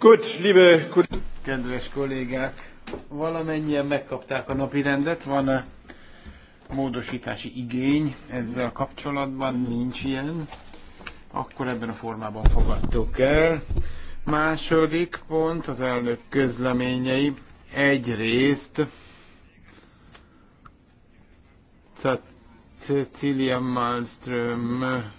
Gut, liebe Kedves kollégák, valamennyien megkapták a napi rendet, van a módosítási igény ezzel kapcsolatban, nincs ilyen. Akkor ebben a formában fogadtuk el. Második pont az elnök közleményei. Egyrészt Cecilia Malmström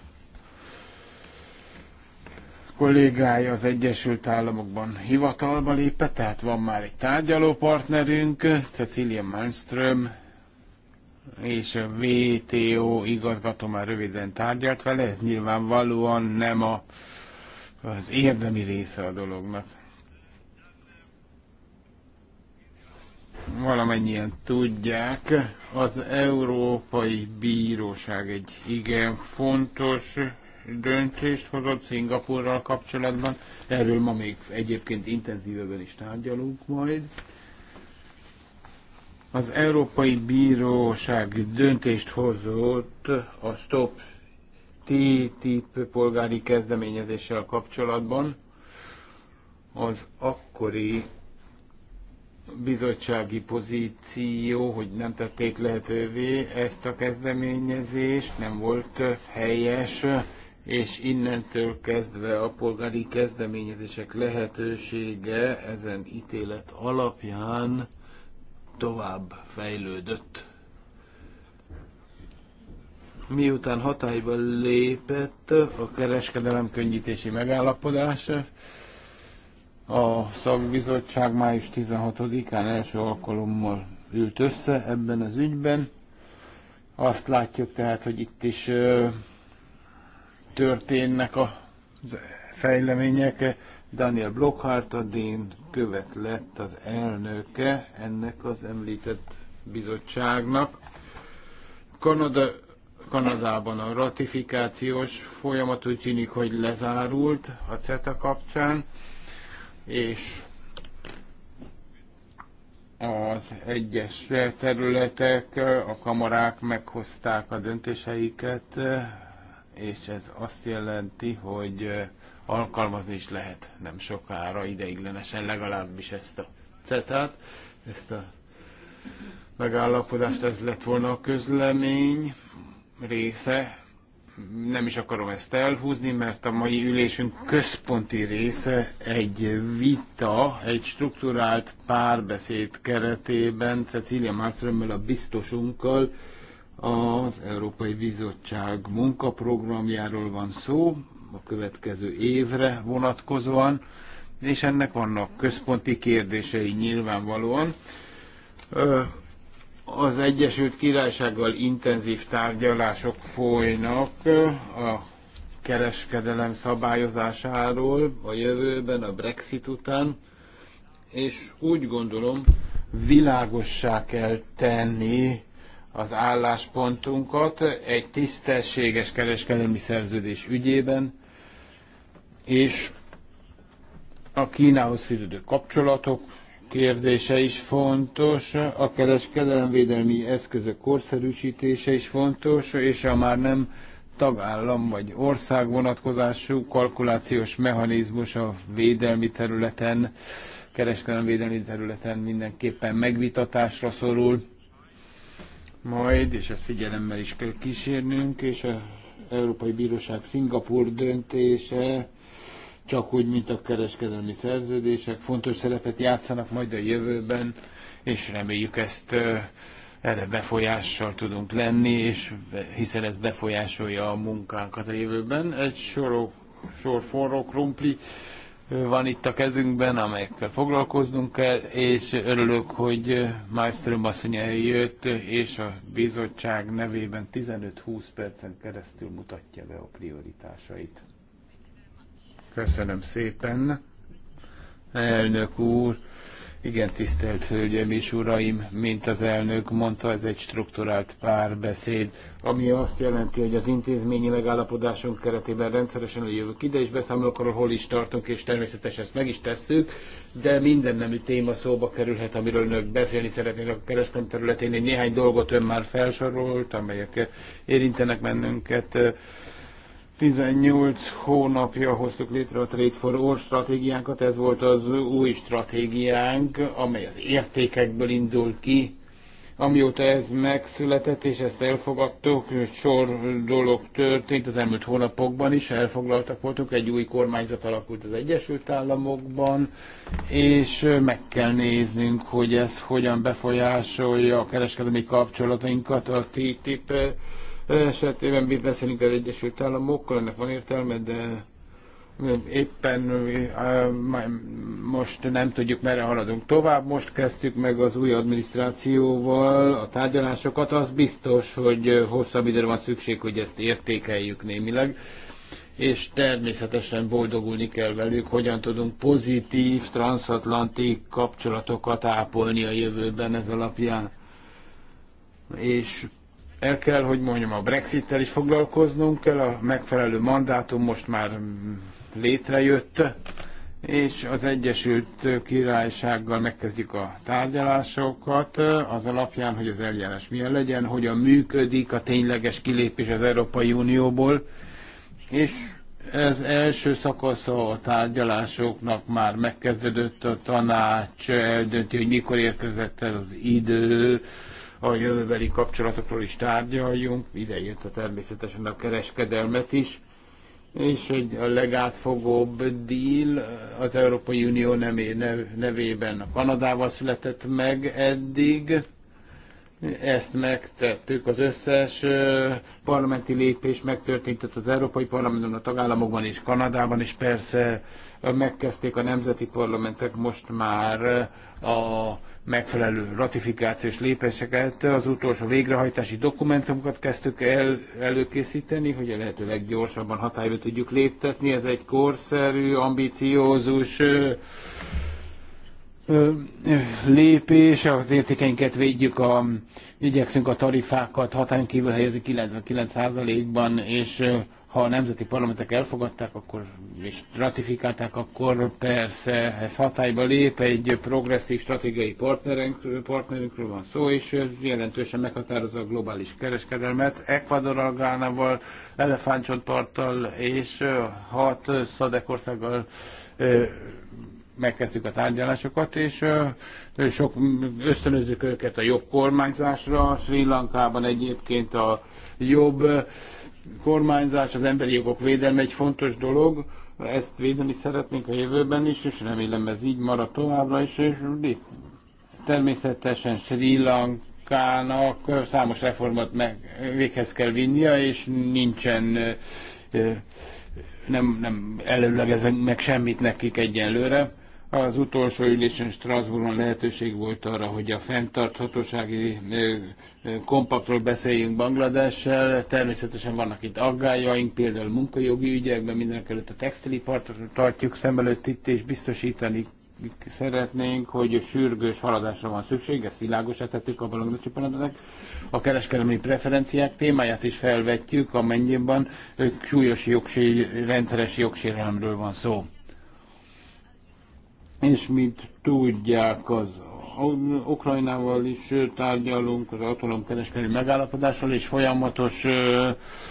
kollégája az Egyesült Államokban hivatalba lépett, tehát van már egy tárgyalópartnerünk, Cecilia Malmström, és a WTO igazgató már röviden tárgyalt vele, ez nyilvánvalóan nem a, az érdemi része a dolognak. Valamennyien tudják, az Európai Bíróság egy igen fontos döntést hozott Szingapurral kapcsolatban. Erről ma még egyébként intenzívebben is tárgyalunk majd. Az Európai Bíróság döntést hozott a Stop TTIP polgári kezdeményezéssel kapcsolatban. Az akkori bizottsági pozíció, hogy nem tették lehetővé ezt a kezdeményezést, nem volt helyes, és innentől kezdve a polgári kezdeményezések lehetősége ezen ítélet alapján tovább fejlődött. Miután hatályba lépett a kereskedelem könnyítési megállapodás, a szakbizottság május 16-án első alkalommal ült össze ebben az ügyben. Azt látjuk tehát, hogy itt is történnek a fejlemények. Daniel Blockhart, a Dén követ lett az elnöke ennek az említett bizottságnak. Kanada, Kanadában a ratifikációs folyamat úgy tűnik, hogy lezárult a CETA kapcsán, és az egyes területek, a kamarák meghozták a döntéseiket és ez azt jelenti, hogy alkalmazni is lehet nem sokára, ideiglenesen legalábbis ezt a cetát, ezt a megállapodást, ez lett volna a közlemény része. Nem is akarom ezt elhúzni, mert a mai ülésünk központi része egy vita, egy strukturált párbeszéd keretében Cecília Márcrömmel a biztosunkkal, az Európai Bizottság munkaprogramjáról van szó, a következő évre vonatkozóan, és ennek vannak központi kérdései nyilvánvalóan. Az Egyesült Királysággal intenzív tárgyalások folynak a kereskedelem szabályozásáról a jövőben, a Brexit után, és úgy gondolom, világossá kell tenni az álláspontunkat egy tisztességes kereskedelmi szerződés ügyében, és a Kínához fűződő kapcsolatok kérdése is fontos, a kereskedelemvédelmi eszközök korszerűsítése is fontos, és a már nem tagállam vagy ország vonatkozású kalkulációs mechanizmus a védelmi területen, kereskedelemvédelmi területen mindenképpen megvitatásra szorul majd, és ezt figyelemmel is kell kísérnünk, és az Európai Bíróság Szingapur döntése, csak úgy, mint a kereskedelmi szerződések, fontos szerepet játszanak majd a jövőben, és reméljük ezt erre befolyással tudunk lenni, és hiszen ez befolyásolja a munkánkat a jövőben. Egy sor sor forró krumpli, van itt a kezünkben, amelyekkel foglalkoznunk kell, és örülök, hogy Malmström asszony eljött, és a bizottság nevében 15-20 percen keresztül mutatja be a prioritásait. Köszönöm szépen, elnök úr! Igen, tisztelt Hölgyeim és Uraim, mint az elnök mondta, ez egy strukturált párbeszéd, ami azt jelenti, hogy az intézményi megállapodásunk keretében rendszeresen jövök ide, és beszámolok arról, hol is tartunk, és természetesen ezt meg is tesszük, de minden nemű téma szóba kerülhet, amiről önök beszélni szeretnének a kereskedelmi területén. Én néhány dolgot ön már felsorolt, amelyek érintenek bennünket 18 hónapja hoztuk létre a Trade for All stratégiánkat, ez volt az új stratégiánk, amely az értékekből indul ki. Amióta ez megszületett, és ezt elfogadtuk, sor dolog történt az elmúlt hónapokban is, elfoglaltak voltunk, egy új kormányzat alakult az Egyesült Államokban, és meg kell néznünk, hogy ez hogyan befolyásolja a kereskedelmi kapcsolatainkat a TTIP esetében mit beszélünk az Egyesült Államokkal, ennek van értelme, de éppen most nem tudjuk, merre haladunk tovább. Most kezdtük meg az új adminisztrációval a tárgyalásokat. Az biztos, hogy hosszabb időre van szükség, hogy ezt értékeljük némileg és természetesen boldogulni kell velük, hogyan tudunk pozitív transatlanti kapcsolatokat ápolni a jövőben ez alapján. És el kell, hogy mondjam, a Brexit-tel is foglalkoznunk kell, a megfelelő mandátum most már létrejött, és az Egyesült Királysággal megkezdjük a tárgyalásokat az alapján, hogy az eljárás milyen legyen, hogyan működik a tényleges kilépés az Európai Unióból, és ez első szakasza a tárgyalásoknak már megkezdődött, a tanács eldönti, hogy mikor érkezett ez az idő, a jövőbeli kapcsolatokról is tárgyaljunk, idejött a természetesen a kereskedelmet is, és egy a legátfogóbb deal az Európai Unió nevé, nevében a Kanadával született meg eddig. Ezt megtettük, az összes parlamenti lépés megtörtént az Európai Parlamentben, a tagállamokban és Kanadában, és persze megkezdték a nemzeti parlamentek most már a megfelelő ratifikációs lépéseket, az utolsó végrehajtási dokumentumokat kezdtük el előkészíteni, hogy a lehető leggyorsabban hatályba tudjuk léptetni. Ez egy korszerű, ambiciózus ö, ö, lépés, az értékeinket védjük, a, igyekszünk a tarifákat hatán kívül helyezni 99%-ban, és ha a nemzeti parlamentek elfogadták, akkor és ratifikálták, akkor persze ez hatályba lép, egy progresszív stratégiai partnerünk, partnerünkről van szó, és ez jelentősen meghatározza a globális kereskedelmet. Ecuador Algánával, Elefántcsontparttal és hat szadekországgal megkezdtük a tárgyalásokat, és sok ösztönözzük őket a jobb kormányzásra. Sri Lankában egyébként a jobb kormányzás, az emberi jogok védelme egy fontos dolog, ezt védeni szeretnénk a jövőben is, és remélem ez így marad továbbra is, és természetesen Sri Lankának számos reformat meg, véghez kell vinnia és nincsen nem, nem előlegezem meg semmit nekik egyenlőre. Az utolsó ülésen Strasbourgban lehetőség volt arra, hogy a fenntarthatósági kompaktról beszéljünk Bangladessel. Természetesen vannak itt aggájaink, például munkajogi ügyekben, mindenek előtt a textilipart tartjuk szem előtt itt, és biztosítani szeretnénk, hogy sürgős haladásra van szükség, ezt világos tettük a baloldali A kereskedelmi preferenciák témáját is felvetjük, amennyiben súlyos jogsér, rendszeres jogsérelemről van szó és mint tudják, az Ukrajnával is tárgyalunk, az atomkereskedelmi megállapodással, és folyamatos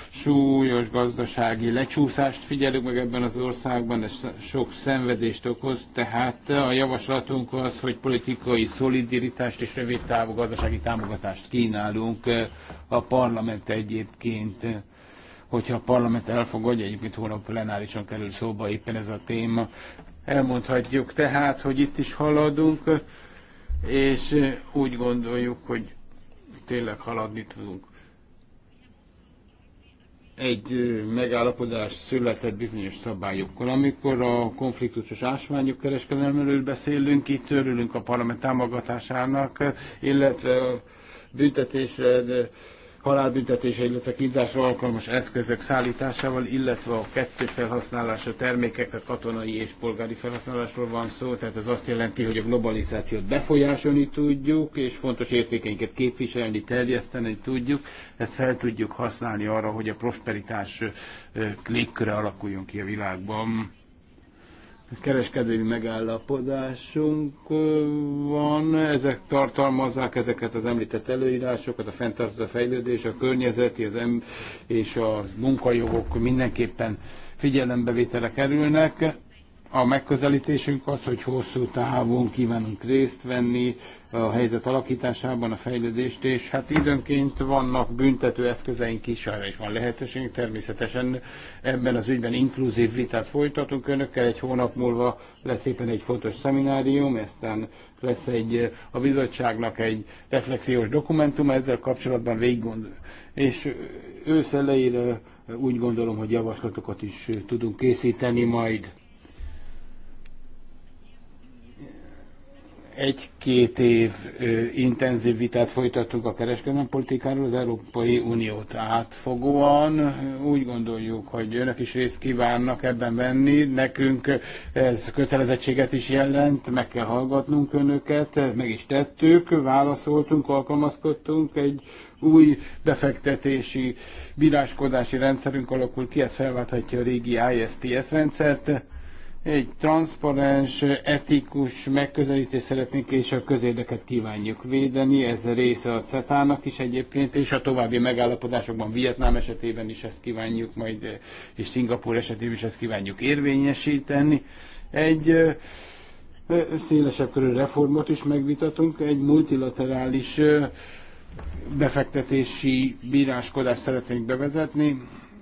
súlyos gazdasági lecsúszást figyelünk meg ebben az országban, ez sok szenvedést okoz, tehát a javaslatunk az, hogy politikai szolidaritást és rövid távú gazdasági támogatást kínálunk a parlament egyébként hogyha a parlament elfogadja, egyébként hónap plenárison kerül szóba éppen ez a téma, Elmondhatjuk tehát, hogy itt is haladunk, és úgy gondoljuk, hogy tényleg haladni tudunk. Egy megállapodás született bizonyos szabályokkal. Amikor a konfliktusos ásványok kereskedelméről beszélünk, itt örülünk a parlament támogatásának, illetve a büntetésre halálbüntetése, illetve kínzásra alkalmas eszközök szállításával, illetve a kettő felhasználása termékek, tehát katonai és polgári felhasználásról van szó, tehát ez azt jelenti, hogy a globalizációt befolyásolni tudjuk, és fontos értékeinket képviselni, terjeszteni tudjuk, ezt fel tudjuk használni arra, hogy a prosperitás légköre alakuljon ki a világban kereskedelmi megállapodásunk van, ezek tartalmazzák ezeket az említett előírásokat, a fenntartó fejlődés, a környezeti az em- és a munkajogok mindenképpen figyelembevétele kerülnek a megközelítésünk az, hogy hosszú távon kívánunk részt venni a helyzet alakításában, a fejlődést, és hát időnként vannak büntető eszközeink is, arra is van lehetőség. Természetesen ebben az ügyben inkluzív vitát folytatunk önökkel. Egy hónap múlva lesz éppen egy fontos szeminárium, aztán lesz egy, a bizottságnak egy reflexiós dokumentum ezzel kapcsolatban végiggond. És ősz elejére úgy gondolom, hogy javaslatokat is tudunk készíteni majd egy-két év intenzív vitát folytattunk a kereskedelmi politikáról az Európai Uniót átfogóan. Úgy gondoljuk, hogy önök is részt kívánnak ebben venni. Nekünk ez kötelezettséget is jelent, meg kell hallgatnunk önöket, meg is tettük, válaszoltunk, alkalmazkodtunk egy új befektetési bíráskodási rendszerünk alakul ki, ez felválthatja a régi ISTS rendszert egy transzparens, etikus megközelítést szeretnénk, és a közérdeket kívánjuk védeni. Ez része a cetá nak is egyébként, és a további megállapodásokban Vietnám esetében is ezt kívánjuk majd, és Szingapúr esetében is ezt kívánjuk érvényesíteni. Egy szélesebb körű reformot is megvitatunk, egy multilaterális befektetési bíráskodást szeretnénk bevezetni,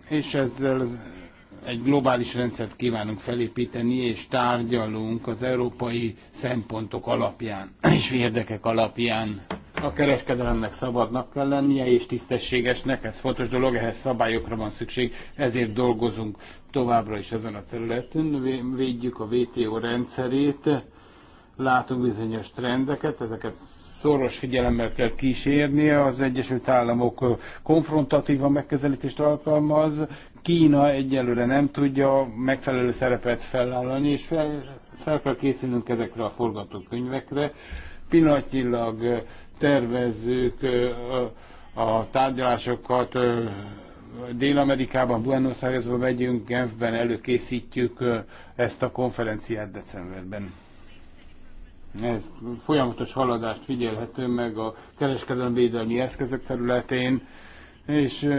és ezzel egy globális rendszert kívánunk felépíteni, és tárgyalunk az európai szempontok alapján és érdekek alapján. A kereskedelemnek szabadnak kell lennie, és tisztességesnek, ez fontos dolog, ehhez szabályokra van szükség, ezért dolgozunk továbbra is ezen a területen, védjük a WTO rendszerét, látunk bizonyos trendeket, ezeket szoros figyelemmel kell kísérnie. Az Egyesült Államok konfrontatíva megközelítést alkalmaz, Kína egyelőre nem tudja megfelelő szerepet felállalni, és fel, fel kell készülnünk ezekre a forgatókönyvekre. Pillanatnyilag tervezzük a tárgyalásokat Dél-Amerikában, Buenos Airesba megyünk, Genfben előkészítjük ezt a konferenciát decemberben. Folyamatos haladást figyelhető meg a kereskedelmi védelmi eszközök területén, és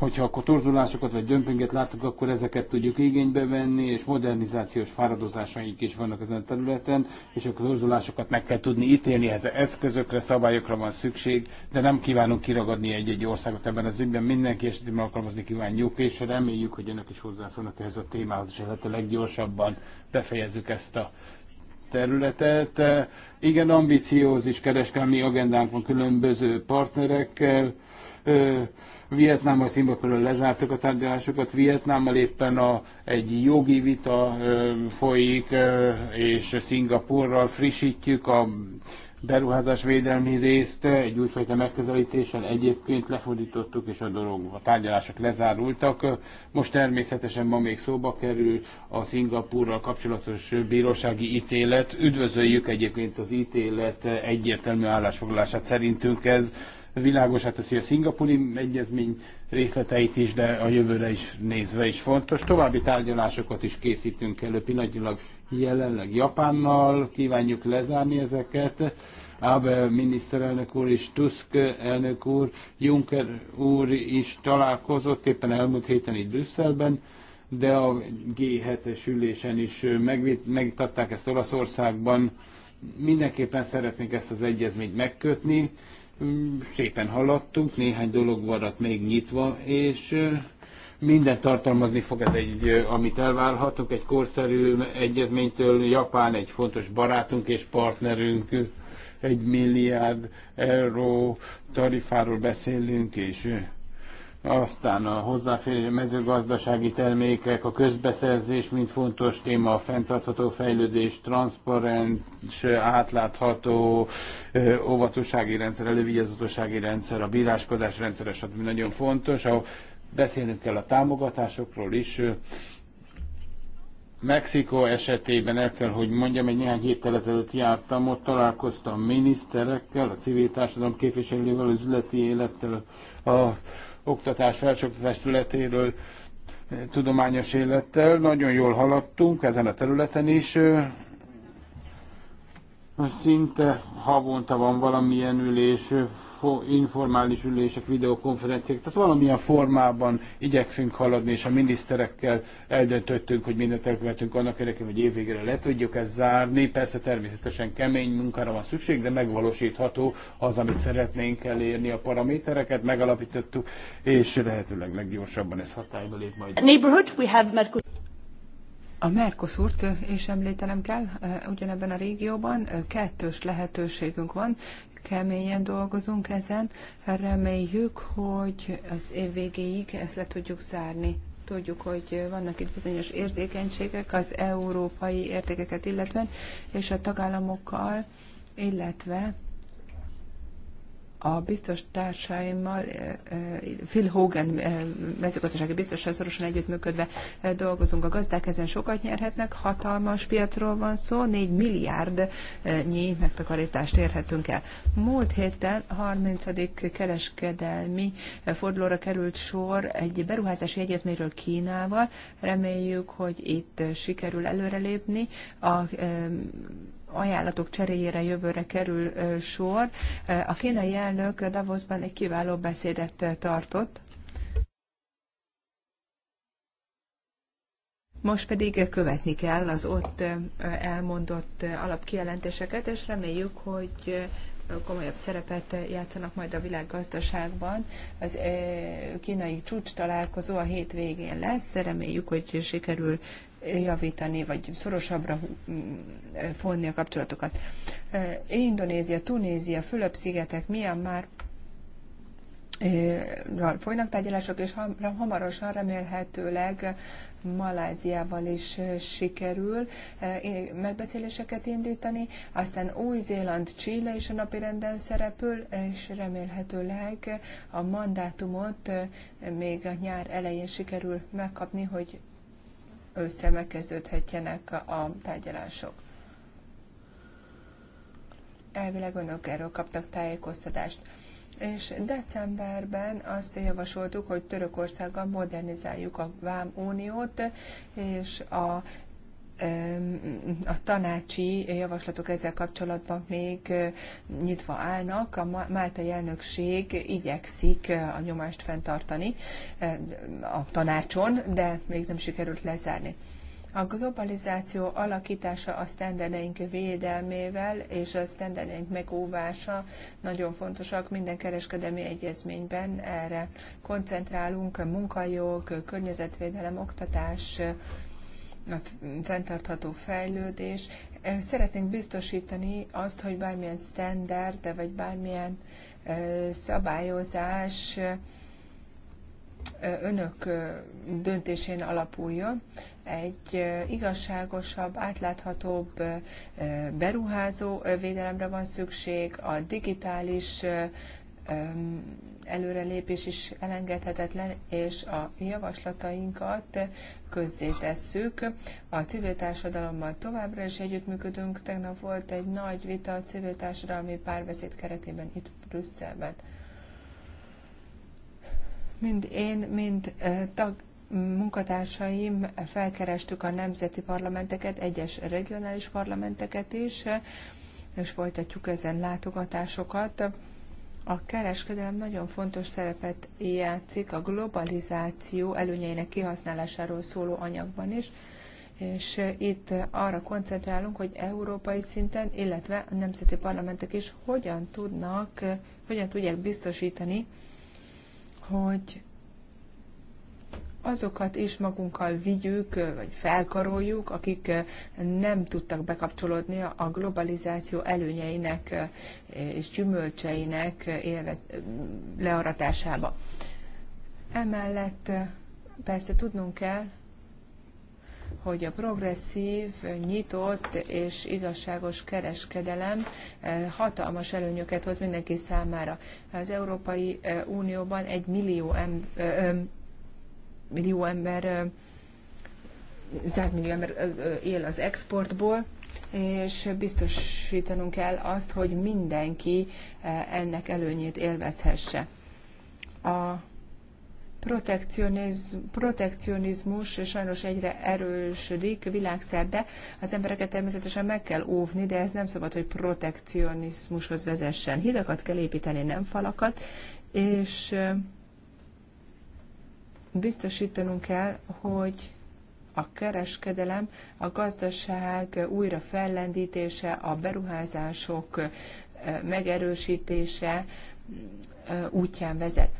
hogyha akkor torzulásokat vagy dömpinget látunk, akkor ezeket tudjuk igénybe venni, és modernizációs fáradozásaink is vannak ezen a területen, és akkor torzulásokat meg kell tudni ítélni, ez eszközökre, szabályokra van szükség, de nem kívánunk kiragadni egy-egy országot ebben az ügyben, mindenki esetében alkalmazni kívánjuk, és reméljük, hogy önök is hozzászólnak ehhez a témához, és a leggyorsabban befejezzük ezt a területet. Igen, ambiciózis kereskedelmi agendánk van különböző partnerekkel, Vietnámmal, Szingapurral lezártuk a tárgyalásokat, Vietnámmal éppen a, egy jogi vita ö, folyik, ö, és Szingapurral frissítjük a beruházás védelmi részt egy újfajta megközelítéssel egyébként lefordítottuk, és a dolog, a tárgyalások lezárultak. Most természetesen ma még szóba kerül a Szingapúrral kapcsolatos bírósági ítélet. Üdvözöljük egyébként az ítélet egyértelmű állásfoglalását. Szerintünk ez világosá teszi a szingapúri egyezmény részleteit is, de a jövőre is nézve is fontos. További tárgyalásokat is készítünk elő pillanatilag jelenleg Japánnal, kívánjuk lezárni ezeket. Abe miniszterelnök úr és Tusk elnök úr, Juncker úr is találkozott éppen elmúlt héten itt Brüsszelben, de a G7-es ülésen is megtatták ezt Olaszországban. Mindenképpen szeretnék ezt az egyezményt megkötni, szépen haladtunk, néhány dolog maradt még nyitva, és minden tartalmazni fog ez egy, amit elvárhatunk, egy korszerű egyezménytől Japán egy fontos barátunk és partnerünk, egy milliárd euró tarifáról beszélünk, és aztán a hozzáférő mezőgazdasági termékek, a közbeszerzés, mint fontos téma, a fenntartható fejlődés, transzparens, átlátható óvatossági rendszer, elővigyázatossági rendszer, a bíráskodás rendszer, stb. nagyon fontos. A, beszélnünk kell a támogatásokról is. Mexikó esetében el kell, hogy mondjam, egy néhány héttel ezelőtt jártam, ott találkoztam miniszterekkel, a civil társadalom képviselővel, az üzleti élettel, a oktatás, felsőoktatás területéről eh, tudományos élettel. Nagyon jól haladtunk ezen a területen is. Eh, szinte havonta van valamilyen ülés, eh, informális ülések, videokonferenciák, tehát valamilyen formában igyekszünk haladni, és a miniszterekkel eldöntöttünk, hogy mindent elkövetünk annak érdekében, hogy évvégére le tudjuk ezt zárni. Persze természetesen kemény munkára van szükség, de megvalósítható az, amit szeretnénk elérni, a paramétereket megalapítottuk, és lehetőleg leggyorsabban ez hatályba lép majd. Neighborhood, we have Mercosur. A Mercosurt is említenem kell, eh, ugyanebben a régióban eh, kettős lehetőségünk van, keményen dolgozunk ezen. Reméljük, hogy az év végéig ezt le tudjuk zárni. Tudjuk, hogy vannak itt bizonyos érzékenységek az európai értékeket illetve, és a tagállamokkal, illetve a biztos társaimmal, eh, eh, Phil Hogan eh, mezőgazdasági biztossal szorosan együttműködve dolgozunk. A gazdák ezen sokat nyerhetnek, hatalmas piacról van szó, 4 milliárd nyi megtakarítást érhetünk el. Múlt héten 30. kereskedelmi fordulóra került sor egy beruházási egyezményről Kínával. Reméljük, hogy itt sikerül előrelépni. A ajánlatok cseréjére jövőre kerül sor. A kínai elnök Davosban egy kiváló beszédet tartott. Most pedig követni kell az ott elmondott alapkijelentéseket, és reméljük, hogy komolyabb szerepet játszanak majd a világgazdaságban. Az kínai csúcs találkozó a hétvégén lesz, reméljük, hogy sikerül javítani, vagy szorosabbra mm, fonni a kapcsolatokat. Indonézia, Tunézia, Fülöp-szigetek, Myanmar folynak tárgyalások, és hamarosan remélhetőleg Maláziával is sikerül megbeszéléseket indítani, aztán Új-Zéland, Chile is a napirenden szerepül, és remélhetőleg a mandátumot még a nyár elején sikerül megkapni, hogy ősszel megkezdődhetjenek a tárgyalások. Elvileg önök erről kaptak tájékoztatást. És decemberben azt javasoltuk, hogy Törökországgal modernizáljuk a Vám Uniót, és a a tanácsi javaslatok ezzel kapcsolatban még nyitva állnak. A Máltai elnökség igyekszik a nyomást fenntartani a tanácson, de még nem sikerült lezárni. A globalizáció alakítása a sztendereink védelmével és a sztendereink megóvása nagyon fontosak. Minden kereskedelmi egyezményben erre koncentrálunk, munkajog, környezetvédelem, oktatás, a fenntartható fejlődés. Szeretnénk biztosítani azt, hogy bármilyen standard, vagy bármilyen szabályozás önök döntésén alapuljon. Egy igazságosabb, átláthatóbb beruházó védelemre van szükség, a digitális előrelépés is elengedhetetlen, és a javaslatainkat közzétesszük. A civil társadalommal továbbra is együttműködünk. Tegnap volt egy nagy vita a civil társadalmi párbeszéd keretében itt Brüsszelben. Mind én, mind tag, munkatársaim felkerestük a nemzeti parlamenteket, egyes regionális parlamenteket is, és folytatjuk ezen látogatásokat. A kereskedelem nagyon fontos szerepet játszik a globalizáció előnyeinek kihasználásáról szóló anyagban is, és itt arra koncentrálunk, hogy európai szinten, illetve a nemzeti parlamentek is hogyan tudnak, hogyan tudják biztosítani, hogy azokat is magunkkal vigyük, vagy felkaroljuk, akik nem tudtak bekapcsolódni a globalizáció előnyeinek és gyümölcseinek learatásába. Emellett persze tudnunk kell, hogy a progresszív, nyitott és igazságos kereskedelem hatalmas előnyöket hoz mindenki számára. Az Európai Unióban egy millió millió ember 100 millió ember él az exportból, és biztosítanunk kell azt, hogy mindenki ennek előnyét élvezhesse. A protekcionizmus sajnos egyre erősödik világszerte. Az embereket természetesen meg kell óvni, de ez nem szabad, hogy protekcionizmushoz vezessen. Hidakat kell építeni, nem falakat, és biztosítanunk kell, hogy a kereskedelem, a gazdaság újra fellendítése, a beruházások megerősítése útján vezet.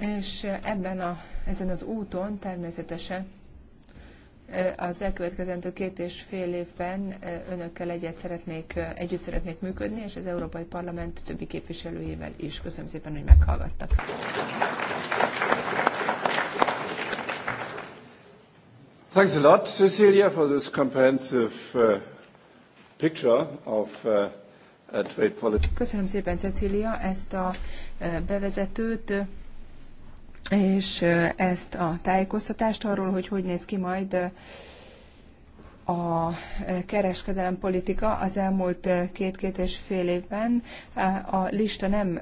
És ebben a, ezen az úton természetesen az elkövetkezendő két és fél évben önökkel egyet szeretnék, együtt szeretnék működni, és az Európai Parlament többi képviselőjével is. Köszönöm szépen, hogy meghallgattak. Thanks a lot, Cecilia, for this comprehensive uh, picture of uh, trade policy. Köszönöm szépen, Cecilia, ezt a uh, bevezetőt és uh, ezt a tájékoztatást arról, hogy hogy néz ki majd uh, a kereskedelem politika az elmúlt két-két és fél évben. A lista nem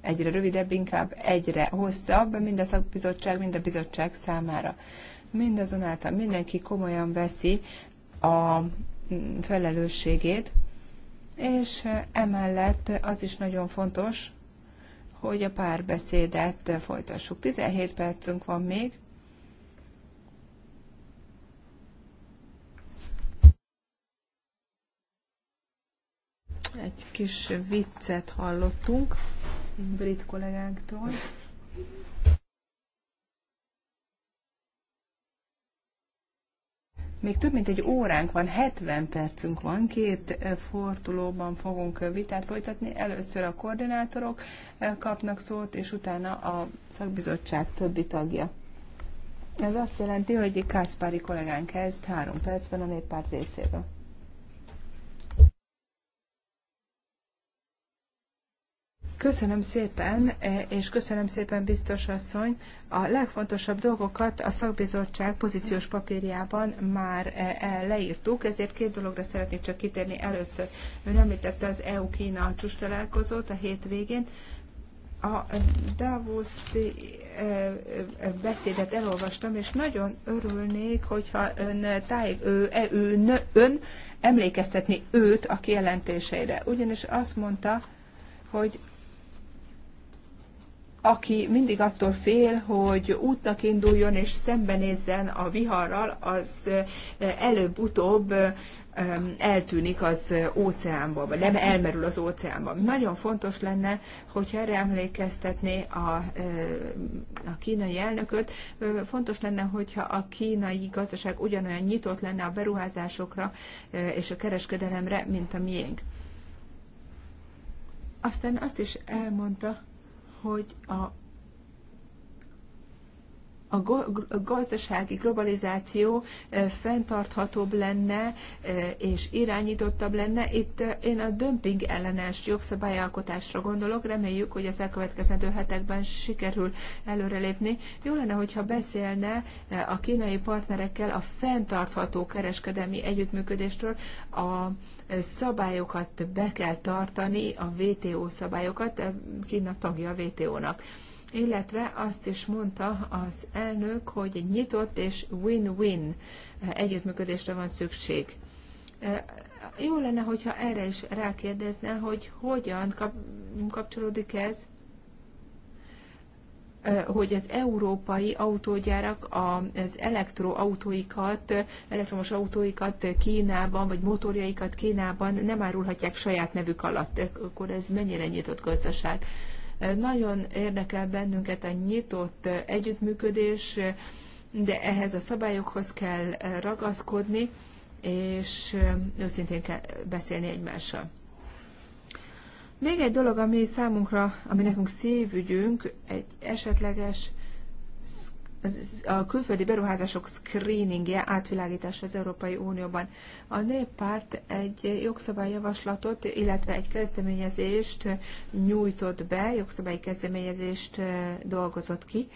egyre rövidebb, inkább egyre hosszabb, mind a szakbizottság, mind a bizottság számára. Mindazonáltal mindenki komolyan veszi a mm, felelősségét, és emellett az is nagyon fontos, hogy a párbeszédet folytassuk. 17 percünk van még. Egy kis viccet hallottunk brit kollégánktól. Még több mint egy óránk van, 70 percünk van, két fordulóban fogunk vitát folytatni. Először a koordinátorok kapnak szót, és utána a szakbizottság többi tagja. Ez azt jelenti, hogy Kászpári kollégán kezd három percben a néppárt részéről. Köszönöm szépen, e, és köszönöm szépen, biztos asszony. A legfontosabb dolgokat a szakbizottság pozíciós papírjában már e, e, leírtuk, ezért két dologra szeretnék csak kitérni. Először ön említette az EU-Kína csúcs találkozót a hétvégén. A Davos beszédet elolvastam, és nagyon örülnék, hogyha ön, táj, ő, ő nö, ön emlékeztetni őt a kijelentéseire. Ugyanis azt mondta, hogy aki mindig attól fél, hogy útnak induljon és szembenézzen a viharral, az eh, előbb-utóbb eh, eltűnik az óceánba, vagy nem elmerül az óceánba. Nagyon fontos lenne, hogyha erre emlékeztetné a, eh, a kínai elnököt, fontos lenne, hogyha a kínai gazdaság ugyanolyan nyitott lenne a beruházásokra és a kereskedelemre, mint a miénk. Aztán azt is elmondta, hogy a a gazdasági globalizáció fenntarthatóbb lenne és irányítottabb lenne. Itt én a dömping ellenes jogszabályalkotásra gondolok, reméljük, hogy az elkövetkezendő hetekben sikerül előrelépni. Jó lenne, hogyha beszélne a kínai partnerekkel a fenntartható kereskedelmi együttműködéstől, a szabályokat be kell tartani, a WTO szabályokat, Kína tagja a WTO-nak illetve azt is mondta az elnök, hogy egy nyitott és win-win eh, együttműködésre van szükség. Eh, jó lenne, hogyha erre is rákérdezne, hogy hogyan kapcsolódik ez eh, hogy az európai autógyárak az elektroautóikat, elektromos autóikat Kínában, vagy motorjaikat Kínában nem árulhatják saját nevük alatt. Akkor ez mennyire nyitott gazdaság? Nagyon érdekel bennünket a nyitott együttműködés, de ehhez a szabályokhoz kell ragaszkodni, és őszintén kell beszélni egymással. Még egy dolog, ami számunkra, ami nekünk szívügyünk, egy esetleges a külföldi beruházások screeningje átvilágítása az Európai Unióban. A néppárt egy jogszabályjavaslatot, illetve egy kezdeményezést nyújtott be, jogszabályi kezdeményezést dolgozott ki.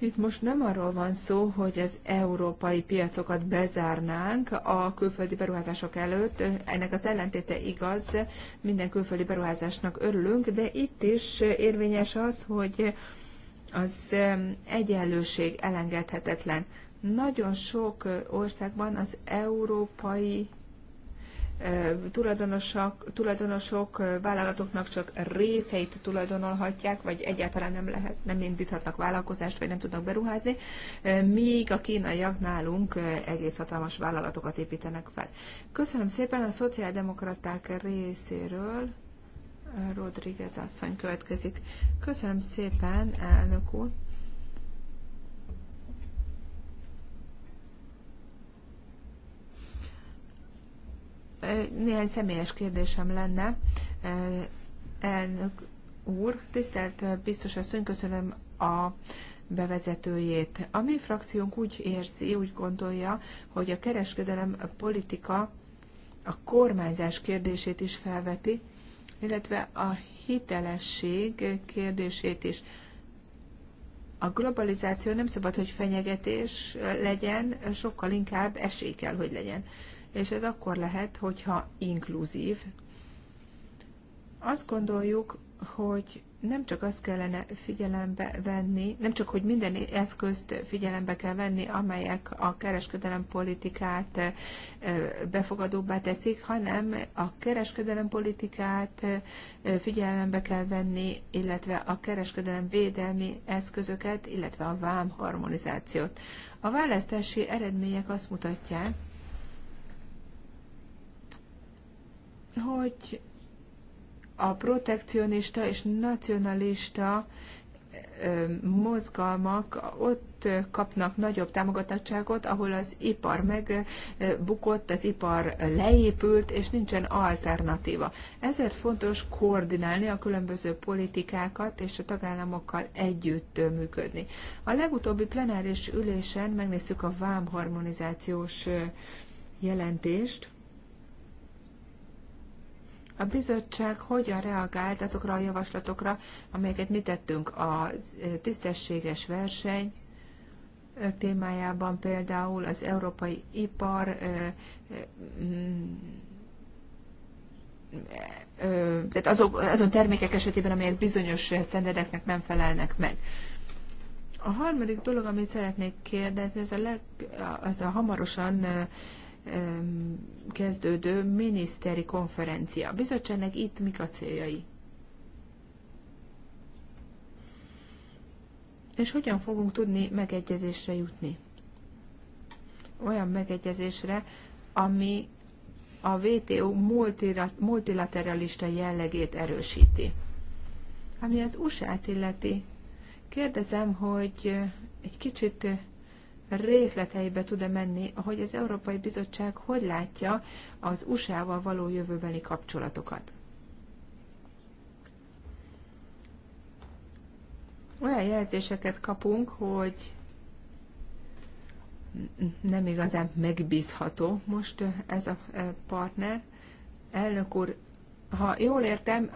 Itt most nem arról van szó, hogy az európai piacokat bezárnánk a külföldi beruházások előtt. Ennek az ellentéte igaz, minden külföldi beruházásnak örülünk, de itt is érvényes az, hogy az egyenlőség elengedhetetlen. Nagyon sok országban az európai tulajdonosok, tulajdonosok vállalatoknak csak részeit tulajdonolhatják, vagy egyáltalán nem lehet, nem indíthatnak vállalkozást, vagy nem tudnak beruházni, míg a kínaiak nálunk egész hatalmas vállalatokat építenek fel. Köszönöm szépen a szociáldemokraták részéről. Rodríguez asszony következik. Köszönöm szépen, elnök úr. Néhány személyes kérdésem lenne. Elnök úr, tisztelt biztos asszony, köszönöm a bevezetőjét. A mi frakciónk úgy érzi, úgy gondolja, hogy a kereskedelem a politika a kormányzás kérdését is felveti, illetve a hitelesség kérdését is. A globalizáció nem szabad, hogy fenyegetés legyen, sokkal inkább esély kell, hogy legyen. És ez akkor lehet, hogyha inkluzív. Azt gondoljuk, hogy nem csak azt kellene figyelembe venni, nem csak, hogy minden eszközt figyelembe kell venni, amelyek a kereskedelem politikát befogadóbbá teszik, hanem a kereskedelem politikát figyelembe kell venni, illetve a kereskedelem védelmi eszközöket, illetve a vám harmonizációt. A választási eredmények azt mutatják, hogy a protekcionista és nacionalista mozgalmak ott kapnak nagyobb támogatottságot, ahol az ipar megbukott, az ipar leépült, és nincsen alternatíva. Ezért fontos koordinálni a különböző politikákat és a tagállamokkal együtt működni. A legutóbbi plenáris ülésen megnéztük a vámharmonizációs jelentést, a bizottság hogyan reagált azokra a javaslatokra, amelyeket mi tettünk a eh, tisztességes verseny eh, témájában, például az európai ipar eh, mm, tehát azok, azon termékek esetében, amelyek bizonyos sztenderdeknek nem felelnek meg. A harmadik dolog, amit szeretnék kérdezni, ez a leg, az a hamarosan kezdődő miniszteri konferencia. A bizottságnak itt mik a céljai? És hogyan fogunk tudni megegyezésre jutni? Olyan megegyezésre, ami a WTO multilateralista jellegét erősíti. Ami az USA-t illeti, kérdezem, hogy egy kicsit részleteibe tud-e menni, hogy az Európai Bizottság hogy látja az USA-val való jövőbeli kapcsolatokat. Olyan jelzéseket kapunk, hogy nem igazán megbízható most ez a partner. Elnök úr, ha jól értem,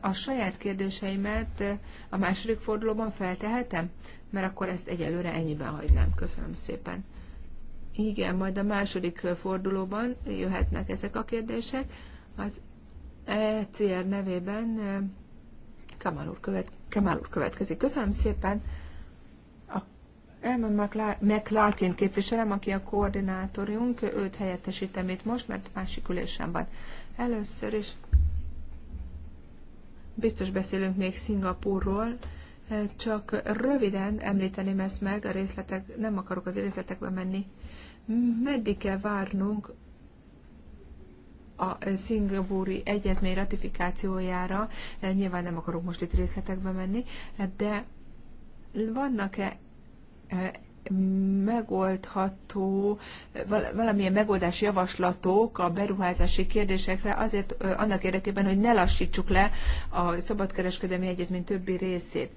a saját kérdéseimet a második fordulóban feltehetem, mert akkor ezt egyelőre ennyiben hagynám. Köszönöm szépen. Igen, majd a második fordulóban jöhetnek ezek a kérdések. Az ECR nevében Kamal úr, követ, Kamal úr következik. Köszönöm szépen. A Elman McClarkin képviselem, aki a koordinátorunk, őt helyettesítem itt most, mert másik ülésen van. Először is Biztos beszélünk még Szingapúrról, csak röviden említeném ezt meg, a részletek, nem akarok az részletekbe menni. Meddig kell várnunk a szingapúri egyezmény ratifikációjára? Nyilván nem akarok most itt részletekbe menni, de vannak-e megoldható, valamilyen megoldási javaslatok a beruházási kérdésekre azért annak érdekében, hogy ne lassítsuk le a szabadkereskedelmi egyezmény többi részét.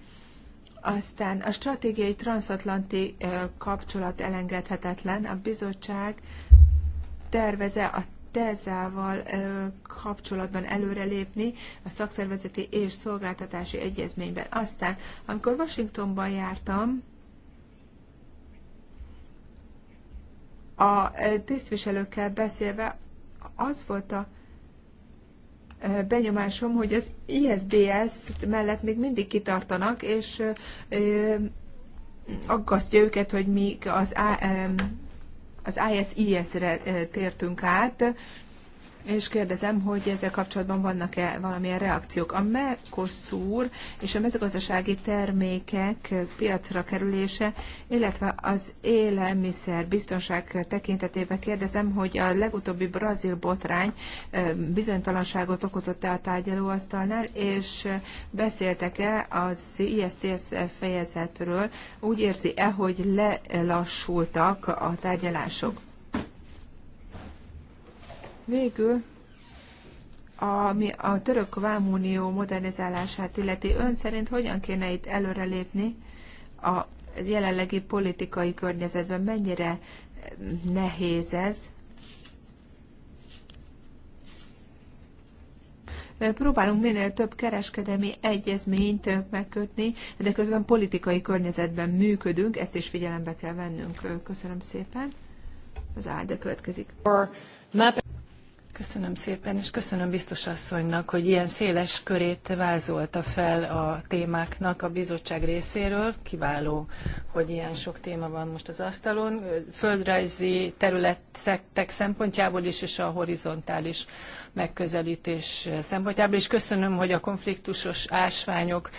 Aztán a stratégiai transatlanti kapcsolat elengedhetetlen. A bizottság terveze a tezával kapcsolatban előrelépni a szakszervezeti és szolgáltatási egyezményben. Aztán, amikor Washingtonban jártam, a tisztviselőkkel beszélve az volt a benyomásom, hogy az ISDS mellett még mindig kitartanak, és aggasztja őket, hogy míg az, az ISIS-re tértünk át, és kérdezem, hogy ezzel kapcsolatban vannak-e valamilyen reakciók. A Mercosur és a mezőgazdasági termékek piacra kerülése, illetve az élelmiszer biztonság tekintetében kérdezem, hogy a legutóbbi brazil botrány bizonytalanságot okozott-e a tárgyalóasztalnál, és beszéltek-e az ISTS fejezetről, úgy érzi-e, hogy lelassultak a tárgyalások? Végül, a mi a török vámunió modernizálását illeti, ön szerint hogyan kéne itt előrelépni a jelenlegi politikai környezetben? Mennyire nehéz ez? Próbálunk minél több kereskedelmi egyezményt megkötni, de közben politikai környezetben működünk, ezt is figyelembe kell vennünk. Köszönöm szépen. Az Álde következik. Köszönöm szépen, és köszönöm biztos asszonynak, hogy ilyen széles körét vázolta fel a témáknak a bizottság részéről. Kiváló, hogy ilyen sok téma van most az asztalon. Földrajzi területek szempontjából is, és a horizontális megközelítés szempontjából is. Köszönöm, hogy a konfliktusos ásványok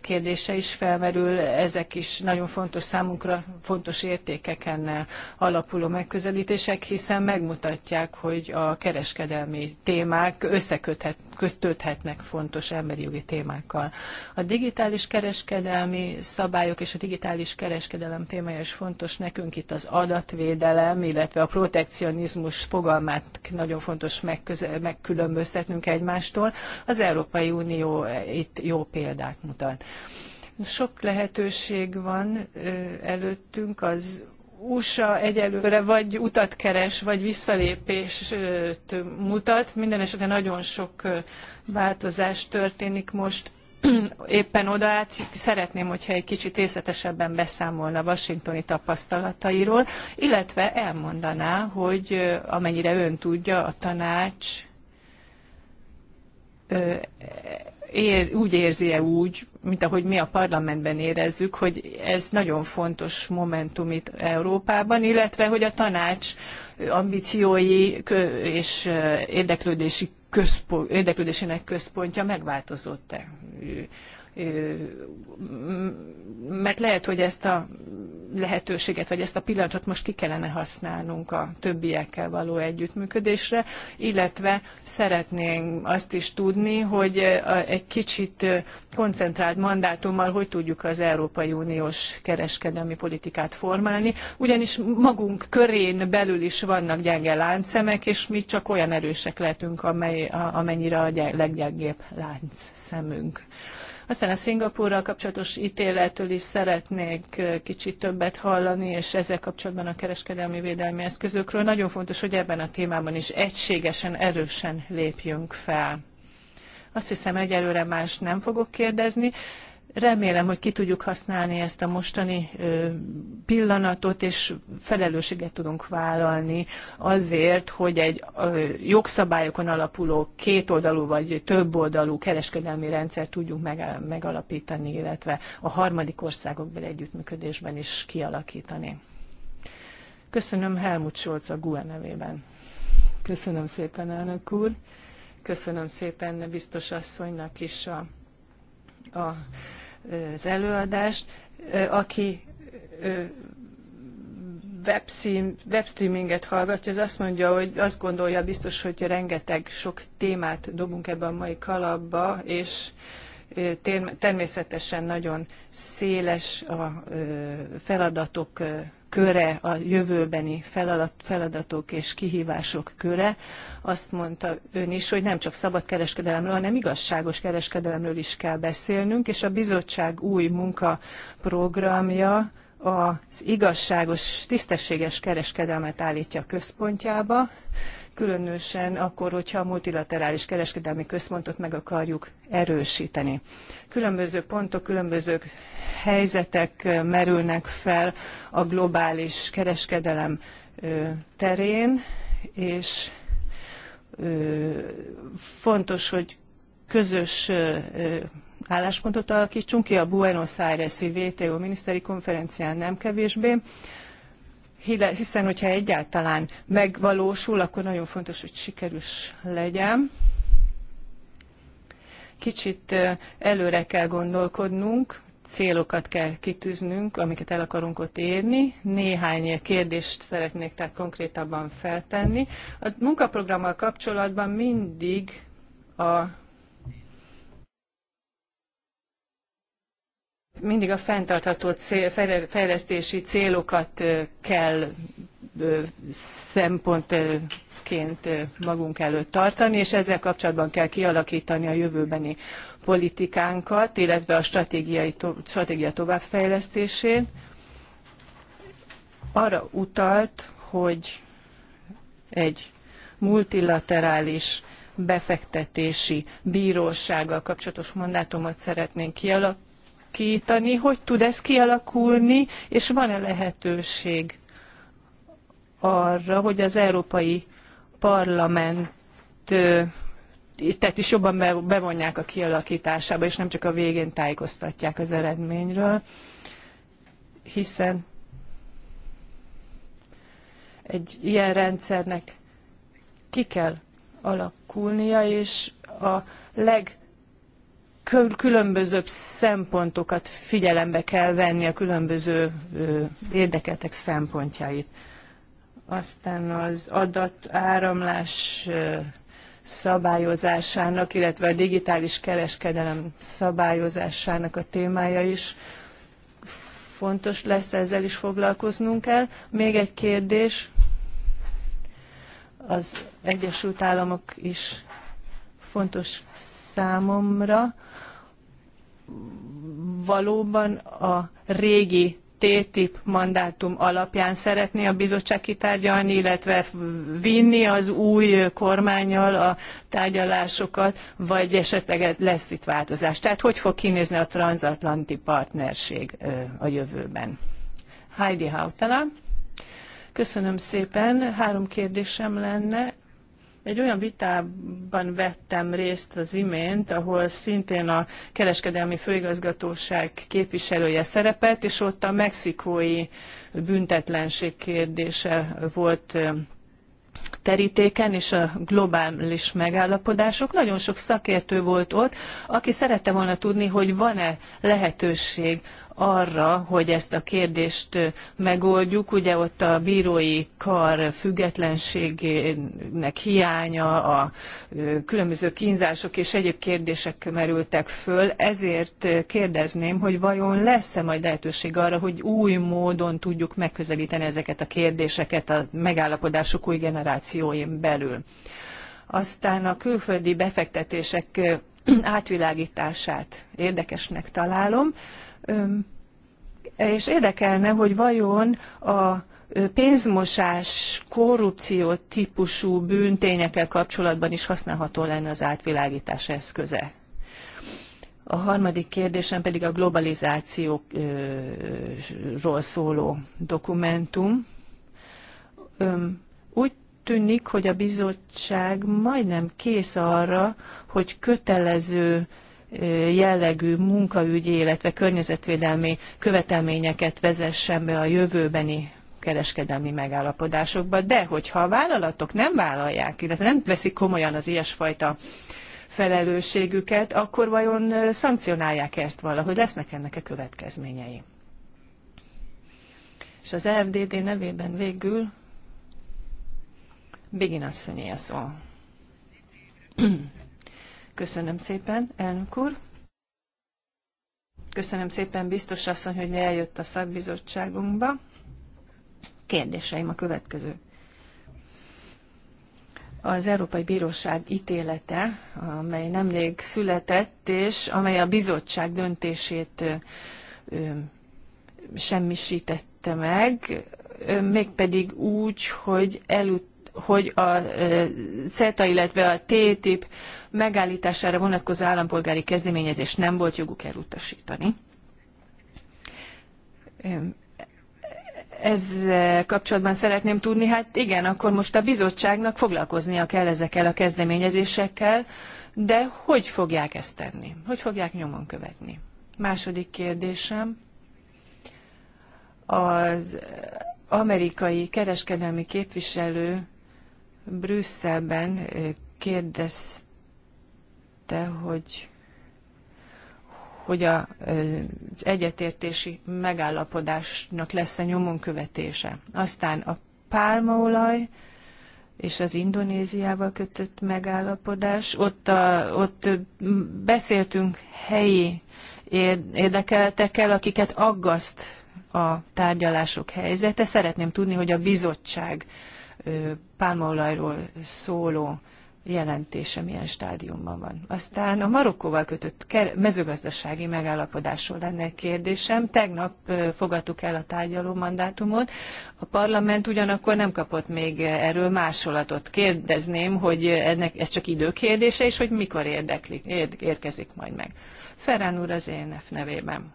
kérdése is felmerül. Ezek is nagyon fontos számunkra, fontos értékeken alapuló megközelítések, hiszen megmutatják, hogy a keres kereskedelmi témák összekötődhetnek fontos emberi jogi témákkal. A digitális kereskedelmi szabályok és a digitális kereskedelem témája is fontos nekünk itt az adatvédelem, illetve a protekcionizmus fogalmát nagyon fontos megkülönböztetnünk egymástól. Az Európai Unió eh, itt jó példát mutat. Sok lehetőség van eh, előttünk az USA egyelőre vagy utat keres, vagy visszalépést mutat. Minden esetben nagyon sok változás történik most. Éppen oda át szeretném, hogyha egy kicsit részletesebben beszámolna Washingtoni tapasztalatairól, illetve elmondaná, hogy amennyire ön tudja, a tanács ér, úgy érzi-e úgy, mint ahogy mi a parlamentben érezzük, hogy ez nagyon fontos momentum itt Európában, illetve hogy a tanács ambíciói és érdeklődési központ, érdeklődésének központja megváltozott-e mert lehet, hogy ezt a lehetőséget, vagy ezt a pillanatot most ki kellene használnunk a többiekkel való együttműködésre, illetve szeretnénk azt is tudni, hogy egy kicsit koncentrált mandátummal hogy tudjuk az Európai Uniós kereskedelmi politikát formálni, ugyanis magunk körén belül is vannak gyenge láncszemek, és mi csak olyan erősek lehetünk, amely, amennyire a leggyengébb láncszemünk. Aztán a Szingapúrral kapcsolatos ítéletől is szeretnék kicsit többet hallani, és ezzel kapcsolatban a kereskedelmi védelmi eszközökről. Nagyon fontos, hogy ebben a témában is egységesen, erősen lépjünk fel. Azt hiszem, egyelőre más nem fogok kérdezni. Remélem, hogy ki tudjuk használni ezt a mostani pillanatot, és felelősséget tudunk vállalni azért, hogy egy jogszabályokon alapuló kétoldalú vagy többoldalú kereskedelmi rendszer tudjunk megalapítani, illetve a harmadik országokban együttműködésben is kialakítani. Köszönöm Helmut Scholz a GUE nevében. Köszönöm szépen, elnök úr. Köszönöm szépen biztos asszonynak is a a, az előadást, aki webstreaminget webstreaminget hallgatja, az azt mondja, hogy azt gondolja biztos, hogy rengeteg sok témát dobunk ebbe a mai kalapba, és természetesen nagyon széles a feladatok köre, a jövőbeni feladatok és kihívások köre. Azt mondta ön is, hogy nem csak szabad kereskedelemről, hanem igazságos kereskedelemről is kell beszélnünk, és a bizottság új munkaprogramja az igazságos, tisztességes kereskedelmet állítja központjába különösen akkor, hogyha a multilaterális kereskedelmi központot meg akarjuk erősíteni. Különböző pontok, különböző helyzetek merülnek fel a globális kereskedelem terén, és fontos, hogy közös álláspontot alakítsunk ki a Buenos Aires-i WTO miniszteri konferencián nem kevésbé, hiszen hogyha egyáltalán megvalósul, akkor nagyon fontos, hogy sikerűs legyen. Kicsit előre kell gondolkodnunk, célokat kell kitűznünk, amiket el akarunk ott érni. Néhány kérdést szeretnék tehát konkrétabban feltenni. A munkaprogrammal kapcsolatban mindig a mindig a fenntartható cél, fejlesztési célokat kell szempontként magunk előtt tartani, és ezzel kapcsolatban kell kialakítani a jövőbeni politikánkat, illetve a stratégiai, stratégia továbbfejlesztését. Arra utalt, hogy egy multilaterális befektetési bírósággal kapcsolatos mandátumot szeretnénk kialakítani kialakítani, hogy tud ez kialakulni, és van-e lehetőség arra, hogy az Európai Parlament tehát is jobban bevonják a kialakításába, és nem csak a végén tájékoztatják az eredményről, hiszen egy ilyen rendszernek ki kell alakulnia, és a leg különbözőbb szempontokat figyelembe kell venni, a különböző érdekeltek szempontjait. Aztán az adatáramlás szabályozásának, illetve a digitális kereskedelem szabályozásának a témája is fontos lesz, ezzel is foglalkoznunk kell. Még egy kérdés, az Egyesült Államok is fontos számomra valóban a régi TTIP mandátum alapján szeretné a bizottság kitárgyalni, illetve vinni az új kormányjal a tárgyalásokat, vagy esetleg lesz itt változás. Tehát hogy fog kinézni a transatlanti partnerség a jövőben? Heidi Hautala. Köszönöm szépen. Három kérdésem lenne. Egy olyan vitában vettem részt az imént, ahol szintén a kereskedelmi főigazgatóság képviselője szerepelt, és ott a mexikói büntetlenség kérdése volt terítéken és a globális megállapodások. Nagyon sok szakértő volt ott, aki szerette volna tudni, hogy van-e lehetőség arra, hogy ezt a kérdést megoldjuk. Ugye ott a bírói kar függetlenségének hiánya, a különböző kínzások és egyéb kérdések merültek föl. Ezért kérdezném, hogy vajon lesz-e majd lehetőség arra, hogy új módon tudjuk megközelíteni ezeket a kérdéseket a megállapodások új generációin belül. Aztán a külföldi befektetések átvilágítását érdekesnek találom és érdekelne, hogy vajon a pénzmosás, korrupció típusú bűntényekkel kapcsolatban is használható lenne az átvilágítás eszköze. A harmadik kérdésem pedig a globalizációról szóló dokumentum. Úgy tűnik, hogy a bizottság majdnem kész arra, hogy kötelező jellegű munkaügyi, illetve környezetvédelmi követelményeket vezessen be a jövőbeni kereskedelmi megállapodásokba. De hogyha a vállalatok nem vállalják, illetve nem veszik komolyan az ilyesfajta felelősségüket, akkor vajon szankcionálják -e ezt valahogy? Lesznek ennek a következményei? És az EFDD nevében végül Bigin asszonyé a szó. Köszönöm szépen, elnök úr. Köszönöm szépen, biztos asszony, hogy eljött a szakbizottságunkba. Kérdéseim a következő. Az Európai Bíróság ítélete, amely nemrég született, és amely a bizottság döntését ö, semmisítette meg, mégpedig úgy, hogy elut hogy a CETA, illetve a TTIP megállítására vonatkozó állampolgári kezdeményezés nem volt joguk elutasítani. Ezzel kapcsolatban szeretném tudni, hát igen, akkor most a bizottságnak foglalkoznia kell ezekkel a kezdeményezésekkel, de hogy fogják ezt tenni? Hogy fogják nyomon követni? Második kérdésem. Az amerikai kereskedelmi képviselő Brüsszelben kérdezte, hogy hogy a, az egyetértési megállapodásnak lesz a nyomon követése. Aztán a pálmaolaj és az Indonéziával kötött megállapodás. Ott, a, ott beszéltünk helyi érdekeltekkel, akiket aggaszt a tárgyalások helyzete. Szeretném tudni, hogy a bizottság pálmaolajról szóló jelentése milyen stádiumban van. Aztán a Marokkóval kötött mezőgazdasági megállapodásról lenne egy kérdésem. Tegnap fogadtuk el a tárgyaló mandátumot. A parlament ugyanakkor nem kapott még erről másolatot. Kérdezném, hogy ennek, ez csak időkérdése, és hogy mikor érdeklik, ér, érkezik majd meg. Ferán úr az ENF nevében.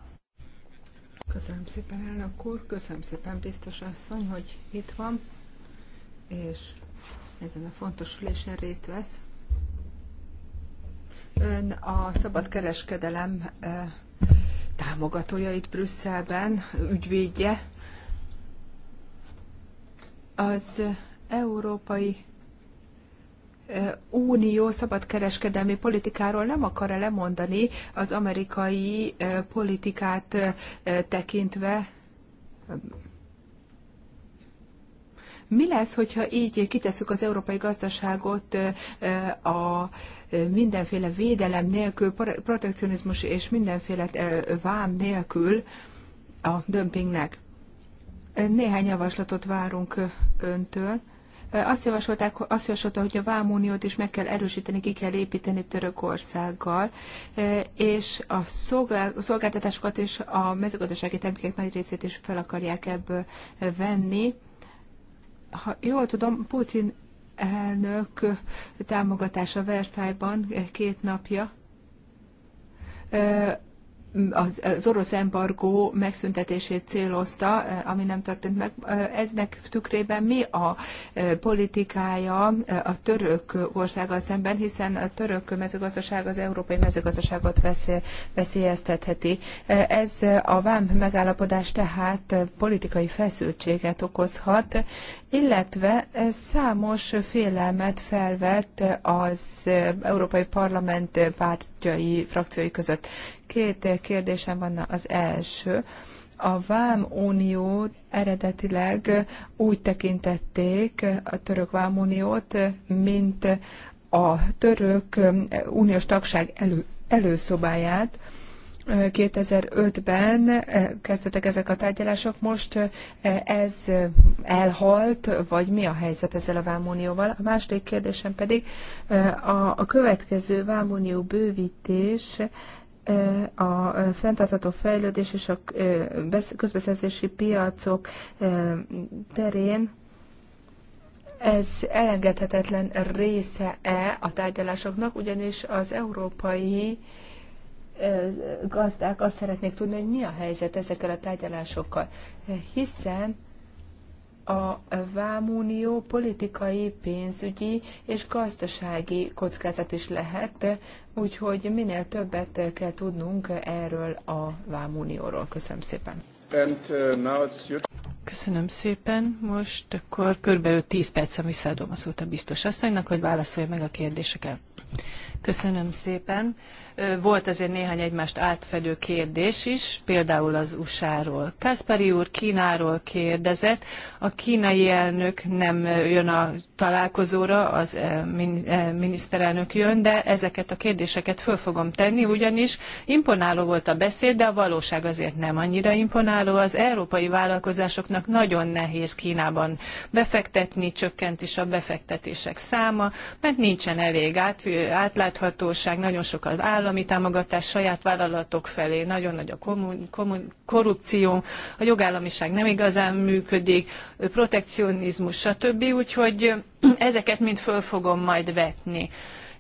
Köszönöm szépen, elnök úr, köszönöm szépen, biztos asszony, hogy itt van és ezen a fontos ülésen részt vesz. Ön a szabadkereskedelem támogatója itt Brüsszelben, ügyvédje. Az Európai Unió szabadkereskedelmi politikáról nem akar-e lemondani az amerikai politikát tekintve? Mi lesz, hogyha így kitesszük az európai gazdaságot a mindenféle védelem nélkül, protekcionizmus és mindenféle vám nélkül a dömpingnek? Néhány javaslatot várunk öntől. Azt, javasolták, azt javasolta, hogy a vámuniót is meg kell erősíteni, ki kell építeni Törökországgal, és a szolgáltatásokat és a mezőgazdasági termékek nagy részét is fel akarják ebből venni ha jól tudom, Putin elnök támogatása Versailles-ban két napja az orosz embargó megszüntetését célozta, ami nem történt meg. Ennek tükrében mi a e, politikája e, a török országgal szemben, hiszen a török mezőgazdaság az európai mezőgazdaságot veszélyeztetheti. E, ez a vám megállapodás tehát politikai feszültséget okozhat, illetve számos félelmet felvett az Európai Parlament pártjai, frakciói között. Két kérdésem van az első. A Vám Unió eredetileg úgy tekintették a török Vám Uniót, mint a török uniós tagság elő, előszobáját, 2005-ben eh, kezdődtek ezek a tárgyalások, most eh, ez elhalt, vagy mi a helyzet ezzel a vámunióval? A második kérdésem pedig eh, a, a következő vámunió bővítés a fenntartható fejlődés és a közbeszerzési piacok terén ez elengedhetetlen része-e a tárgyalásoknak, ugyanis az európai gazdák azt szeretnék tudni, hogy mi a helyzet ezekkel a tárgyalásokkal, hiszen a vámunió politikai, pénzügyi és gazdasági kockázat is lehet, úgyhogy minél többet kell tudnunk erről a vámunióról. Köszönöm szépen. Uh, Köszönöm szépen. Most akkor körülbelül 10 percen visszaadom a szót a biztos asszonynak, hogy válaszolja meg a kérdéseket. Köszönöm szépen. Volt azért néhány egymást átfedő kérdés is, például az USA-ról. Kaspari úr Kínáról kérdezett. A kínai elnök nem jön a találkozóra, az miniszterelnök jön, de ezeket a kérdéseket föl fogom tenni, ugyanis imponáló volt a beszéd, de a valóság azért nem annyira imponáló. Az európai vállalkozásoknak nagyon nehéz Kínában befektetni, csökkent is a befektetések száma, mert nincsen elég átláthatóság, nagyon sok az állam, állami támogatás saját vállalatok felé, nagyon nagy a kommun, kommun, korrupció, a jogállamiság nem igazán működik, protekcionizmus, stb. Úgyhogy ezeket mind föl fogom majd vetni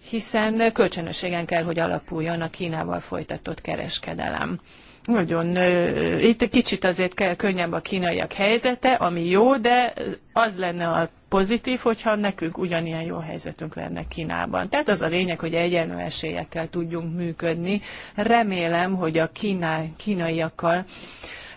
hiszen kölcsönösségen kell, hogy alapuljon a Kínával folytatott kereskedelem nagyon, itt egy kicsit azért kell könnyebb a kínaiak helyzete, ami jó, de az lenne a pozitív, hogyha nekünk ugyanilyen jó helyzetünk lenne Kínában. Tehát az a lényeg, hogy egyenlő esélyekkel tudjunk működni. Remélem, hogy a kínai, kínaiakkal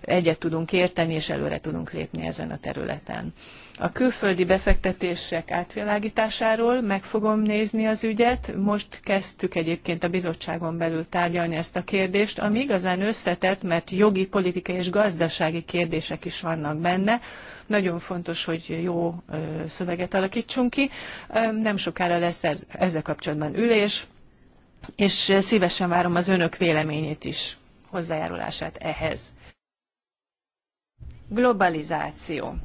egyet tudunk érteni, és előre tudunk lépni ezen a területen a külföldi befektetések átvilágításáról, meg fogom nézni az ügyet. Most kezdtük egyébként a bizottságon belül tárgyalni ezt a kérdést, ami igazán összetett, mert jogi, politikai és gazdasági kérdések is vannak benne. Nagyon fontos, hogy jó szöveget alakítsunk ki. Nem sokára lesz ezzel kapcsolatban ülés, és szívesen várom az önök véleményét is, hozzájárulását ehhez. Globalizáció.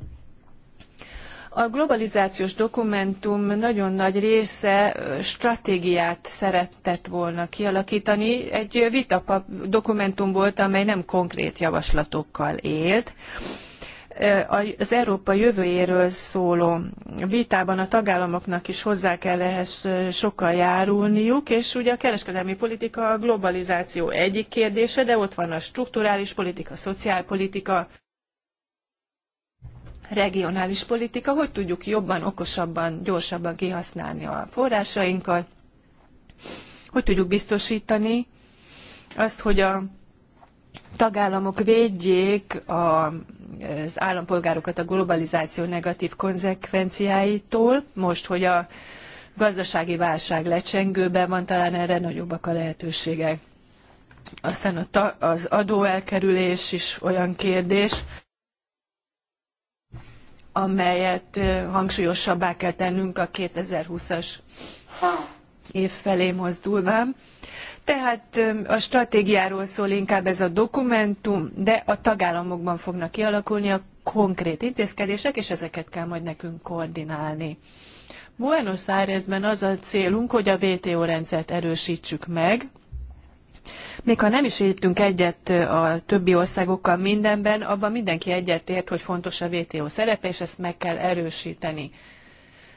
A globalizációs dokumentum nagyon nagy része stratégiát szerettett volna kialakítani. Egy vita dokumentum volt, amely nem konkrét javaslatokkal élt az Európa jövőjéről szóló vitában a tagállamoknak is hozzá kell ehhez sokkal járulniuk, és ugye a kereskedelmi politika a globalizáció egyik kérdése, de ott van a strukturális politika, a szociálpolitika, regionális politika, hogy tudjuk jobban, okosabban, gyorsabban kihasználni a forrásainkat, hogy tudjuk biztosítani azt, hogy a tagállamok védjék a, az állampolgárokat a globalizáció negatív konzekvenciáitól, most, hogy a gazdasági válság lecsengőben van, talán erre nagyobbak a lehetőségek. Aztán a az adóelkerülés is olyan kérdés, amelyet hangsúlyosabbá kell tennünk a 2020-as év felé mozdulva. Tehát a stratégiáról szól inkább ez a dokumentum, de a tagállamokban fognak kialakulni a konkrét intézkedések, és ezeket kell majd nekünk koordinálni. Buenos Airesben az a célunk, hogy a WTO rendszert erősítsük meg, még ha nem is értünk egyet a többi országokkal mindenben, abban mindenki egyetért, hogy fontos a WTO szerepe, és ezt meg kell erősíteni.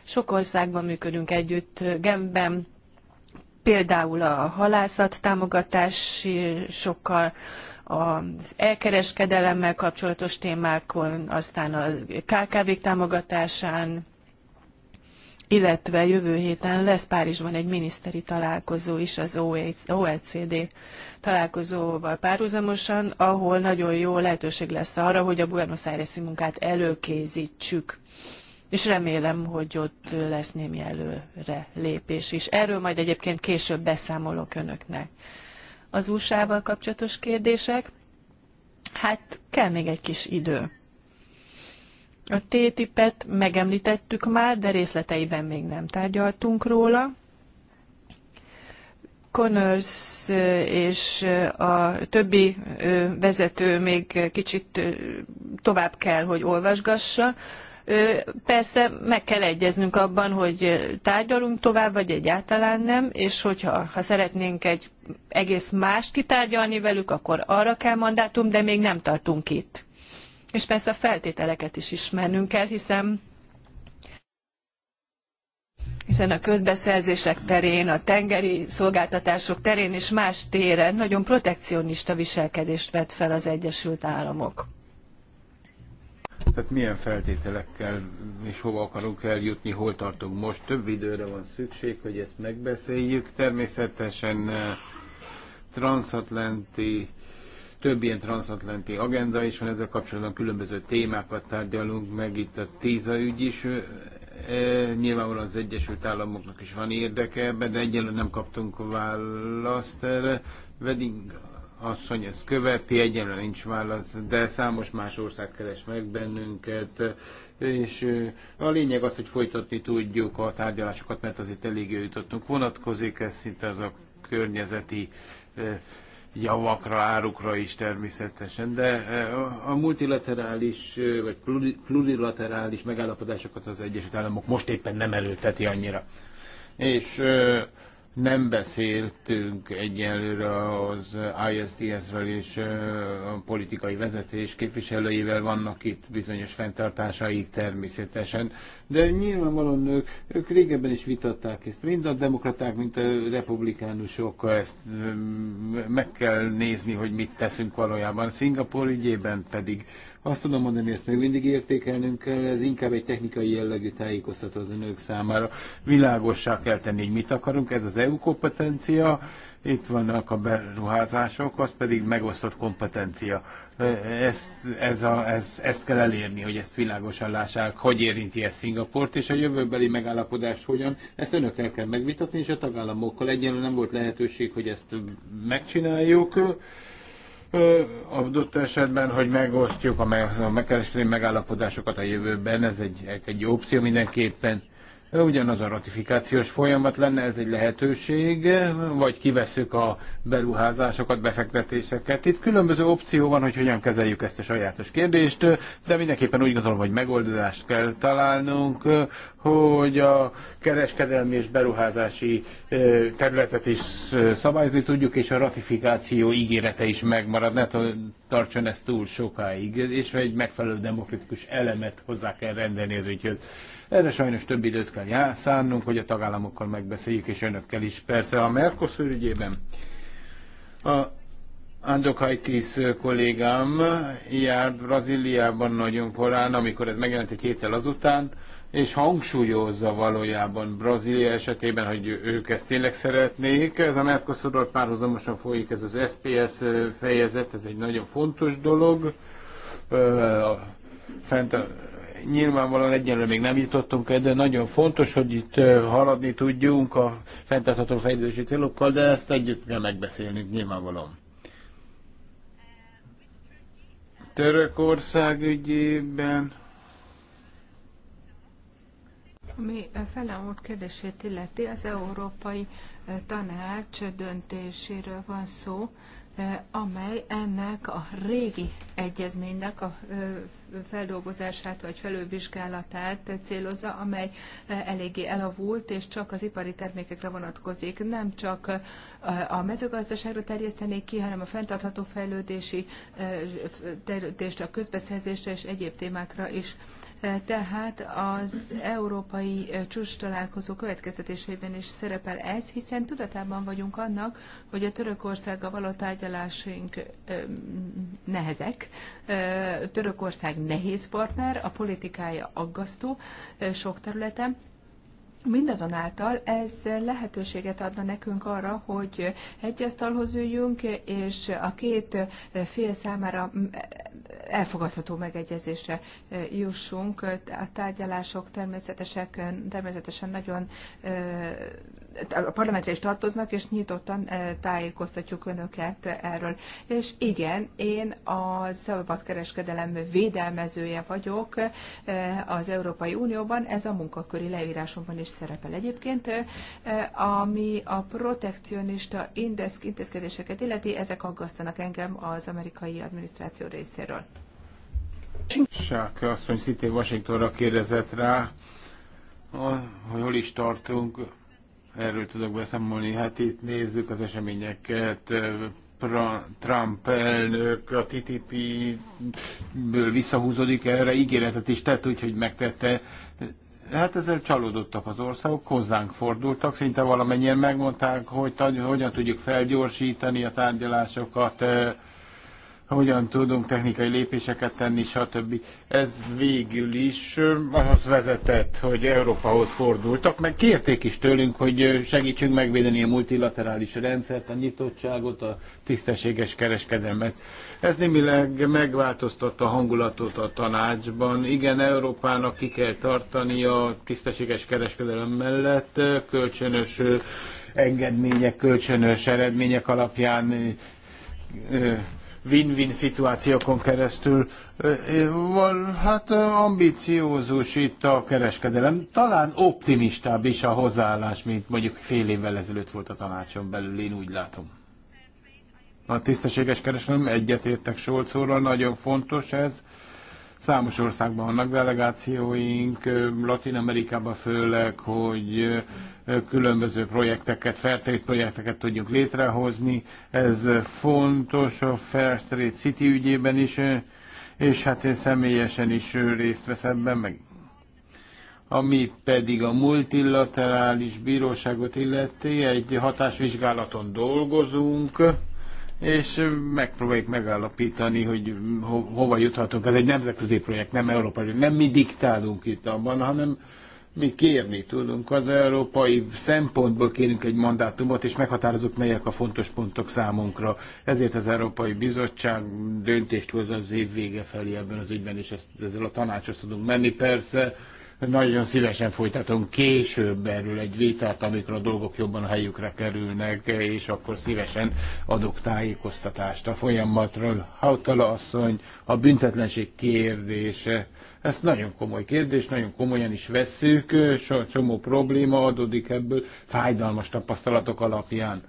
Sok országban működünk együtt, Genben, például a halászat támogatási sokkal, az elkereskedelemmel kapcsolatos témákon, aztán a KKV-k támogatásán, illetve jövő héten lesz Párizsban egy miniszteri találkozó is az OECD e találkozóval párhuzamosan, ahol nagyon jó lehetőség lesz arra, hogy a Buenos Aires-i munkát előkészítsük és remélem, hogy ott lesz némi előre lépés is. Erről majd egyébként később beszámolok önöknek. Az USA-val kapcsolatos kérdések? Hát kell még egy kis idő. A TTIP-et megemlítettük már, de részleteiben még nem tárgyaltunk róla. Connors és a többi vezető még kicsit tovább kell, hogy olvasgassa. Persze meg kell egyeznünk abban, hogy tárgyalunk tovább, vagy egyáltalán nem, és hogyha ha szeretnénk egy egész mást kitárgyalni velük, akkor arra kell mandátum, de még nem tartunk itt és persze a feltételeket is ismernünk kell, hiszen hiszen a közbeszerzések terén, a tengeri szolgáltatások terén és más téren nagyon protekcionista viselkedést vett fel az Egyesült Államok. Tehát milyen feltételekkel és hova akarunk eljutni, hol tartunk most? Több időre van szükség, hogy ezt megbeszéljük. Természetesen eh, transatlanti több ilyen transatlanti agenda is van, ezzel kapcsolatban különböző témákat tárgyalunk meg, itt a TISA ügy is, e, nyilvánvalóan az Egyesült Államoknak is van érdeke ebben, de egyelőre nem kaptunk választ erre. Wedding asszony ezt követi, egyelőre nincs válasz, de számos más ország keres meg bennünket, és a lényeg az, hogy folytatni tudjuk a tárgyalásokat, mert az itt eléggé jutottunk. Vonatkozik ez itt az a környezeti javakra, árukra is természetesen, de e, a multilaterális e, vagy plurilaterális megállapodásokat az Egyesült Államok most éppen nem erőlteti annyira. És e, nem beszéltünk egyelőre az ISDS-ről és a politikai vezetés képviselőivel vannak itt bizonyos fenntartásaik természetesen, de nyilvánvalóan ők, ők régebben is vitatták ezt, mind a demokraták, mind a republikánusok, ezt meg kell nézni, hogy mit teszünk valójában. Szingapur ügyében pedig azt tudom mondani, ezt még mindig értékelnünk kell, ez inkább egy technikai jellegű tájékoztató az önök számára. Világossá kell tenni, hogy mit akarunk, ez az EU kompetencia, itt vannak a beruházások, az pedig megosztott kompetencia. Ezt, ez a, ez, ezt kell elérni, hogy ezt világosan lássák, hogy érinti ez Szingaport, és a jövőbeli megállapodás hogyan. Ezt önökkel kell megvitatni, és a tagállamokkal egyenlően nem volt lehetőség, hogy ezt megcsináljuk adott esetben, hogy megosztjuk a, meg, a megkereskedelmi megállapodásokat a jövőben, ez egy, ez egy opció mindenképpen ugyanaz a ratifikációs folyamat lenne, ez egy lehetőség, vagy kiveszük a beruházásokat, befektetéseket. Itt különböző opció van, hogy hogyan kezeljük ezt a sajátos kérdést, de mindenképpen úgy gondolom, hogy megoldást kell találnunk, hogy a kereskedelmi és beruházási területet is szabályozni tudjuk, és a ratifikáció ígérete is megmarad, ne tartson ezt túl sokáig, és egy megfelelő demokratikus elemet hozzá kell rendelni az ügyhöz. Erre sajnos több időt kell szánnunk, hogy a tagállamokkal megbeszéljük, és önökkel is. Persze a Mercosur ügyében a Andokaitis kollégám járt Brazíliában nagyon korán, amikor ez megjelent egy héttel azután, és hangsúlyozza valójában Brazília esetében, hogy ők ezt tényleg szeretnék. Ez a Mercosurral párhuzamosan folyik ez az SPS fejezet, ez egy nagyon fontos dolog. Fent a nyilvánvalóan egyenlőre még nem jutottunk el, de nagyon fontos, hogy itt haladni tudjunk a fenntartható fejlődési célokkal, de ezt együtt kell megbeszélni nyilvánvalóan. Törökország ügyében ami Fele úr kérdését illeti, az Európai Tanács döntéséről van szó, amely ennek a régi egyezménynek a feldolgozását vagy felővizsgálatát célozza, amely eh, eléggé elavult, és csak az ipari termékekre vonatkozik. Nem csak eh, a mezőgazdaságra terjesztenék ki, hanem a fenntartható fejlődési eh, területést, a közbeszerzésre és egyéb témákra is tehát az európai csúcs találkozó következtetéseiben is szerepel ez, hiszen tudatában vagyunk annak, hogy a Törökországgal való tárgyalásaink nehezek. Törökország nehéz partner, a politikája aggasztó sok területen, Mindazonáltal ez lehetőséget adna nekünk arra, hogy egy asztalhoz üljünk, és a két fél számára elfogadható megegyezésre jussunk. A tárgyalások természetesen, természetesen nagyon a parlamentre is tartoznak, és nyitottan eh, tájékoztatjuk önöket erről. És igen, én a szabadkereskedelem védelmezője vagyok eh, az Európai Unióban, ez a munkaköri leírásomban is szerepel egyébként, eh, ami a protekcionista intézkedéseket illeti, ezek aggasztanak engem az amerikai adminisztráció részéről. azt mondja, szintén Washingtonra kérdezett rá, hogy hol is tartunk Erről tudok beszámolni. Hát itt nézzük az eseményeket. Trump elnök a TTP-ből visszahúzódik erre, ígéretet is tett, úgyhogy megtette. Hát ezzel csalódottak az országok, hozzánk fordultak, szinte valamennyien megmondták, hogy hogyan tudjuk felgyorsítani a tárgyalásokat, hogyan tudunk technikai lépéseket tenni, stb. Ez végül is ahhoz vezetett, hogy Európahoz fordultak, meg kérték is tőlünk, hogy segítsünk megvédeni a multilaterális rendszert, a nyitottságot, a tisztességes kereskedelmet. Ez némileg megváltoztatta a hangulatot a tanácsban. Igen, Európának ki kell tartani a tisztességes kereskedelem mellett, kölcsönös engedmények, kölcsönös eredmények alapján win-win szituációkon keresztül. Hát ambiciózus itt a kereskedelem, talán optimistább is a hozzáállás, mint mondjuk fél évvel ezelőtt volt a tanácson belül, én úgy látom. A tisztességes kereskedelem egyetértek Solcóra, nagyon fontos ez. Számos országban vannak delegációink, Latin Amerikában főleg, hogy különböző projekteket, Fairtrade projekteket tudjuk létrehozni. Ez fontos a Fairtrade City ügyében is, és hát én személyesen is részt vesz ebben, meg ami pedig a multilaterális bíróságot illeti, egy hatásvizsgálaton dolgozunk és megpróbáljuk megállapítani, hogy ho- hova juthatunk. Ez egy nemzetközi projekt, nem európai. Nem mi diktálunk itt abban, hanem mi kérni tudunk. Az európai szempontból kérünk egy mandátumot, és meghatározunk, melyek a fontos pontok számunkra. Ezért az Európai Bizottság döntést hoz az év vége felé ebben az ügyben, és ezzel a tanácshoz tudunk menni. Persze nagyon szívesen folytatunk később erről egy vitát, amikor a dolgok jobban a helyükre kerülnek, és akkor szívesen adok tájékoztatást a folyamatról. Hautala asszony, a büntetlenség kérdése, ez nagyon komoly kérdés, nagyon komolyan is veszük, csomó probléma adódik ebből, fájdalmas tapasztalatok alapján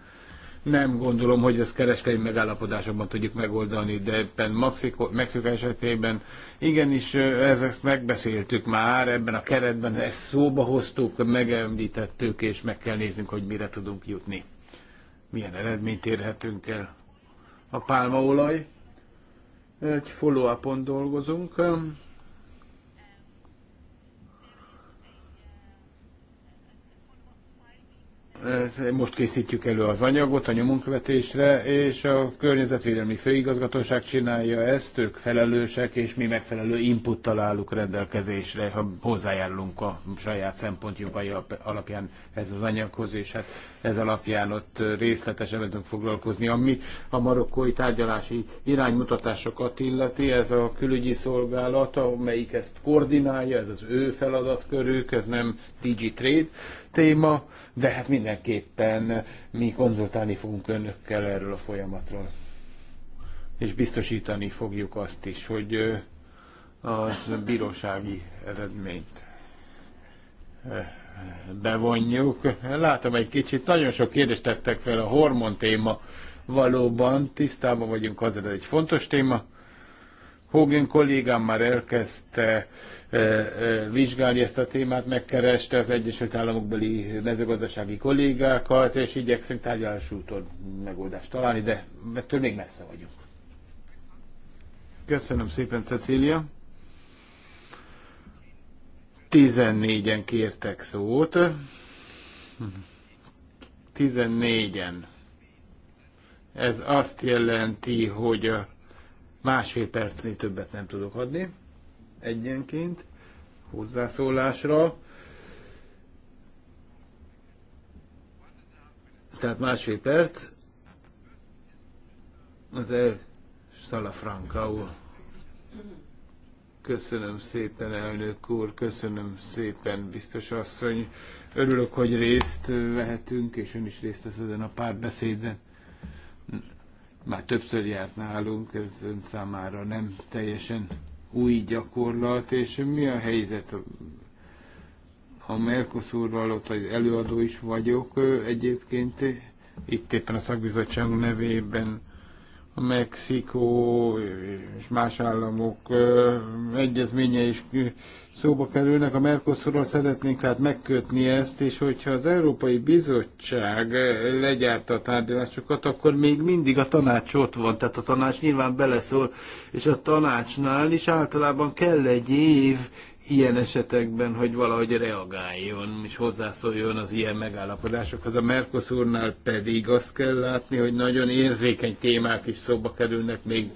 nem gondolom, hogy ezt kereskedelmi megállapodásokban tudjuk megoldani, de ebben Mexiko, Mexiko esetében igenis ezt megbeszéltük már, ebben a keretben ezt szóba hoztuk, megemlítettük, és meg kell néznünk, hogy mire tudunk jutni. Milyen eredményt érhetünk el. A pálmaolaj. Egy follow-upon dolgozunk Most készítjük elő az anyagot a nyomonkövetésre, és a Környezetvédelmi Főigazgatóság csinálja ezt, ők felelősek, és mi megfelelő inputtal állunk rendelkezésre, ha hozzájárulunk a saját szempontjuk alapján ez az anyaghoz, és hát ez alapján ott részletesen tudunk foglalkozni. Ami a marokkói tárgyalási iránymutatásokat illeti, ez a külügyi szolgálata, amelyik ezt koordinálja, ez az ő feladatkörük, ez nem DigiTrade, téma, de hát mindenképpen mi konzultálni fogunk önökkel erről a folyamatról. És biztosítani fogjuk azt is, hogy az bírósági eredményt bevonjuk. Látom egy kicsit, nagyon sok kérdést tettek fel a hormon téma. Valóban tisztában vagyunk azzal, egy fontos téma. Hogan kollégám már elkezdte vizsgálni ezt a témát, megkereste az Egyesült Államokbeli mezőgazdasági kollégákat, és igyekszünk tárgyalás úton megoldást találni, de ettől még messze vagyunk. Köszönöm szépen, Cecília. 14-en kértek szót. 14-en. Ez azt jelenti, hogy másfél percnél többet nem tudok adni egyenként hozzászólásra. Tehát másfél perc. Az el Salafranca úr. Köszönöm szépen, elnök úr, köszönöm szépen, biztos asszony. Örülök, hogy részt vehetünk, és ön is részt vesz ezen a párbeszéden. Már többször járt nálunk, ez ön számára nem teljesen új gyakorlat, és mi a helyzet a Mercosurral, ott az előadó is vagyok egyébként, itt éppen a szakbizottság nevében Mexikó és más államok egyezménye is szóba kerülnek. A Mercosurral szeretnénk tehát megkötni ezt, és hogyha az Európai Bizottság legyárt a tárgyalásokat, akkor még mindig a tanács ott van, tehát a tanács nyilván beleszól, és a tanácsnál is általában kell egy év ilyen esetekben, hogy valahogy reagáljon és hozzászóljon az ilyen megállapodásokhoz. A Mercosurnál pedig azt kell látni, hogy nagyon érzékeny témák is szóba kerülnek, még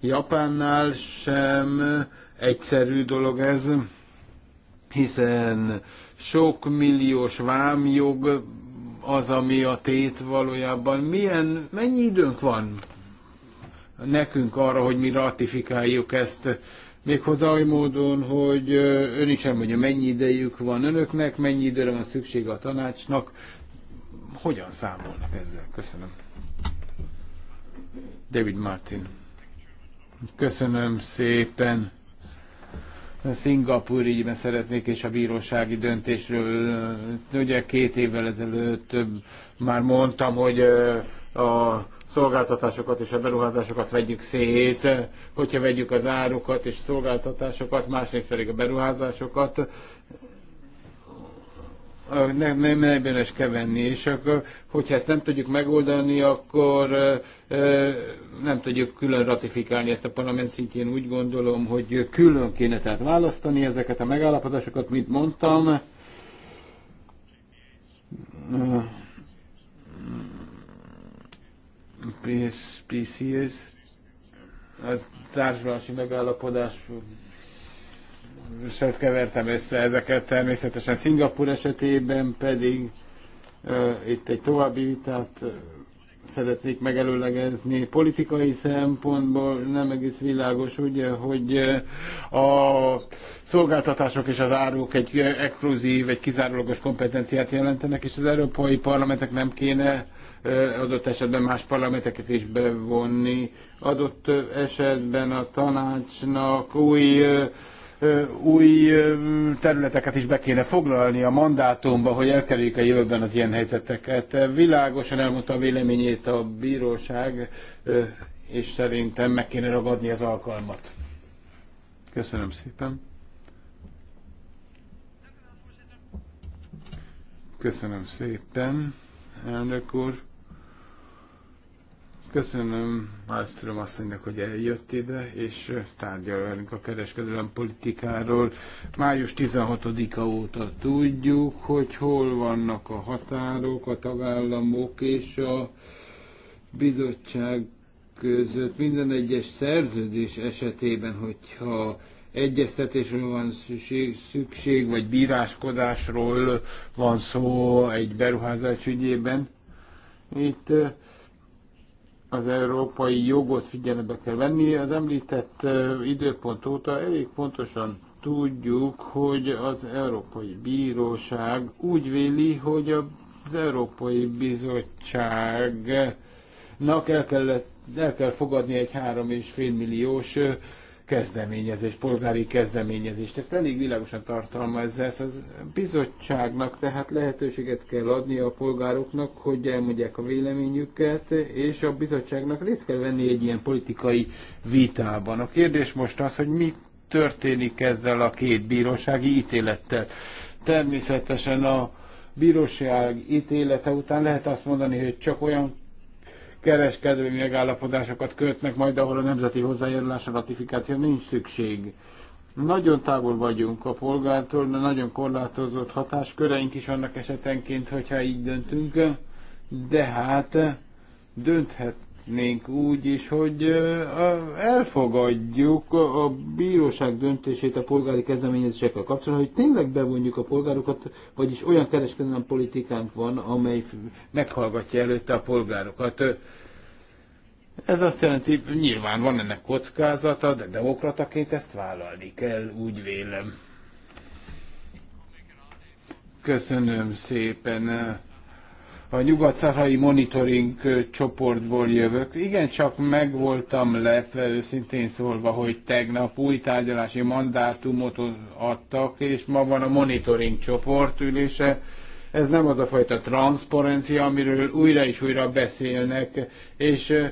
Japánnál sem egyszerű dolog ez, hiszen sok milliós vámjog az, ami a tét valójában. Milyen, mennyi időnk van nekünk arra, hogy mi ratifikáljuk ezt? méghozzá oly módon, hogy ön is elmondja, mennyi idejük van önöknek, mennyi időre van szükség a tanácsnak, hogyan számolnak ezzel? Köszönöm. David Martin. Köszönöm szépen. A Szingapúr ügyben szeretnék, és a bírósági döntésről ugye két évvel ezelőtt már mondtam, hogy a szolgáltatásokat és a beruházásokat vegyük szét, hogyha vegyük az árukat és szolgáltatásokat, másrészt pedig a beruházásokat, nem, nem, nem érdemes kevenni, és akkor, hogyha ezt nem tudjuk megoldani, akkor e, nem tudjuk külön ratifikálni ezt a parlament szintjén. Úgy gondolom, hogy külön kéne tehát választani ezeket a megállapodásokat, mint mondtam. PCS, az társulási megállapodás sőt kevertem össze ezeket természetesen Szingapur esetében pedig uh, itt egy további vitát szeretnék megelőlegezni. Politikai szempontból nem egész világos, ugye, hogy a szolgáltatások és az áruk egy exkluzív, egy kizárólagos kompetenciát jelentenek, és az európai parlamentek nem kéne adott esetben más parlamenteket is bevonni. Adott esetben a tanácsnak új új területeket is be kéne foglalni a mandátumba, hogy elkerüljük a jövőben az ilyen helyzeteket. Világosan elmondta a véleményét a bíróság, és szerintem meg kéne ragadni az alkalmat. Köszönöm szépen. Köszönöm szépen, elnök úr. Köszönöm Malmström asszonynak, hogy eljött ide, és tárgyal velünk a kereskedelem politikáról. Május 16-a óta tudjuk, hogy hol vannak a határok, a tagállamok és a bizottság között minden egyes szerződés esetében, hogyha egyeztetésről van szükség, szükség, vagy bíráskodásról van szó egy beruházás ügyében. Itt az európai jogot figyelembe kell venni. Az említett időpont óta elég pontosan tudjuk, hogy az Európai Bíróság úgy véli, hogy az Európai Bizottságnak el, kellett, el kell fogadni egy 3,5 milliós kezdeményezést, polgári kezdeményezést. Ezt elég világosan tartalmazza ez az bizottságnak, tehát lehetőséget kell adni a polgároknak, hogy elmondják a véleményüket, és a bizottságnak részt kell venni egy ilyen politikai vitában. A kérdés most az, hogy mi történik ezzel a két bírósági ítélettel. Természetesen a bíróság ítélete után lehet azt mondani, hogy csak olyan kereskedelmi megállapodásokat kötnek majd, ahol a nemzeti a ratifikáció nincs szükség. Nagyon távol vagyunk a polgártól, de nagyon korlátozott hatásköreink is annak esetenként, hogyha így döntünk, de hát dönthet, tehetnénk úgy is, hogy elfogadjuk a bíróság döntését a polgári kezdeményezésekkel kapcsolatban, hogy tényleg bevonjuk a polgárokat, vagyis olyan kereskedelmi politikánk van, amely meghallgatja előtte a polgárokat. Ez azt jelenti, nyilván van ennek kockázata, de demokrataként ezt vállalni kell, úgy vélem. Köszönöm szépen a nyugat-szahai monitoring csoportból jövök. Igen, csak meg voltam lepve, őszintén szólva, hogy tegnap új tárgyalási mandátumot adtak, és ma van a monitoring csoport ülése. Ez nem az a fajta transzparencia, amiről újra és újra beszélnek, és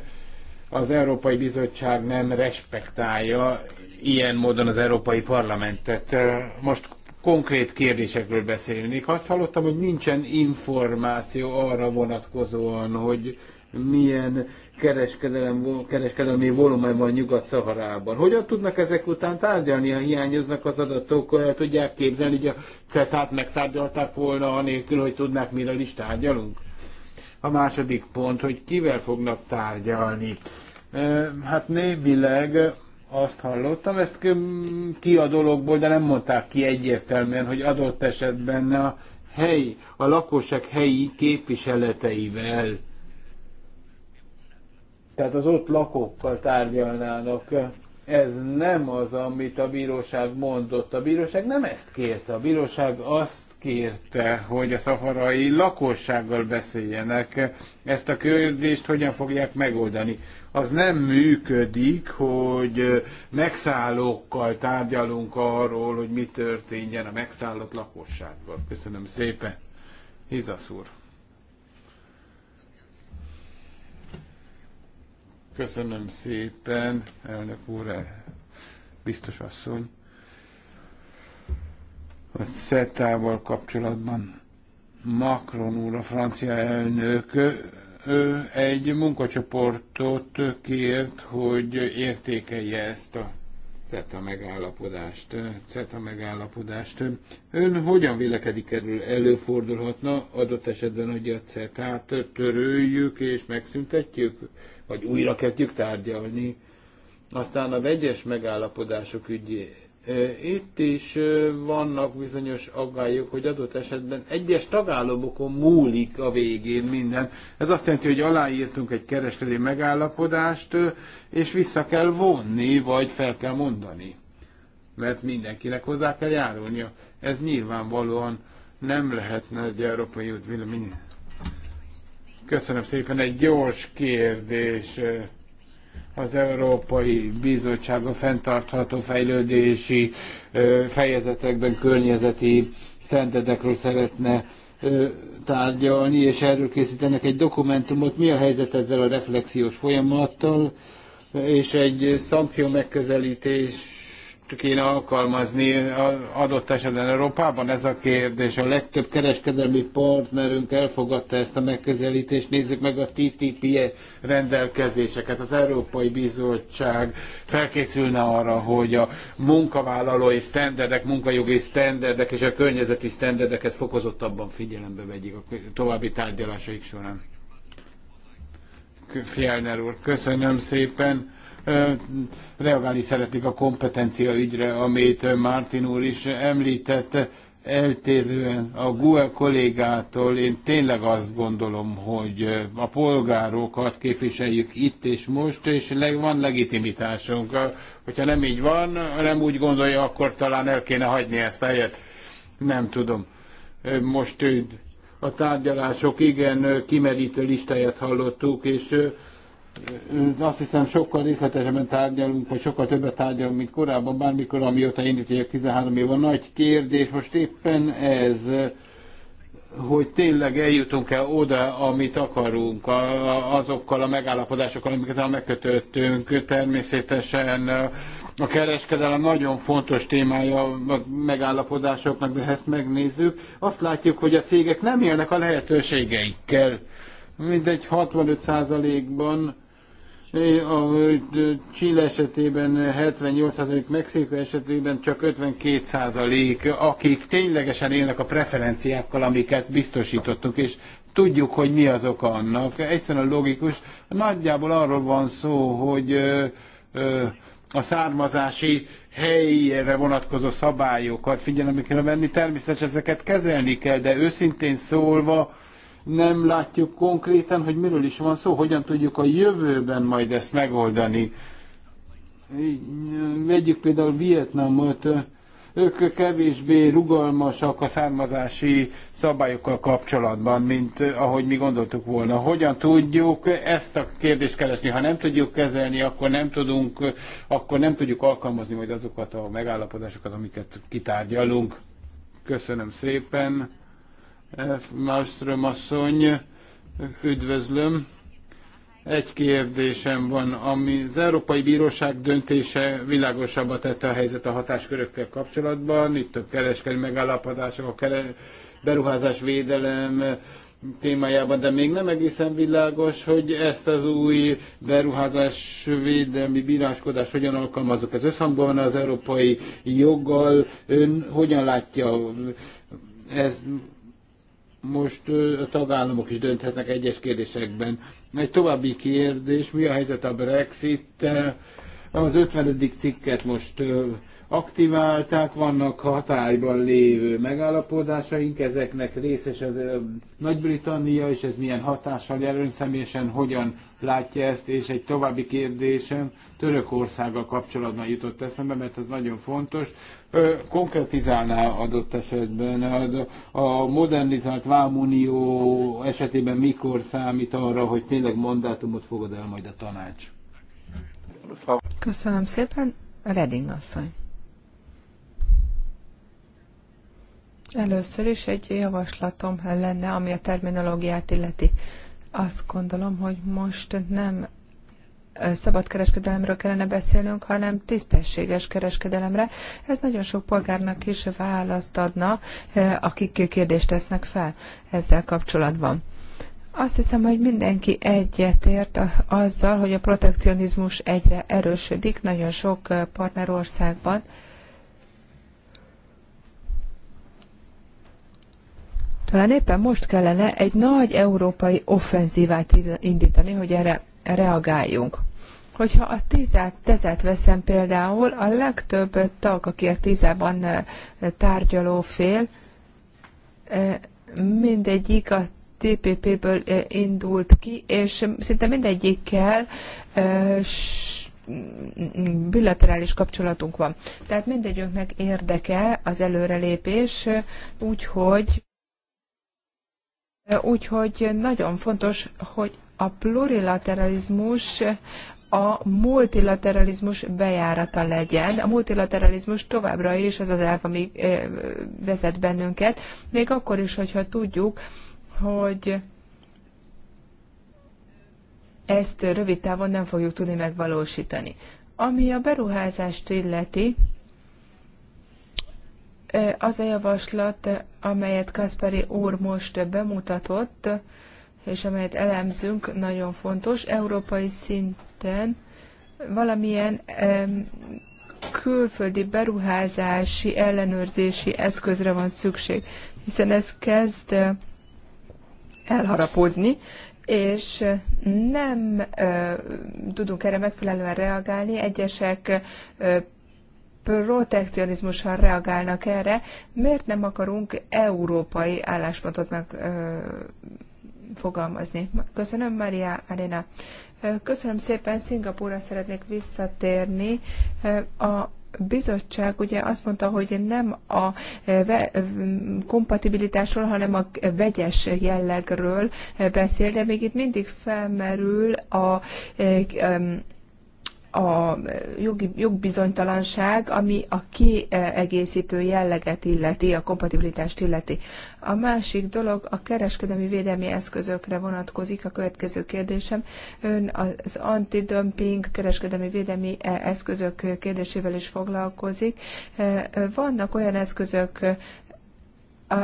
az Európai Bizottság nem respektálja ilyen módon az Európai Parlamentet. Most konkrét kérdésekről beszélnék. Azt hallottam, hogy nincsen információ arra vonatkozóan, hogy milyen kereskedelem, kereskedelmi volumen van Nyugat-Szaharában. Hogyan tudnak ezek után tárgyalni, ha hiányoznak az adatok? Tudják képzelni, hogy a CETA-t megtárgyalták volna, anélkül, hogy tudnák, miről is tárgyalunk? A második pont, hogy kivel fognak tárgyalni. Hát névileg azt hallottam, ezt ki a dologból, de nem mondták ki egyértelműen, hogy adott esetben a helyi, a lakosság helyi képviseleteivel, tehát az ott lakókkal tárgyalnának. Ez nem az, amit a bíróság mondott. A bíróság nem ezt kérte. A bíróság azt kérte, hogy a szaharai lakossággal beszéljenek. Ezt a kérdést hogyan fogják megoldani? az nem működik, hogy megszállókkal tárgyalunk arról, hogy mi történjen a megszállott lakossággal. Köszönöm szépen. Hizasz úr. Köszönöm szépen, elnök úr, eh, biztos asszony. A CETA-val kapcsolatban Macron úr, a francia elnök egy munkacsoportot kért, hogy értékelje ezt a CETA megállapodást. CETA megállapodást. Ön hogyan vélekedik erről? Előfordulhatna adott esetben, hogy a CETA-t töröljük és megszüntetjük? Vagy újra kezdjük tárgyalni? Aztán a vegyes megállapodások ügyé, itt is vannak bizonyos aggályok, hogy adott esetben egyes tagállamokon múlik a végén minden. Ez azt jelenti, hogy aláírtunk egy kereskedelmi megállapodást, és vissza kell vonni, vagy fel kell mondani. Mert mindenkinek hozzá kell járulnia. Ez nyilvánvalóan nem lehetne egy Európai Út vélemény. Köszönöm szépen, egy gyors kérdés az Európai Bizottság a fenntartható fejlődési fejezetekben környezeti sztenderdekről szeretne tárgyalni, és erről készítenek egy dokumentumot. Mi a helyzet ezzel a reflexiós folyamattal, és egy szankció megközelítés kéne alkalmazni adott esetben Európában? Ez a kérdés. A legtöbb kereskedelmi partnerünk elfogadta ezt a megközelítést. Nézzük meg a TTP -e rendelkezéseket. Az Európai Bizottság felkészülne arra, hogy a munkavállalói sztenderdek, munkajogi sztenderdek és a környezeti sztenderdeket fokozottabban figyelembe vegyék a további tárgyalásaik során. Fjellner úr, köszönöm szépen reagálni szeretnék a kompetencia ügyre, amit Mártin úr is említett, eltérően a GUE kollégától én tényleg azt gondolom, hogy a polgárokat képviseljük itt és most, és van legitimitásunk. Hogyha nem így van, nem úgy gondolja, akkor talán el kéne hagyni ezt a helyet. Nem tudom. Most a tárgyalások igen kimerítő listáját hallottuk, és azt hiszem sokkal részletesebben tárgyalunk, vagy sokkal többet tárgyalunk, mint korábban, bármikor, amióta én itt 13 év, a nagy kérdés most éppen ez, hogy tényleg eljutunk-e oda, amit akarunk, azokkal a megállapodásokkal, amiket megkötöttünk. Természetesen a kereskedelem nagyon fontos témája a megállapodásoknak, de ezt megnézzük. Azt látjuk, hogy a cégek nem élnek a lehetőségeikkel. Mindegy 65%-ban a Chile esetében 78%, Mexikó esetében csak 52%, akik ténylegesen élnek a preferenciákkal, amiket biztosítottunk, és tudjuk, hogy mi az oka annak. Egyszerűen logikus. Nagyjából arról van szó, hogy ö, ö, a származási helyére vonatkozó szabályokat figyelembe kell venni. Természetesen ezeket kezelni kell, de őszintén szólva, nem látjuk konkrétan, hogy miről is van szó, hogyan tudjuk a jövőben majd ezt megoldani. Vegyük például Vietnamot, ők kevésbé rugalmasak a származási szabályokkal kapcsolatban, mint ahogy mi gondoltuk volna. Hogyan tudjuk ezt a kérdést keresni? Ha nem tudjuk kezelni, akkor nem tudunk, akkor nem tudjuk alkalmazni majd azokat a megállapodásokat, amiket kitárgyalunk. Köszönöm szépen. Malmström asszony, üdvözlöm. Egy kérdésem van, ami az Európai Bíróság döntése világosabbá tette a helyzet a hatáskörökkel kapcsolatban. Itt a kereskedelmi megállapodások, a kere, beruházás védelem témájában, de még nem egészen világos, hogy ezt az új beruházás védelmi bíráskodást hogyan alkalmazok. Ez összhangban van az európai joggal. Ön hogyan látja ez most a tagállamok is dönthetnek egyes kérdésekben. Egy további kérdés, mi a helyzet a Brexit-tel? Az 50. cikket most aktiválták, vannak hatályban lévő megállapodásaink, ezeknek részes az Nagy-Britannia, és ez milyen hatással jár ön személyesen, hogyan látja ezt, és egy további kérdésem Törökországgal kapcsolatban jutott eszembe, mert ez nagyon fontos. Ö, konkretizálná adott esetben hát a modernizált Vámunió esetében mikor számít arra, hogy tényleg mandátumot fogad el majd a tanács? Köszönöm szépen. Reding asszony. Először is egy javaslatom lenne, ami a terminológiát illeti. Azt gondolom, hogy most nem szabad kereskedelemről kellene beszélnünk, hanem tisztességes kereskedelemre. Ez nagyon sok polgárnak is választ adna, akik kérdést tesznek fel ezzel kapcsolatban. Azt hiszem, hogy mindenki egyetért azzal, hogy a protekcionizmus egyre erősödik nagyon sok partnerországban. országban Talán éppen most kellene egy nagy európai offenzívát indítani, hogy erre reagáljunk. Hogyha a tízát, tezet veszem például, a legtöbb tag, aki a tízában tárgyaló fél, mindegyik a TPP-ből indult ki, és szinte mindegyikkel bilaterális kapcsolatunk van. Tehát mindegyünknek érdeke az előrelépés, úgyhogy Úgyhogy nagyon fontos, hogy a plurilateralizmus a multilateralizmus bejárata legyen. A multilateralizmus továbbra is az az elv, ami vezet bennünket, még akkor is, hogyha tudjuk, hogy ezt rövid távon nem fogjuk tudni megvalósítani. Ami a beruházást illeti, az a javaslat, amelyet Kaspari úr most bemutatott, és amelyet elemzünk, nagyon fontos. Európai szinten valamilyen külföldi beruházási ellenőrzési eszközre van szükség, hiszen ez kezd elharapozni, és nem tudunk erre megfelelően reagálni. Egyesek protekcionizmussal reagálnak erre, miért nem akarunk európai álláspontot meg fogalmazni. Köszönöm, Maria Arena. Köszönöm szépen, Szingapúra szeretnék visszatérni. A bizottság ugye azt mondta, hogy nem a kompatibilitásról, hanem a vegyes jellegről beszél, de még itt mindig felmerül a a jogi, jogbizonytalanság, ami a kiegészítő jelleget illeti, a kompatibilitást illeti. A másik dolog a kereskedelmi védelmi eszközökre vonatkozik a következő kérdésem. Ön az antidömping kereskedelmi védelmi e, eszközök kérdésével is foglalkozik. E, vannak olyan eszközök,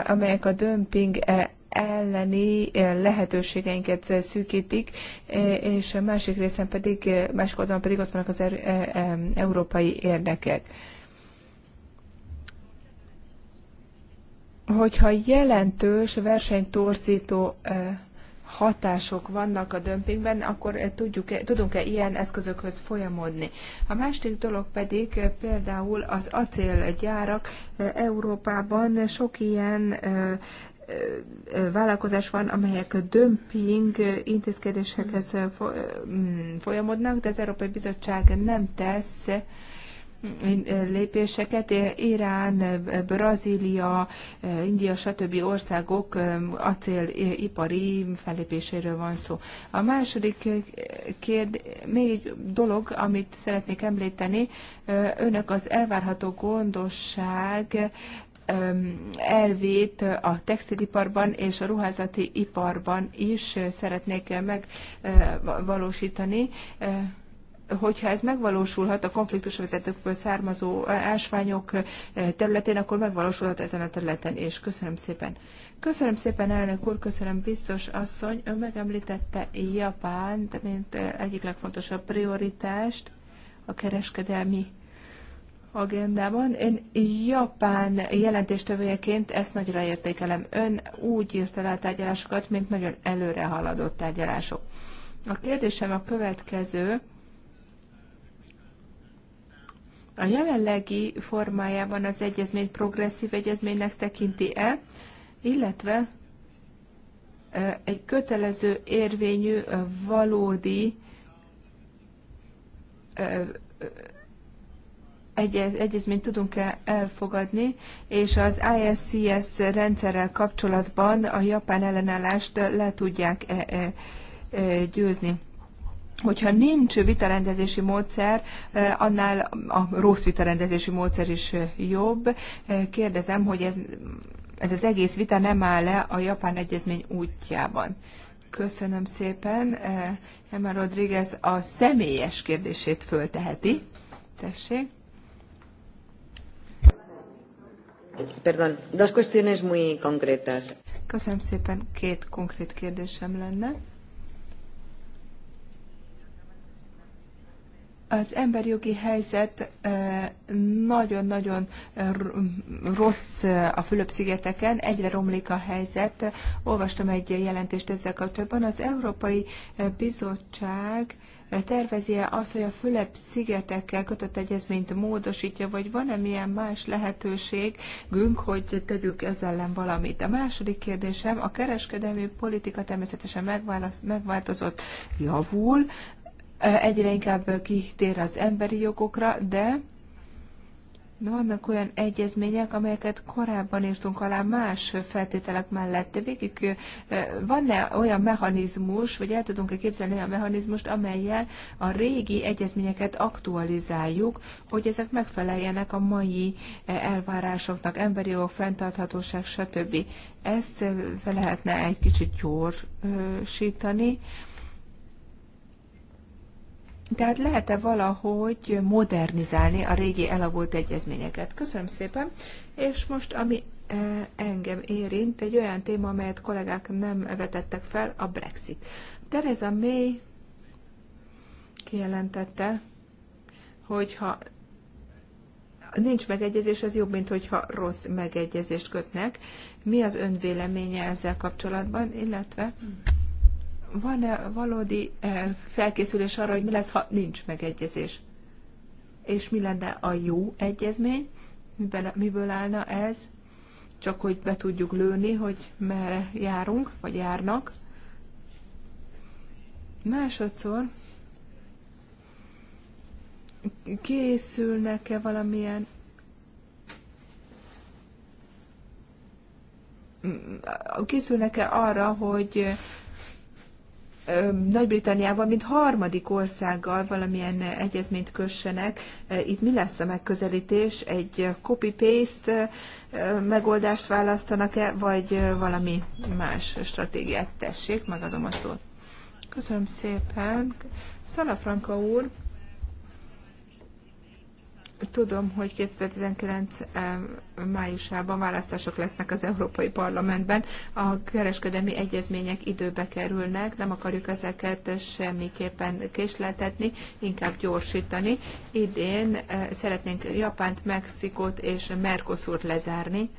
amelyek a dömping e, elleni eh, lehetőségeinket eh, szűkítik, eh, és másik részen pedig, másik oldalon pedig ott vannak az er-, európai érdekek. Hogyha jelentős versenytorzító hatások vannak a dömpingben, akkor tudjuk, tudunk-e ilyen eszközökhöz folyamodni. A másik dolog pedig például az acélgyárak Európában sok ilyen vállalkozás van, amelyek dömping intézkedésekhez mm, folyamodnak, de az Európai Bizottság nem tesz lépéseket. Irán, Brazília, India, stb. országok acélipari fellépéséről van szó. A második kérd, még egy dolog, amit szeretnék említeni, önök az elvárható gondosság elvét a textiliparban és a ruházati iparban is szeretnék megvalósítani hogyha ez megvalósulhat a vezetőkből származó ásványok területén, akkor megvalósulhat ezen a területen és Köszönöm szépen. Köszönöm szépen, elnök úr, köszönöm biztos asszony. Ön megemlítette Japánt, mint egyik legfontosabb prioritást a kereskedelmi agendában. Én japán jelentéstevőjeként ezt nagyra értékelem. Ön úgy írta le a tárgyalásokat, mint nagyon előre haladott tárgyalások. A kérdésem a következő. A jelenlegi formájában az egyezmény progresszív egyezménynek tekinti-e, illetve egy kötelező érvényű, valódi egy egyezményt tudunk-e elfogadni, és az ISCS rendszerrel kapcsolatban a japán ellenállást le tudják e, -e -e győzni. Hogyha nincs vitarendezési módszer, e, annál a rossz vitarendezési módszer is jobb. E, kérdezem, hogy ez, ez az egész vita nem áll e a japán egyezmény útjában. Köszönöm szépen. Emma Rodriguez a személyes kérdését fölteheti. Tessék. Perdón, dos cuestiones muy concretas. Köszönöm szépen, két konkrét kérdésem lenne. az emberjogi helyzet nagyon-nagyon rossz a Fülöp-szigeteken, egyre romlik a helyzet. Olvastam egy jelentést ezzel kapcsolatban. Az Európai Bizottság tervezi-e az, hogy a Fülep-szigetekkel kötött egyezményt módosítja, vagy van-e milyen más lehetőség, günk, hogy tegyük ezzel ellen valamit? A második kérdésem, a kereskedelmi politika természetesen megváltozott, javul, egyre inkább kitér az emberi jogokra, de vannak olyan egyezmények, amelyeket korábban írtunk alá más feltételek mellett. De végig van-e olyan mechanizmus, vagy el tudunk-e képzelni olyan mechanizmust, amelyel a régi egyezményeket aktualizáljuk, hogy ezek megfeleljenek a mai elvárásoknak, emberi jogok, fenntarthatóság, stb. Ezt lehetne egy kicsit gyorsítani. Uh, tehát lehet-e valahogy modernizálni a régi elavult egyezményeket? Köszönöm szépen, és most ami e, engem érint, egy olyan téma, amelyet kollégák nem vetettek fel, a Brexit. Theresa May kijelentette, hogyha nincs megegyezés, az jobb, mint hogyha rossz megegyezést kötnek. Mi az ön véleménye ezzel kapcsolatban, illetve van-e valódi eh, felkészülés arra, hogy mi lesz, ha nincs megegyezés? És mi lenne a jó egyezmény? Miből, miből állna ez? Csak hogy be tudjuk lőni, hogy merre járunk, vagy járnak. Másodszor készülnek-e valamilyen mm, mm, készülnek-e arra, hogy nagy-Britanniával, mint harmadik országgal valamilyen egyezményt kössenek. Itt mi lesz a megközelítés? Egy copy-paste megoldást választanak-e, vagy valami más stratégiát tessék? Megadom a szót. Köszönöm szépen. Franka úr, Tudom, hogy 2019 eh, májusában választások lesznek az Európai Parlamentben, a kereskedelmi egyezmények időbe kerülnek, nem akarjuk ezeket semmiképpen késleltetni, inkább gyorsítani. Idén eh, szeretnénk Japánt, Mexikót és Mercosurt lezárni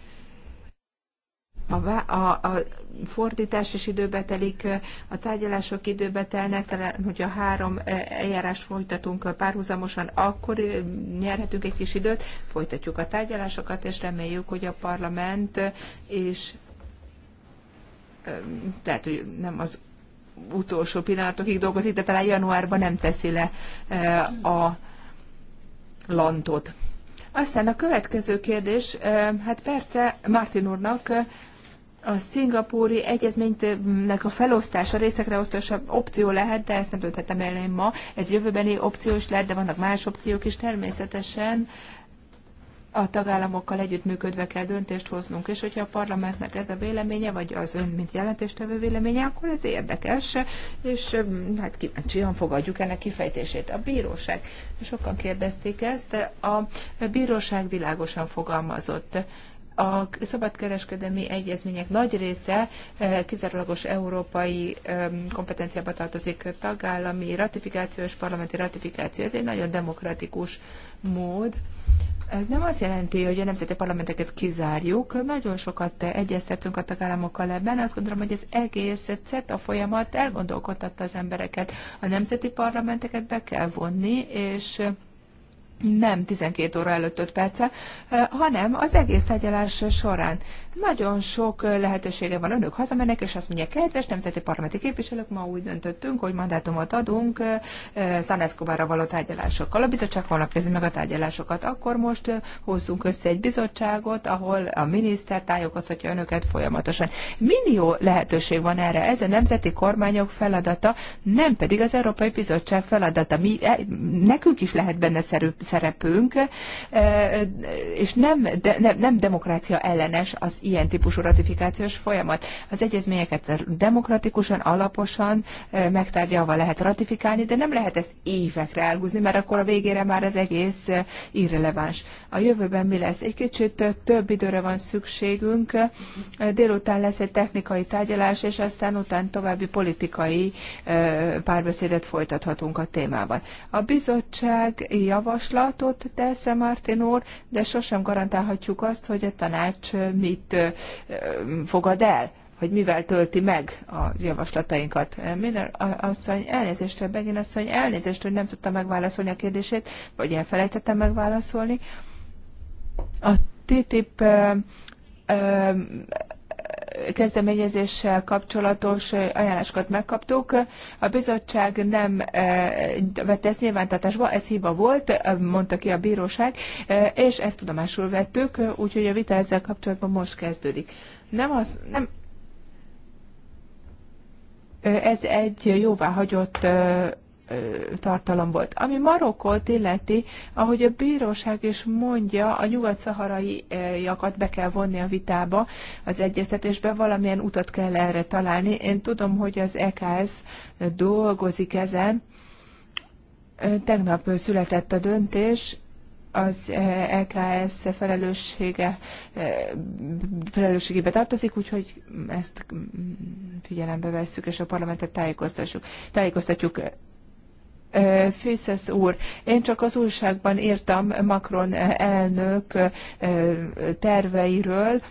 a, a, a fordítás is időbe telik, a tárgyalások időbe telnek, talán, hogyha három e, eljárás folytatunk párhuzamosan, akkor e, nyerhetünk egy kis időt, folytatjuk a tárgyalásokat, és reméljük, hogy a parlament és e, lehet, hogy nem az utolsó pillanatokig dolgozik, de talán januárban nem teszi le a lantot. Aztán a következő kérdés, hát persze Martin úrnak a szingapúri egyezménynek a felosztása, részekre osztása opció lehet, de ezt nem tölthetem el ma. Ez jövőbeni opció is lehet, de vannak más opciók is természetesen a tagállamokkal együttműködve kell döntést hoznunk, és hogyha a parlamentnek ez a véleménye, vagy az ön, mint jelentéstevő véleménye, akkor ez érdekes, és um, hát kíváncsian fogadjuk ennek kifejtését. A bíróság, sokan kérdezték ezt, a bíróság világosan fogalmazott. A szabadkereskedelmi egyezmények nagy része eh, kizárólagos európai kompetenciába tartozik tagállami ratifikáció és parlamenti ratifikáció. Ez egy nagyon demokratikus mód. Ez nem azt jelenti, hogy a nemzeti parlamenteket kizárjuk. Nagyon sokat egyeztetünk a tagállamokkal ebben. Azt gondolom, hogy ez egész a folyamat elgondolkodtatta az embereket. A nemzeti parlamenteket be kell vonni, és nem 12 óra előtt 5 perce, hanem az egész tegyelás során. Nagyon sok lehetősége van. Önök hazamennek, és azt mondják, kedves nemzeti parlamenti képviselők, ma úgy döntöttünk, hogy mandátumot adunk San való tárgyalásokkal. A bizottság holnap kezdi meg a tárgyalásokat. Akkor most hozzunk össze egy bizottságot, ahol a miniszter tájékoztatja önöket folyamatosan. Millió lehetőség van erre. Ez a nemzeti kormányok feladata, nem pedig az Európai Bizottság feladata. Mi, e, nekünk is lehet benne szerepünk, és nem, de, nem, nem demokrácia ellenes az ilyen típusú ratifikációs folyamat. Az egyezményeket demokratikusan, alaposan megtárgyalva lehet ratifikálni, de nem lehet ezt évekre elhúzni, mert akkor a végére már az egész irreleváns. A jövőben mi lesz? Egy kicsit több időre van szükségünk. Délután lesz egy technikai tárgyalás, és aztán után további politikai párbeszédet folytathatunk a témában. A bizottság javaslatot tesz Martin úr, de sosem garantálhatjuk azt, hogy a tanács mit fogad el, hogy mivel tölti meg a javaslatainkat. Miller asszony, elnézést, megint asszony, elnézést, hogy nem tudta megválaszolni a kérdését, vagy elfelejtettem megválaszolni. A TTIP kezdeményezéssel kapcsolatos ajánlásokat megkaptuk. A bizottság nem vette ezt nyilvántartásba, ez hiba volt, mondta ki a bíróság, és ezt tudomásul vettük, úgyhogy a vita ezzel kapcsolatban most kezdődik. Nem az, nem, ez egy jóváhagyott tartalom volt. Ami Marokkot illeti, ahogy a bíróság is mondja, a nyugat-szaharaiakat be kell vonni a vitába, az egyeztetésbe valamilyen utat kell erre találni. Én tudom, hogy az EKS dolgozik ezen. Tegnap született a döntés, az EKS felelőssége, felelősségébe tartozik, úgyhogy ezt mm, figyelembe vesszük, és a parlamentet tájékoztatjuk. tájékoztatjuk Fűszesz úr, én csak az újságban írtam Macron elnök terveiről,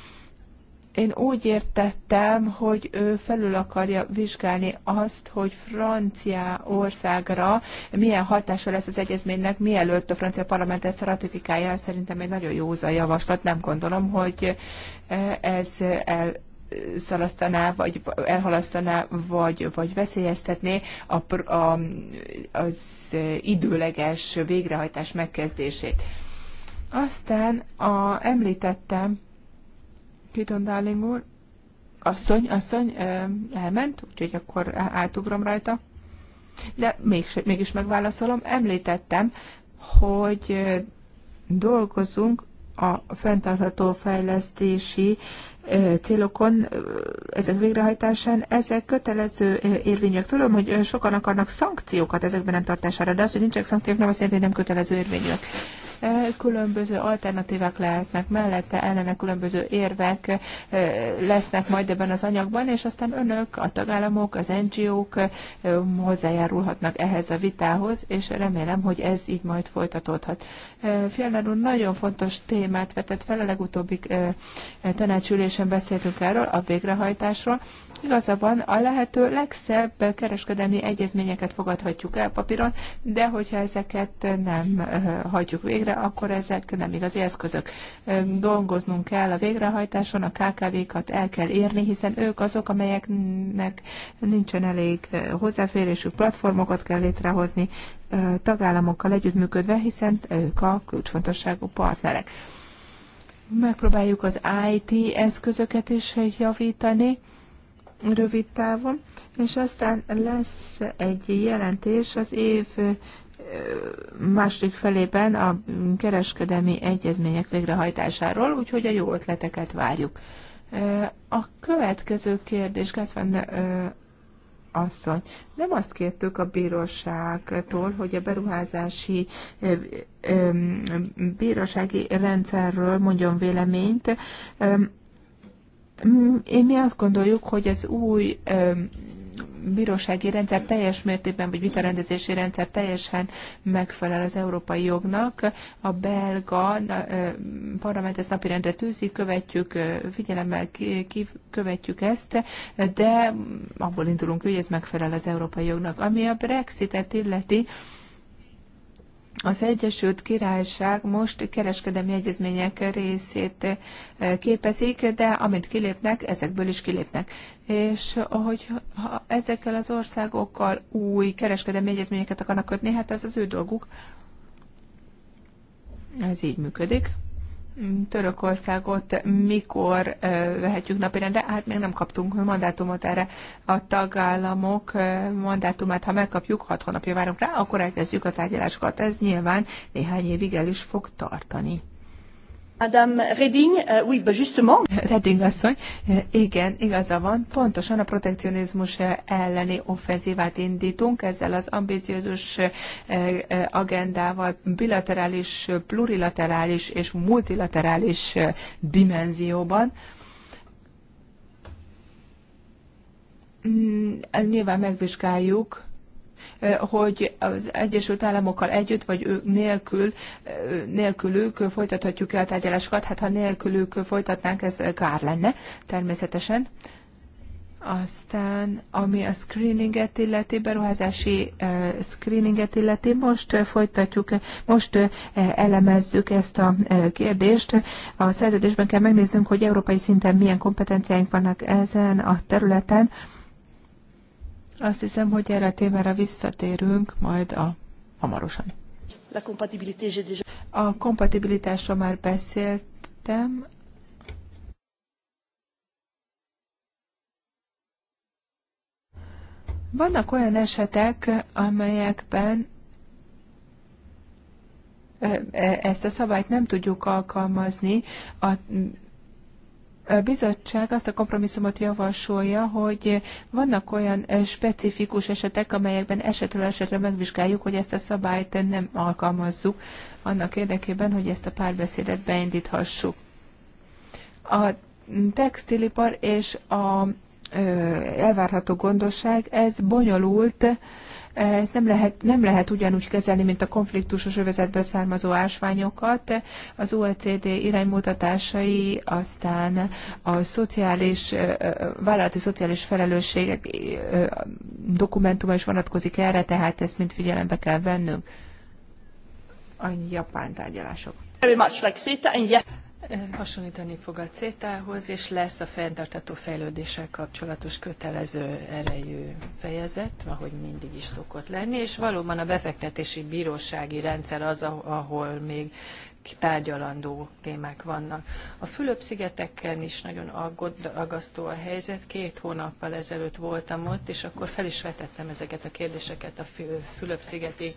én úgy értettem, hogy ő felül akarja vizsgálni azt, hogy Franciaországra milyen hatása lesz az egyezménynek, mielőtt a francia parlament ezt ratifikálja. szerintem egy nagyon józa javaslat. Nem gondolom, hogy ez el szalasztaná, vagy elhalasztaná, vagy, vagy veszélyeztetné a, a, az időleges végrehajtás megkezdését. Aztán a, említettem, Kiton Darling úr, asszony, asszony elment, úgyhogy akkor átugrom rajta. De mégis, mégis megválaszolom. Említettem, hogy dolgozunk a fenntartható fejlesztési célokon, ezek végrehajtásán, ezek kötelező érvényűek. Tudom, hogy sokan akarnak szankciókat ezekben nem tartására, de az, hogy nincsenek szankciók, nem azt jelenti, hogy nem kötelező érvényűek különböző alternatívák lehetnek mellette, ellene különböző érvek lesznek majd ebben az anyagban, és aztán önök, a tagállamok, az NGO-k hozzájárulhatnak ehhez a vitához, és remélem, hogy ez így majd folytatódhat. Fjellner úr nagyon fontos témát vetett fel, a legutóbbi tanácsülésen beszéltünk erről, a végrehajtásról, Igaza van, a lehető legszebb kereskedelmi egyezményeket fogadhatjuk el papíron, de hogyha ezeket nem hagyjuk végre, akkor ezek nem igazi eszközök. Dolgoznunk kell a végrehajtáson, a KKV-kat el kell érni, hiszen ők azok, amelyeknek nincsen elég hozzáférésük, platformokat kell létrehozni tagállamokkal együttműködve, hiszen ők a kulcsfontosságú partnerek megpróbáljuk az IT eszközöket is javítani, rövid távon, és aztán lesz egy jelentés az év második felében a kereskedelmi egyezmények végrehajtásáról, úgyhogy a jó ötleteket várjuk. A következő kérdés, Gászván asszony, nem azt kértük a bíróságtól, hogy a beruházási bírósági rendszerről mondjon véleményt, Mm, én Mi azt gondoljuk, hogy az új bírósági rendszer teljes mértékben, vagy vitarendezési rendszer teljesen megfelel az európai jognak. A belga parlament ezt napirendre tűzi, követjük, figyelemmel követjük ezt, de abból indulunk, hogy ez megfelel az európai jognak. Ami a Brexitet illeti, az Egyesült Királyság most kereskedelmi egyezmények részét eh, képezik, de amint kilépnek, ezekből is kilépnek. És hogy ha ezekkel az országokkal új kereskedelmi egyezményeket akarnak kötni, hát ez az ő dolguk. Ez így működik. Törökországot mikor vehetjük napirendre? Hát még nem kaptunk mandátumot erre. A tagállamok mandátumát, ha megkapjuk, hat hónapja várunk rá, akkor elkezdjük a tárgyalásokat. Ez nyilván néhány évig el is fog tartani. Madame Reding, uh, oui, justement. asszony, euh, igen, igaza van, pontosan a protekcionizmus euh, elleni offenzívát indítunk, ezzel az ambiciózus euh, agendával bilaterális, plurilaterális és multilaterális dimenzióban. Mm, nyilván megvizsgáljuk hogy az Egyesült Államokkal együtt, vagy ők nélkül, nélkülük folytathatjuk-e a tárgyalásokat? Hát ha nélkülük folytatnánk, ez kár lenne természetesen. Aztán, ami a screeninget illeti, beruházási screeninget illeti, most folytatjuk, most elemezzük ezt a kérdést. A szerződésben kell megnéznünk, hogy európai szinten milyen kompetenciáink vannak ezen a területen. Azt hiszem, hogy erre a témára visszatérünk majd a hamarosan. A kompatibilitásról már beszéltem. Vannak olyan esetek, amelyekben e, ezt a szabályt nem tudjuk alkalmazni a a bizottság azt a kompromisszumot javasolja, hogy vannak olyan eh, specifikus esetek, amelyekben esetről esetre megvizsgáljuk, hogy ezt a szabályt nem alkalmazzuk annak érdekében, hogy ezt a párbeszédet beindíthassuk. A textilipar és a eh, elvárható gondosság, ez bonyolult ez nem lehet, nem lehet ugyanúgy kezelni, mint a konfliktusos övezetből származó ásványokat. Az OECD iránymutatásai, aztán a szociális, vállalati szociális felelősségek dokumentuma is vonatkozik erre, tehát ezt mind figyelembe kell vennünk. A japán tárgyalások hasonlítani fog a CETA-hoz, és lesz a fenntartható fejlődéssel kapcsolatos kötelező erejű fejezet, ahogy mindig is szokott lenni, és valóban a befektetési bírósági rendszer az, ahol még tárgyalandó témák vannak. A Fülöp-szigeteken is nagyon aggasztó a helyzet. Két hónappal ezelőtt voltam ott, és akkor fel is vetettem ezeket a kérdéseket a Fülöp-szigeti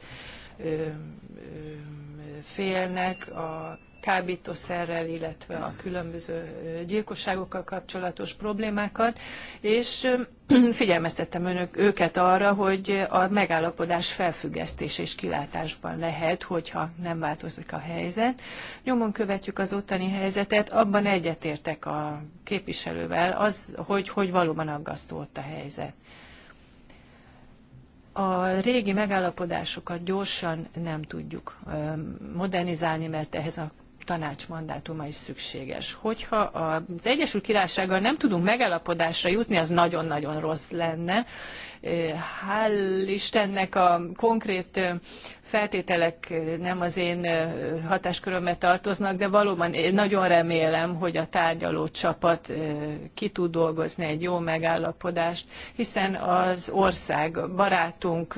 félnek. A kábítószerrel, illetve a különböző gyilkosságokkal kapcsolatos problémákat, és figyelmeztettem önök, őket arra, hogy a megállapodás felfüggesztés és kilátásban lehet, hogyha nem változik a helyzet. Nyomon követjük az ottani helyzetet, abban egyetértek a képviselővel, az, hogy, hogy valóban aggasztó ott a helyzet a régi megállapodásokat gyorsan nem tudjuk modernizálni, mert ehhez a tanács mandátuma is szükséges. Hogyha az Egyesült Királysággal nem tudunk megállapodásra jutni, az nagyon-nagyon rossz lenne. Hál' Istennek a konkrét feltételek nem az én hatáskörömbe tartoznak, de valóban én nagyon remélem, hogy a tárgyaló csapat ki tud dolgozni egy jó megállapodást, hiszen az ország barátunk,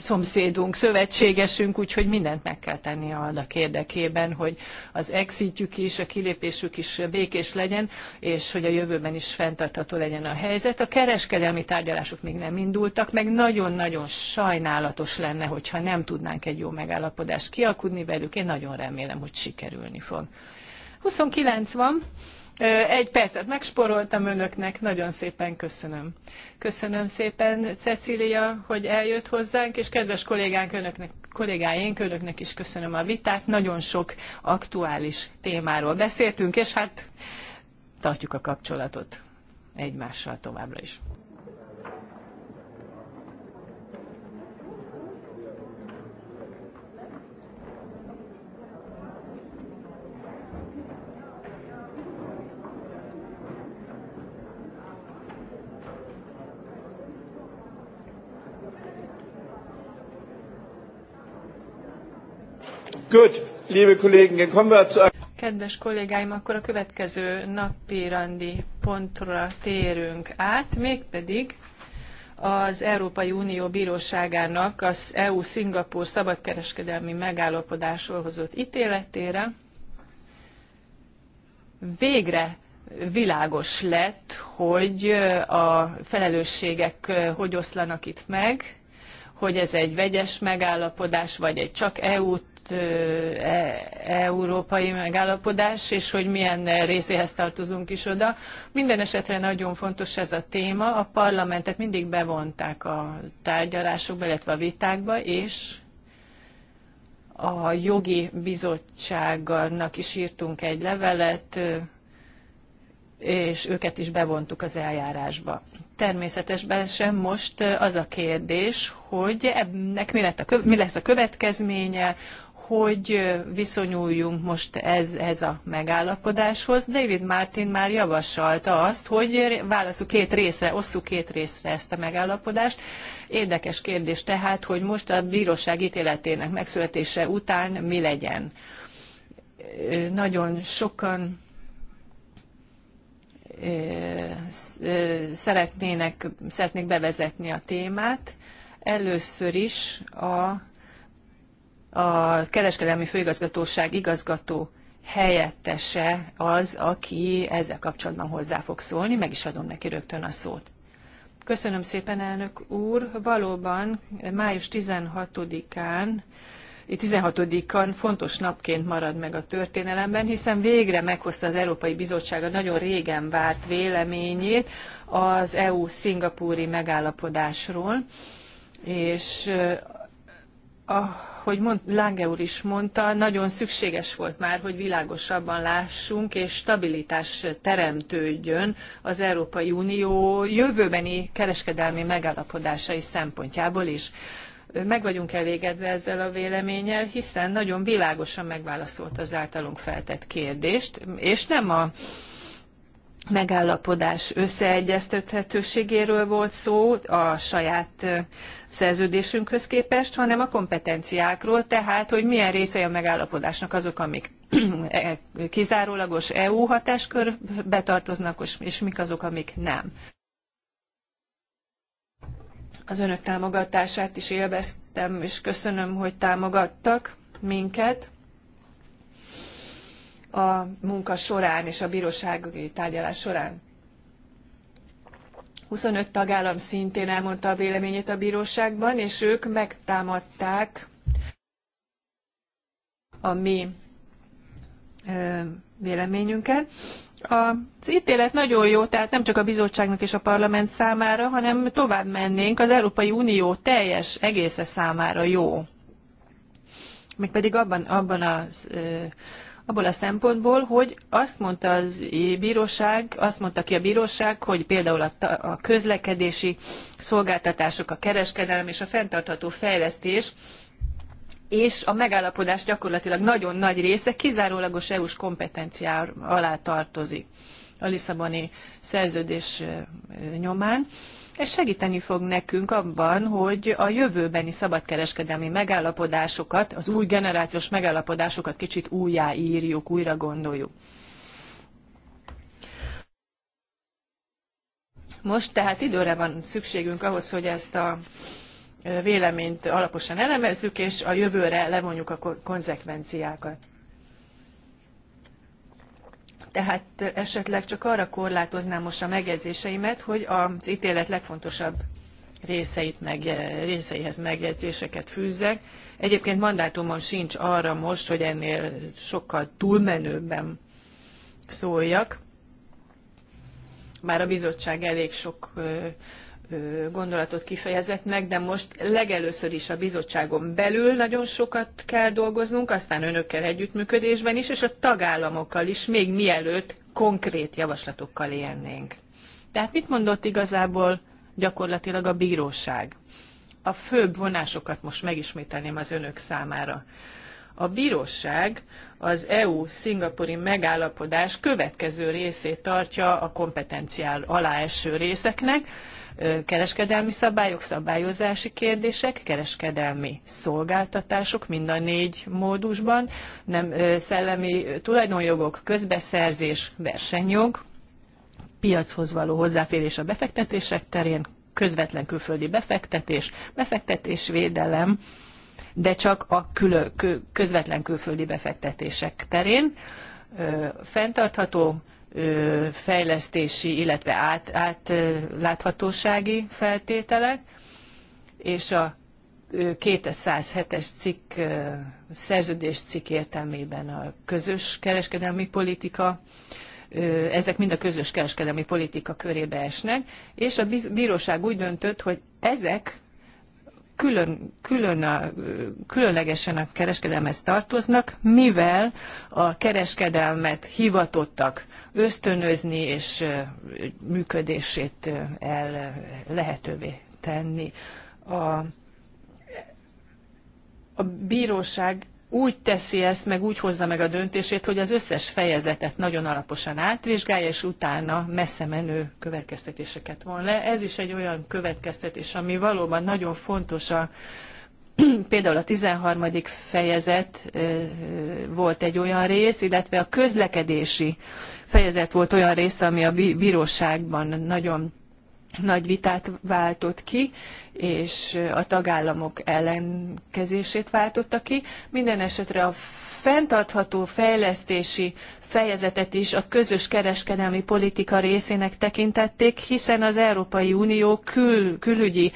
szomszédunk, szövetségesünk, úgyhogy mindent meg kell tenni annak érdekében, hogy az exitjük is, a kilépésük is békés legyen, és hogy a jövőben is fenntartható legyen a helyzet. A kereskedelmi tárgyalások még nem indultak, meg nagyon-nagyon sajnálatos lenne, hogyha nem tudnánk tudnánk egy jó megállapodást kialkudni velük. Én nagyon remélem, hogy sikerülni fog. 29 van. Egy percet megsporoltam önöknek, nagyon szépen köszönöm. Köszönöm szépen, Cecília, hogy eljött hozzánk, és kedves kollégánk, önöknek, kollégáink, önöknek is köszönöm a vitát. Nagyon sok aktuális témáról beszéltünk, és hát tartjuk a kapcsolatot egymással továbbra is. liebe Kollegen, kommen wir zu... Kedves kollégáim, akkor a következő napirandi pontra térünk át, mégpedig az Európai Unió Bíróságának az EU-Szingapúr szabadkereskedelmi megállapodásról hozott ítéletére. Végre világos lett, hogy a felelősségek hogy oszlanak itt meg, hogy ez egy vegyes megállapodás, vagy egy csak EU E, európai megállapodás, és hogy milyen részéhez tartozunk is oda. Minden esetre nagyon fontos ez a téma. A parlamentet mindig bevonták a tárgyalásokba, illetve a vitákba, és a jogi bizottságnak is írtunk egy levelet, és őket is bevontuk az eljárásba. Természetesen sem most az a kérdés, hogy ennek mi, lett a, mi lesz a következménye, hogy viszonyuljunk most ez, ez a megállapodáshoz. David Martin már javasolta azt, hogy válaszuk két részre, osszuk két részre ezt a megállapodást. Érdekes kérdés tehát, hogy most a bíróság ítéletének megszületése után mi legyen. Nagyon sokan szeretnének, szeretnék bevezetni a témát. Először is a a kereskedelmi főigazgatóság igazgató helyettese az, aki ezzel kapcsolatban hozzá fog szólni, meg is adom neki rögtön a szót. Köszönöm szépen, elnök úr. Valóban május 16-án 16-án fontos napként marad meg a történelemben, hiszen végre meghozta az Európai Bizottság a nagyon régen várt véleményét az EU-szingapúri megállapodásról, és eh, a ahogy mond, Lange úr is mondta, nagyon szükséges volt már, hogy világosabban lássunk, és stabilitás teremtődjön az Európai Unió jövőbeni kereskedelmi megállapodásai szempontjából is. Meg vagyunk elégedve ezzel a véleménnyel, hiszen nagyon világosan megválaszolt az általunk feltett kérdést, és nem a megállapodás összeegyeztethetőségéről volt szó a saját szerződésünkhöz képest, hanem a kompetenciákról, tehát hogy milyen részei a megállapodásnak azok, amik e, kizárólagos EU hatáskörbe tartoznak, és mik azok, amik nem. Az önök támogatását is élveztem, és köszönöm, hogy támogattak minket a munka során és a bírósági tárgyalás során. 25 tagállam szintén elmondta a véleményét a bíróságban, és ők megtámadták a mi véleményünket. Az ítélet nagyon jó, tehát nem csak a bizottságnak és a parlament számára, hanem tovább mennénk, az Európai Unió teljes egésze számára jó. Még pedig abban, abban az abból a szempontból, hogy azt mondta az bíróság, azt mondta ki a bíróság, hogy például a, a közlekedési szolgáltatások, a kereskedelem és a fenntartható fejlesztés és a megállapodás gyakorlatilag nagyon nagy része kizárólagos EU-s kompetenciá alá tartozik a Lisszaboni szerződés nyomán. Ez segíteni fog nekünk abban, hogy a jövőbeni szabadkereskedelmi megállapodásokat, az új generációs megállapodásokat kicsit újjáírjuk, újra gondoljuk. Most tehát időre van szükségünk ahhoz, hogy ezt a véleményt alaposan elemezzük, és a jövőre levonjuk a konzekvenciákat. Tehát esetleg csak arra korlátoznám most a megjegyzéseimet, hogy az ítélet legfontosabb részeit meg, részeihez megjegyzéseket fűzzek. Egyébként mandátumon sincs arra most, hogy ennél sokkal túlmenőbben szóljak, bár a bizottság elég sok gondolatot kifejezett meg, de most legelőször is a bizottságon belül nagyon sokat kell dolgoznunk, aztán önökkel együttműködésben is, és a tagállamokkal is, még mielőtt konkrét javaslatokkal élnénk. Tehát mit mondott igazából gyakorlatilag a bíróság? A főbb vonásokat most megismételném az önök számára. A bíróság az EU-szingapuri megállapodás következő részét tartja a kompetenciál alá eső részeknek, kereskedelmi szabályok, szabályozási kérdések, kereskedelmi szolgáltatások mind a négy módusban, nem szellemi tulajdonjogok, közbeszerzés, versenyjog, piachoz való hozzáférés a befektetések terén, közvetlen külföldi befektetés, befektetésvédelem, de csak a külön, közvetlen külföldi befektetések terén, fenntartható fejlesztési, illetve át, átláthatósági feltételek, és a 207-es cikk, szerződés cikk értelmében a közös kereskedelmi politika, ezek mind a közös kereskedelmi politika körébe esnek, és a bíróság úgy döntött, hogy ezek külön, külön a, különlegesen a kereskedelmhez tartoznak, mivel a kereskedelmet hivatottak ösztönözni és működését el lehetővé tenni. A, a bíróság úgy teszi ezt, meg úgy hozza meg a döntését, hogy az összes fejezetet nagyon alaposan átvizsgálja, és utána messze menő következtetéseket von le. Ez is egy olyan következtetés, ami valóban nagyon fontos a Például a 13. fejezet volt egy olyan rész, illetve a közlekedési fejezet volt olyan rész, ami a bíróságban nagyon nagy vitát váltott ki, és a tagállamok ellenkezését váltotta ki. Minden esetre a fenntartható fejlesztési fejezetet is a közös kereskedelmi politika részének tekintették, hiszen az Európai Unió kül, külügyi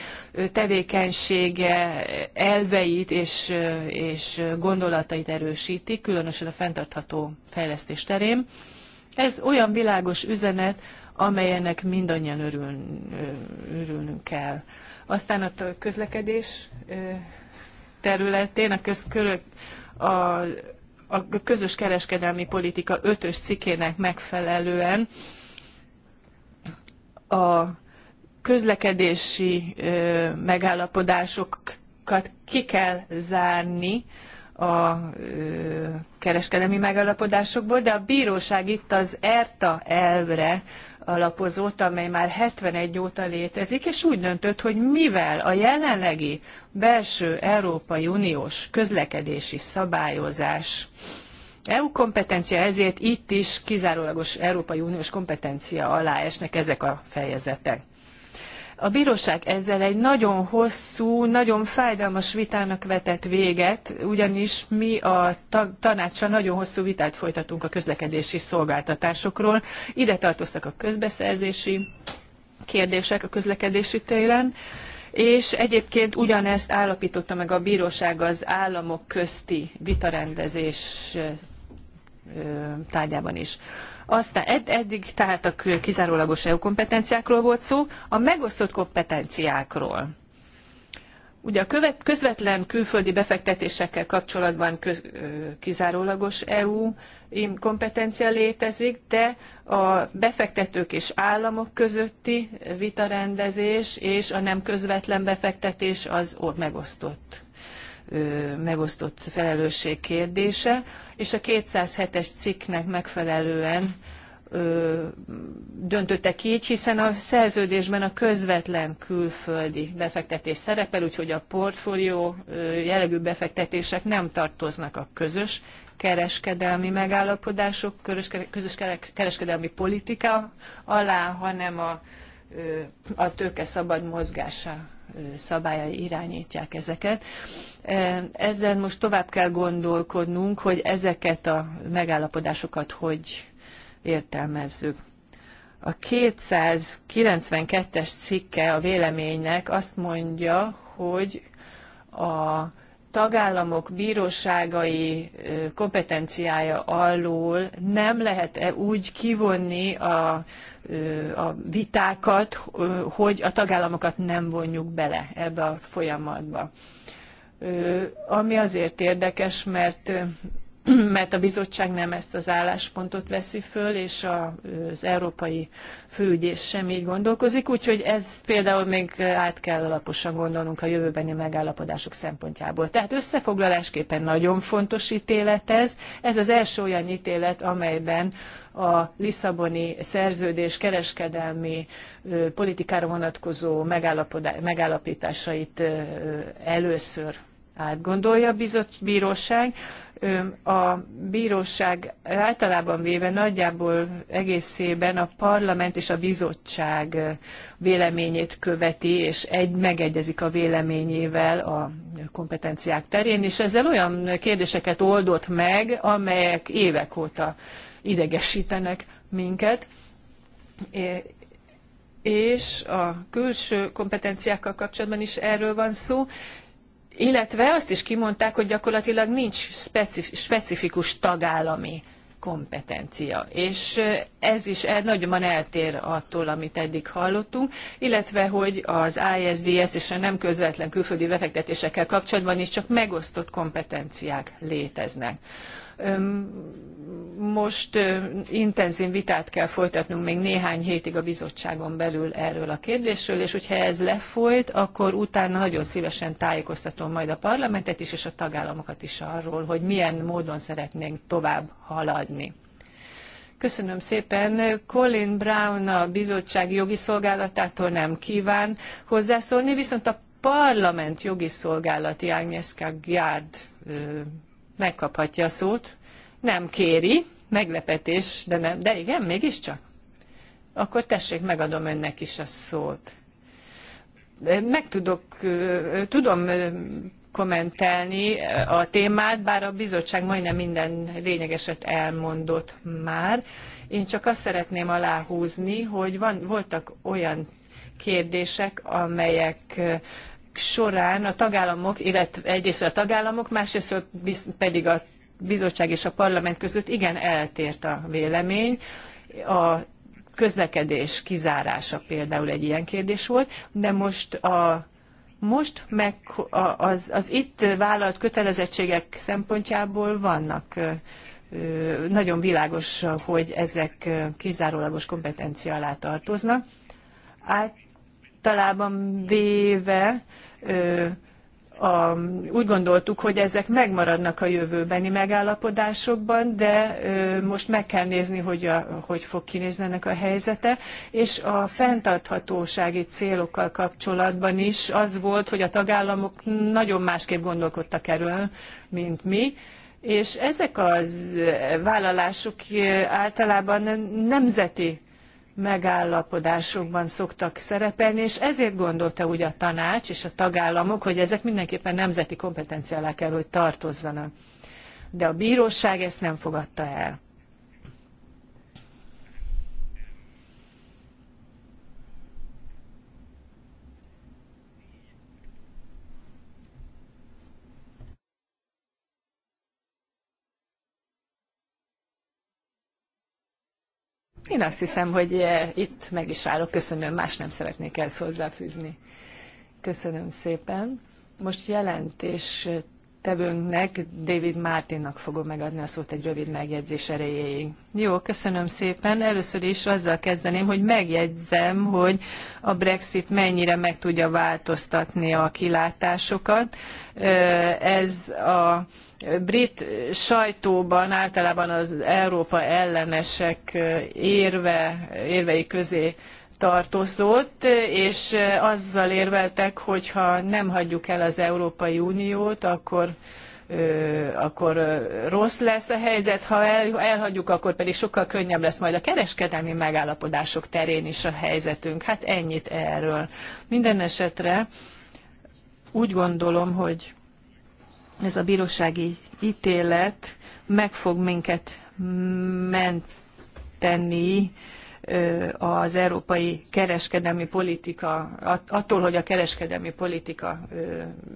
tevékenysége elveit és, és gondolatait erősíti, különösen a fenntartható fejlesztés terén. Ez olyan világos üzenet, amelyenek mindannyian örülnünk kell. Aztán a közlekedés területén a, közkörök, a, a közös kereskedelmi politika ötös cikkének megfelelően a közlekedési megállapodásokat ki kell zárni a kereskedelmi megállapodásokból, de a bíróság itt az ERTA elvre alapozót, amely már 71 óta létezik, és úgy döntött, hogy mivel a jelenlegi belső Európai Uniós közlekedési szabályozás EU kompetencia, ezért itt is kizárólagos Európai Uniós kompetencia alá esnek ezek a fejezetek. A bíróság ezzel egy nagyon hosszú, nagyon fájdalmas vitának vetett véget, ugyanis mi a tanácsa nagyon hosszú vitát folytatunk a közlekedési szolgáltatásokról. Ide tartoztak a közbeszerzési kérdések a közlekedési téren, és egyébként ugyanezt állapította meg a bíróság az államok közti vitarendezés tárgyában is. Aztán eddig tehát a kizárólagos EU kompetenciákról volt szó, a megosztott kompetenciákról. Ugye a követ, közvetlen külföldi befektetésekkel kapcsolatban köz, kizárólagos EU kompetencia létezik, de a befektetők és államok közötti vitarendezés és a nem közvetlen befektetés az megosztott megosztott felelősség kérdése, és a 207-es cikknek megfelelően döntöttek így, hiszen a szerződésben a közvetlen külföldi befektetés szerepel, úgyhogy a portfólió jellegű befektetések nem tartoznak a közös kereskedelmi megállapodások, közös kereskedelmi politika alá, hanem a, a tőke szabad mozgása szabályai irányítják ezeket. Ezzel most tovább kell gondolkodnunk, hogy ezeket a megállapodásokat hogy értelmezzük. A 292-es cikke a véleménynek azt mondja, hogy a tagállamok bíróságai kompetenciája alól nem lehet -e úgy kivonni a, a vitákat, hogy a tagállamokat nem vonjuk bele ebbe a folyamatba. Ami azért érdekes, mert mert a bizottság nem ezt az álláspontot veszi föl, és az európai főügyész sem így gondolkozik, úgyhogy ez például még át kell alaposan gondolnunk a jövőbeni megállapodások szempontjából. Tehát összefoglalásképpen nagyon fontos ítélet ez. Ez az első olyan ítélet, amelyben a Lisszaboni szerződés kereskedelmi politikára vonatkozó megállapításait először átgondolja a bíróság. A bíróság általában véve nagyjából egészében a parlament és a bizottság véleményét követi, és egy megegyezik a véleményével a kompetenciák terén, és ezzel olyan kérdéseket oldott meg, amelyek évek óta idegesítenek minket és a külső kompetenciákkal kapcsolatban is erről van szó, illetve azt is kimondták, hogy gyakorlatilag nincs specif specifikus tagállami kompetencia. És ez is nagyban eltér attól, amit eddig hallottunk, illetve hogy az ISDS és a nem közvetlen külföldi befektetésekkel kapcsolatban is csak megosztott kompetenciák léteznek most intenzív vitát kell folytatnunk még néhány hétig a bizottságon belül erről a kérdésről, és hogyha ez lefolyt, akkor utána nagyon szívesen tájékoztatom majd a parlamentet is, és a tagállamokat is arról, hogy milyen módon szeretnénk tovább haladni. Köszönöm szépen. Colin Brown a bizottság jogi szolgálatától nem kíván hozzászólni, viszont a parlament jogi szolgálati Agnieszka Gárd megkaphatja a szót. Nem kéri, meglepetés, de nem. De igen, mégiscsak. Akkor tessék, megadom önnek is a szót. Meg tudok, tudom kommentelni a témát, bár a bizottság majdnem minden lényegeset elmondott már. Én csak azt szeretném aláhúzni, hogy van, voltak olyan kérdések, amelyek során a tagállamok, illetve egyrészt a tagállamok, másrészt pedig a bizottság és a parlament között igen eltért a vélemény. A közlekedés kizárása például egy ilyen kérdés volt, de most a most meg az, az itt vállalt kötelezettségek szempontjából vannak nagyon világos, hogy ezek kizárólagos kompetencia alá tartoznak. Át, általában véve a, úgy gondoltuk, hogy ezek megmaradnak a jövőbeni megállapodásokban, de ö, most meg kell nézni, hogy a, hogy fog kinézni ennek a helyzete. És a fenntarthatósági célokkal kapcsolatban is az volt, hogy a tagállamok nagyon másképp gondolkodtak erről, mint mi. És ezek az vállalások általában nemzeti megállapodásokban szoktak szerepelni, és ezért gondolta úgy a tanács és a tagállamok, hogy ezek mindenképpen nemzeti kompetenciálá kell, hogy tartozzanak. De a bíróság ezt nem fogadta el. Én azt hiszem, hogy eh, itt meg is állok. Köszönöm, más nem szeretnék ezt hozzáfűzni. Köszönöm szépen. Most jelentés eh, tevőnknek, David Martinnak fogom megadni a szót egy rövid megjegyzés erejéig. Jó, köszönöm szépen. Először is azzal kezdeném, hogy megjegyzem, hogy a Brexit mennyire meg tudja változtatni a kilátásokat. Eh, ez a brit sajtóban általában az Európa ellenesek érve, érvei közé tartozott, és azzal érveltek, hogy ha nem hagyjuk el az Európai Uniót, akkor akkor rossz lesz a helyzet, ha elhagyjuk, akkor pedig sokkal könnyebb lesz majd a kereskedelmi megállapodások terén is a helyzetünk. Hát ennyit erről. Minden esetre úgy gondolom, hogy ez a bírósági ítélet meg fog minket menteni az európai kereskedelmi politika, attól, hogy a kereskedelmi politika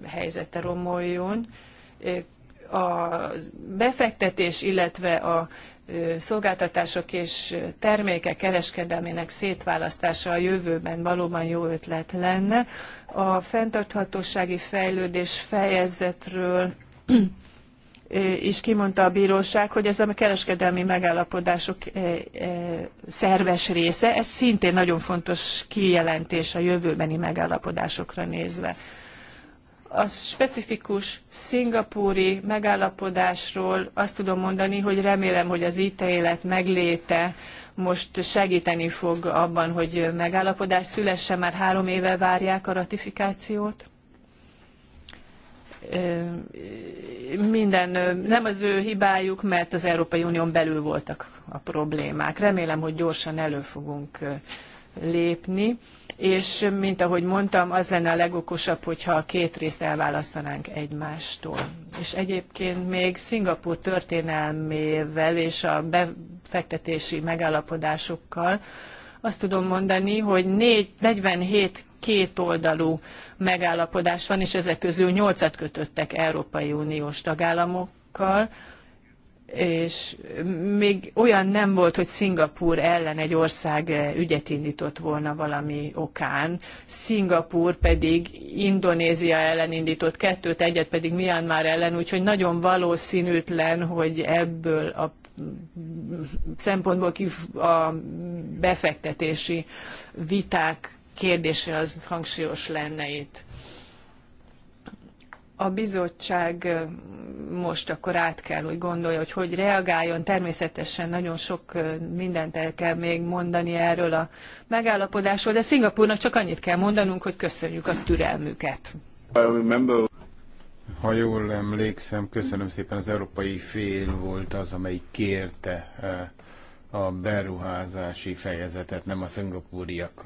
helyzete romoljon. A befektetés, illetve a szolgáltatások és termékek kereskedelmének szétválasztása a jövőben valóban jó ötlet lenne. A fenntarthatósági fejlődés fejezetről is kimondta a bíróság, hogy ez a kereskedelmi megállapodások szerves része, ez szintén nagyon fontos kijelentés a jövőbeni megállapodásokra nézve a specifikus szingapúri megállapodásról azt tudom mondani, hogy remélem, hogy az ítélet megléte most segíteni fog abban, hogy megállapodás szülessen, már három éve várják a ratifikációt. Minden nem az ő hibájuk, mert az Európai Unión belül voltak a problémák. Remélem, hogy gyorsan elő fogunk lépni és mint ahogy mondtam, az lenne a legokosabb, hogyha a két részt elválasztanánk egymástól. És egyébként még Szingapúr történelmével és a befektetési megállapodásokkal azt tudom mondani, hogy 4, 47 kétoldalú megállapodás van, és ezek közül 8-at kötöttek Európai Uniós tagállamokkal, és még olyan nem volt, hogy Szingapúr ellen egy ország eh, ügyet indított volna valami okán. Szingapúr pedig Indonézia ellen indított kettőt, egyet pedig Myanmar ellen, úgyhogy nagyon valószínűtlen, hogy ebből a szempontból kif a befektetési viták kérdése az hangsúlyos lenne itt a bizottság most akkor át kell, hogy gondolja, hogy hogy reagáljon. Természetesen nagyon sok mindent el kell még mondani erről a megállapodásról, de Szingapúrnak csak annyit kell mondanunk, hogy köszönjük a türelmüket. Ha jól emlékszem, köszönöm szépen, az európai fél volt az, amelyik kérte a beruházási fejezetet, nem a szingapúriak.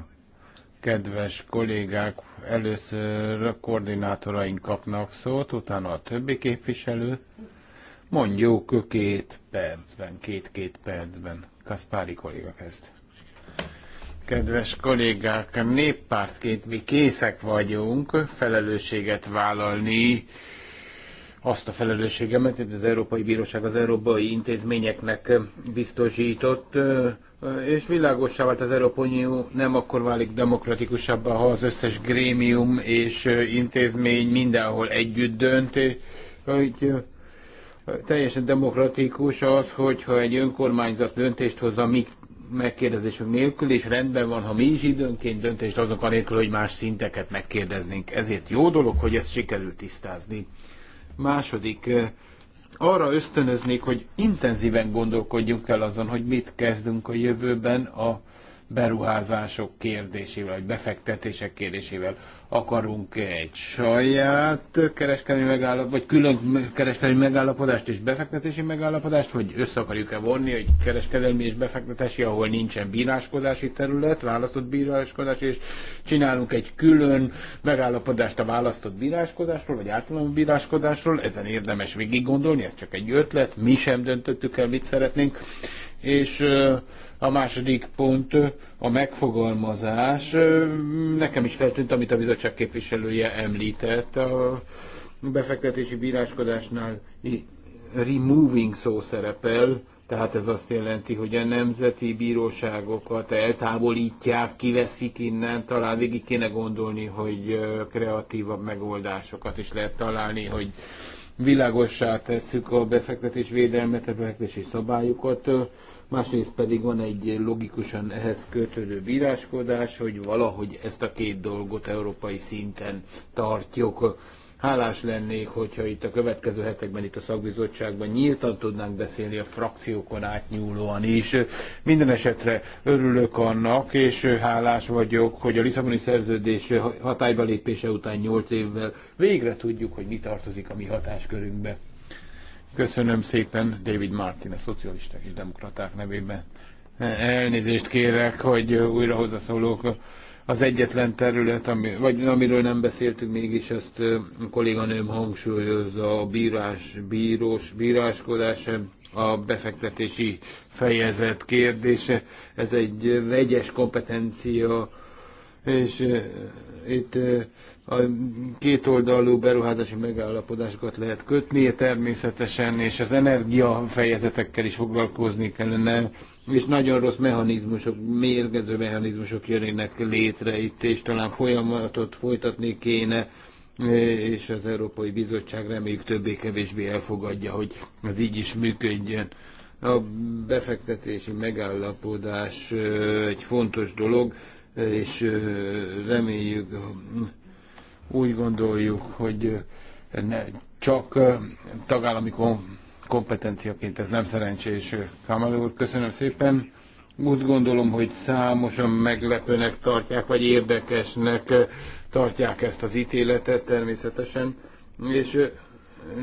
Kedves kollégák, először a koordinátoraink kapnak szót, utána a többi képviselő. Mondjuk két percben, két-két percben. Kaspári kolléga kezd. Kedves kollégák, néppártként mi készek vagyunk felelősséget vállalni azt a felelősségemet, amit az Európai Bíróság az európai intézményeknek biztosított, és világosá vált az Európai Unió nem akkor válik demokratikusabbá, ha az összes grémium és intézmény mindenhol együtt dönt, hogy teljesen demokratikus az, hogyha egy önkormányzat döntést hoz a mi megkérdezésünk nélkül, és rendben van, ha mi is időnként döntést azok anélkül, hogy más szinteket megkérdeznénk. Ezért jó dolog, hogy ezt sikerült tisztázni. Második, arra ösztönöznék, hogy intenzíven gondolkodjunk el azon, hogy mit kezdünk a jövőben a beruházások kérdésével, vagy befektetések kérdésével akarunk egy saját kereskedelmi megállapodást, vagy külön kereskedelmi megállapodást és befektetési megállapodást, hogy össze akarjuk-e vonni, hogy kereskedelmi és befektetési, ahol nincsen bíráskodási terület, választott bíráskodás, és csinálunk egy külön megállapodást a választott bíráskodásról, vagy általános bíráskodásról, ezen érdemes végig gondolni, ez csak egy ötlet, mi sem döntöttük el, mit szeretnénk, és a második pont a megfogalmazás. Nekem is feltűnt, amit a bizottság képviselője említett a befektetési bíráskodásnál removing szó szerepel, tehát ez azt jelenti, hogy a nemzeti bíróságokat eltávolítják, kiveszik innen, talán végig kéne gondolni, hogy kreatívabb megoldásokat is lehet találni, hogy világossá tesszük a befektetés védelmet, a befektetési szabályokat, másrészt pedig van egy logikusan ehhez kötődő bíráskodás, hogy valahogy ezt a két dolgot európai szinten tartjuk. Hálás lennék, hogyha itt a következő hetekben itt a szakbizottságban nyíltan tudnánk beszélni a frakciókon átnyúlóan is. Minden esetre örülök annak, és hálás vagyok, hogy a Lisszaboni szerződés hatályba lépése után 8 évvel végre tudjuk, hogy mi tartozik a mi hatáskörünkbe. Köszönöm szépen David Martin, a szocialisták és demokraták nevében. Elnézést kérek, hogy újra hozzászólok. Az egyetlen terület, ami, vagy amiről nem beszéltünk mégis, azt a kolléganőm hangsúlyozza a bírás, bírós, bíráskodás, a befektetési fejezet kérdése. Ez egy vegyes kompetencia, és itt a kétoldalú beruházási megállapodásokat lehet kötni, természetesen, és az energia fejezetekkel is foglalkozni kellene, és nagyon rossz mechanizmusok, mérgező mechanizmusok jönnek létre itt, és talán folyamatot folytatni kéne, és az Európai Bizottság reméljük többé-kevésbé elfogadja, hogy az így is működjön. A befektetési megállapodás egy fontos dolog, és reméljük, úgy gondoljuk, hogy ne, csak tagállami kompetenciaként ez nem szerencsés. Kamal úr, köszönöm szépen. Úgy gondolom, hogy számosan meglepőnek tartják, vagy érdekesnek tartják ezt az ítéletet természetesen. És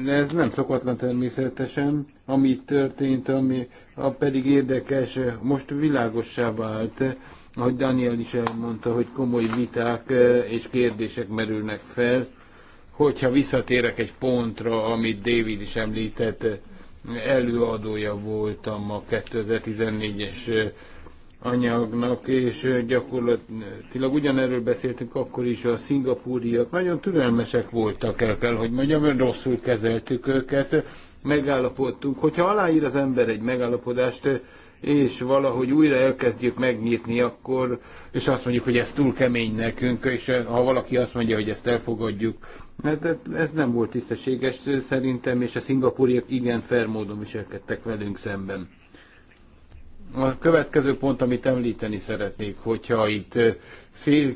ez nem szokatlan természetesen, ami történt, ami a pedig érdekes, most világossá vált, ahogy Daniel is elmondta, hogy komoly viták eh, és kérdések merülnek fel, hogyha visszatérek egy pontra, amit David is említett, eh, előadója voltam a 2014-es eh, anyagnak, és gyakorlatilag ugyanerről beszéltünk akkor is, a szingapúriak nagyon türelmesek voltak, el kell, hogy mondjam, rosszul kezeltük őket, megállapodtunk. Hogyha aláír az ember egy megállapodást, és valahogy újra elkezdjük megnyitni, akkor, és azt mondjuk, hogy ez túl kemény nekünk, és eh, ha valaki azt mondja, hogy ezt elfogadjuk, hát ez nem volt tisztességes szerintem, és a szingapúriak igen fermódon módon viselkedtek velünk szemben. A következő pont, amit említeni szeretnék, hogyha itt szél,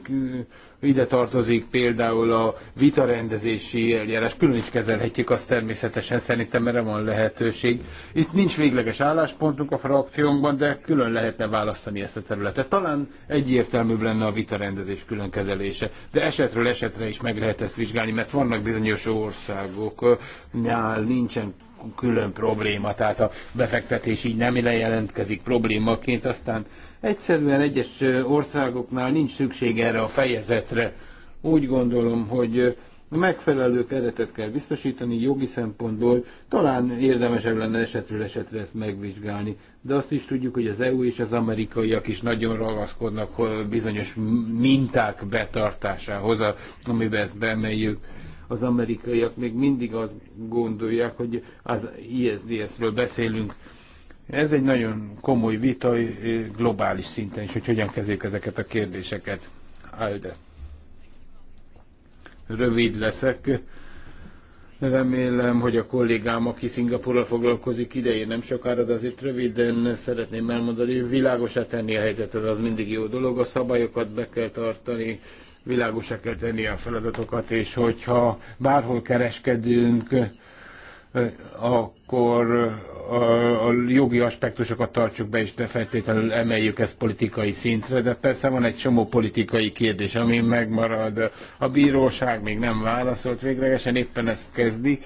ide tartozik például a vitarendezési eljárás, külön is kezelhetjük azt természetesen, szerintem erre van lehetőség. Itt nincs végleges álláspontunk a frakciónkban, de külön lehetne választani ezt a területet. Talán egyértelműbb lenne a vitarendezés külön kezelése, de esetről esetre is meg lehet ezt vizsgálni, mert vannak bizonyos országok, nyál nincsen külön probléma, tehát a befektetés így nem jelentkezik problémaként, aztán egyszerűen egyes országoknál nincs szükség erre a fejezetre. Úgy gondolom, hogy megfelelő keretet kell biztosítani jogi szempontból, talán érdemesebb lenne esetről esetre ezt megvizsgálni, de azt is tudjuk, hogy az EU és az amerikaiak is nagyon ragaszkodnak bizonyos minták betartásához, amiben ezt bemeljük. Az amerikaiak még mindig azt gondolják, hogy az ISDS-ről beszélünk. Ez egy nagyon komoly vita eh, globális szinten is, hogy hogyan kezeljük ezeket a kérdéseket. Alde. Rövid leszek. Remélem, hogy a kollégám, aki Szingapurral foglalkozik idején nem sokára, de azért röviden szeretném elmondani, hogy világosá tenni a helyzetet, az mindig jó dolog, a szabályokat be kell tartani, világosak kell tenni a feladatokat, és hogyha bárhol kereskedünk, eh, akkor eh, a, jogi aspektusokat tartsuk be, és ne feltétlenül emeljük ezt politikai szintre, de persze van egy csomó politikai kérdés, ami megmarad. A bíróság még nem válaszolt véglegesen, éppen ezt kezdi,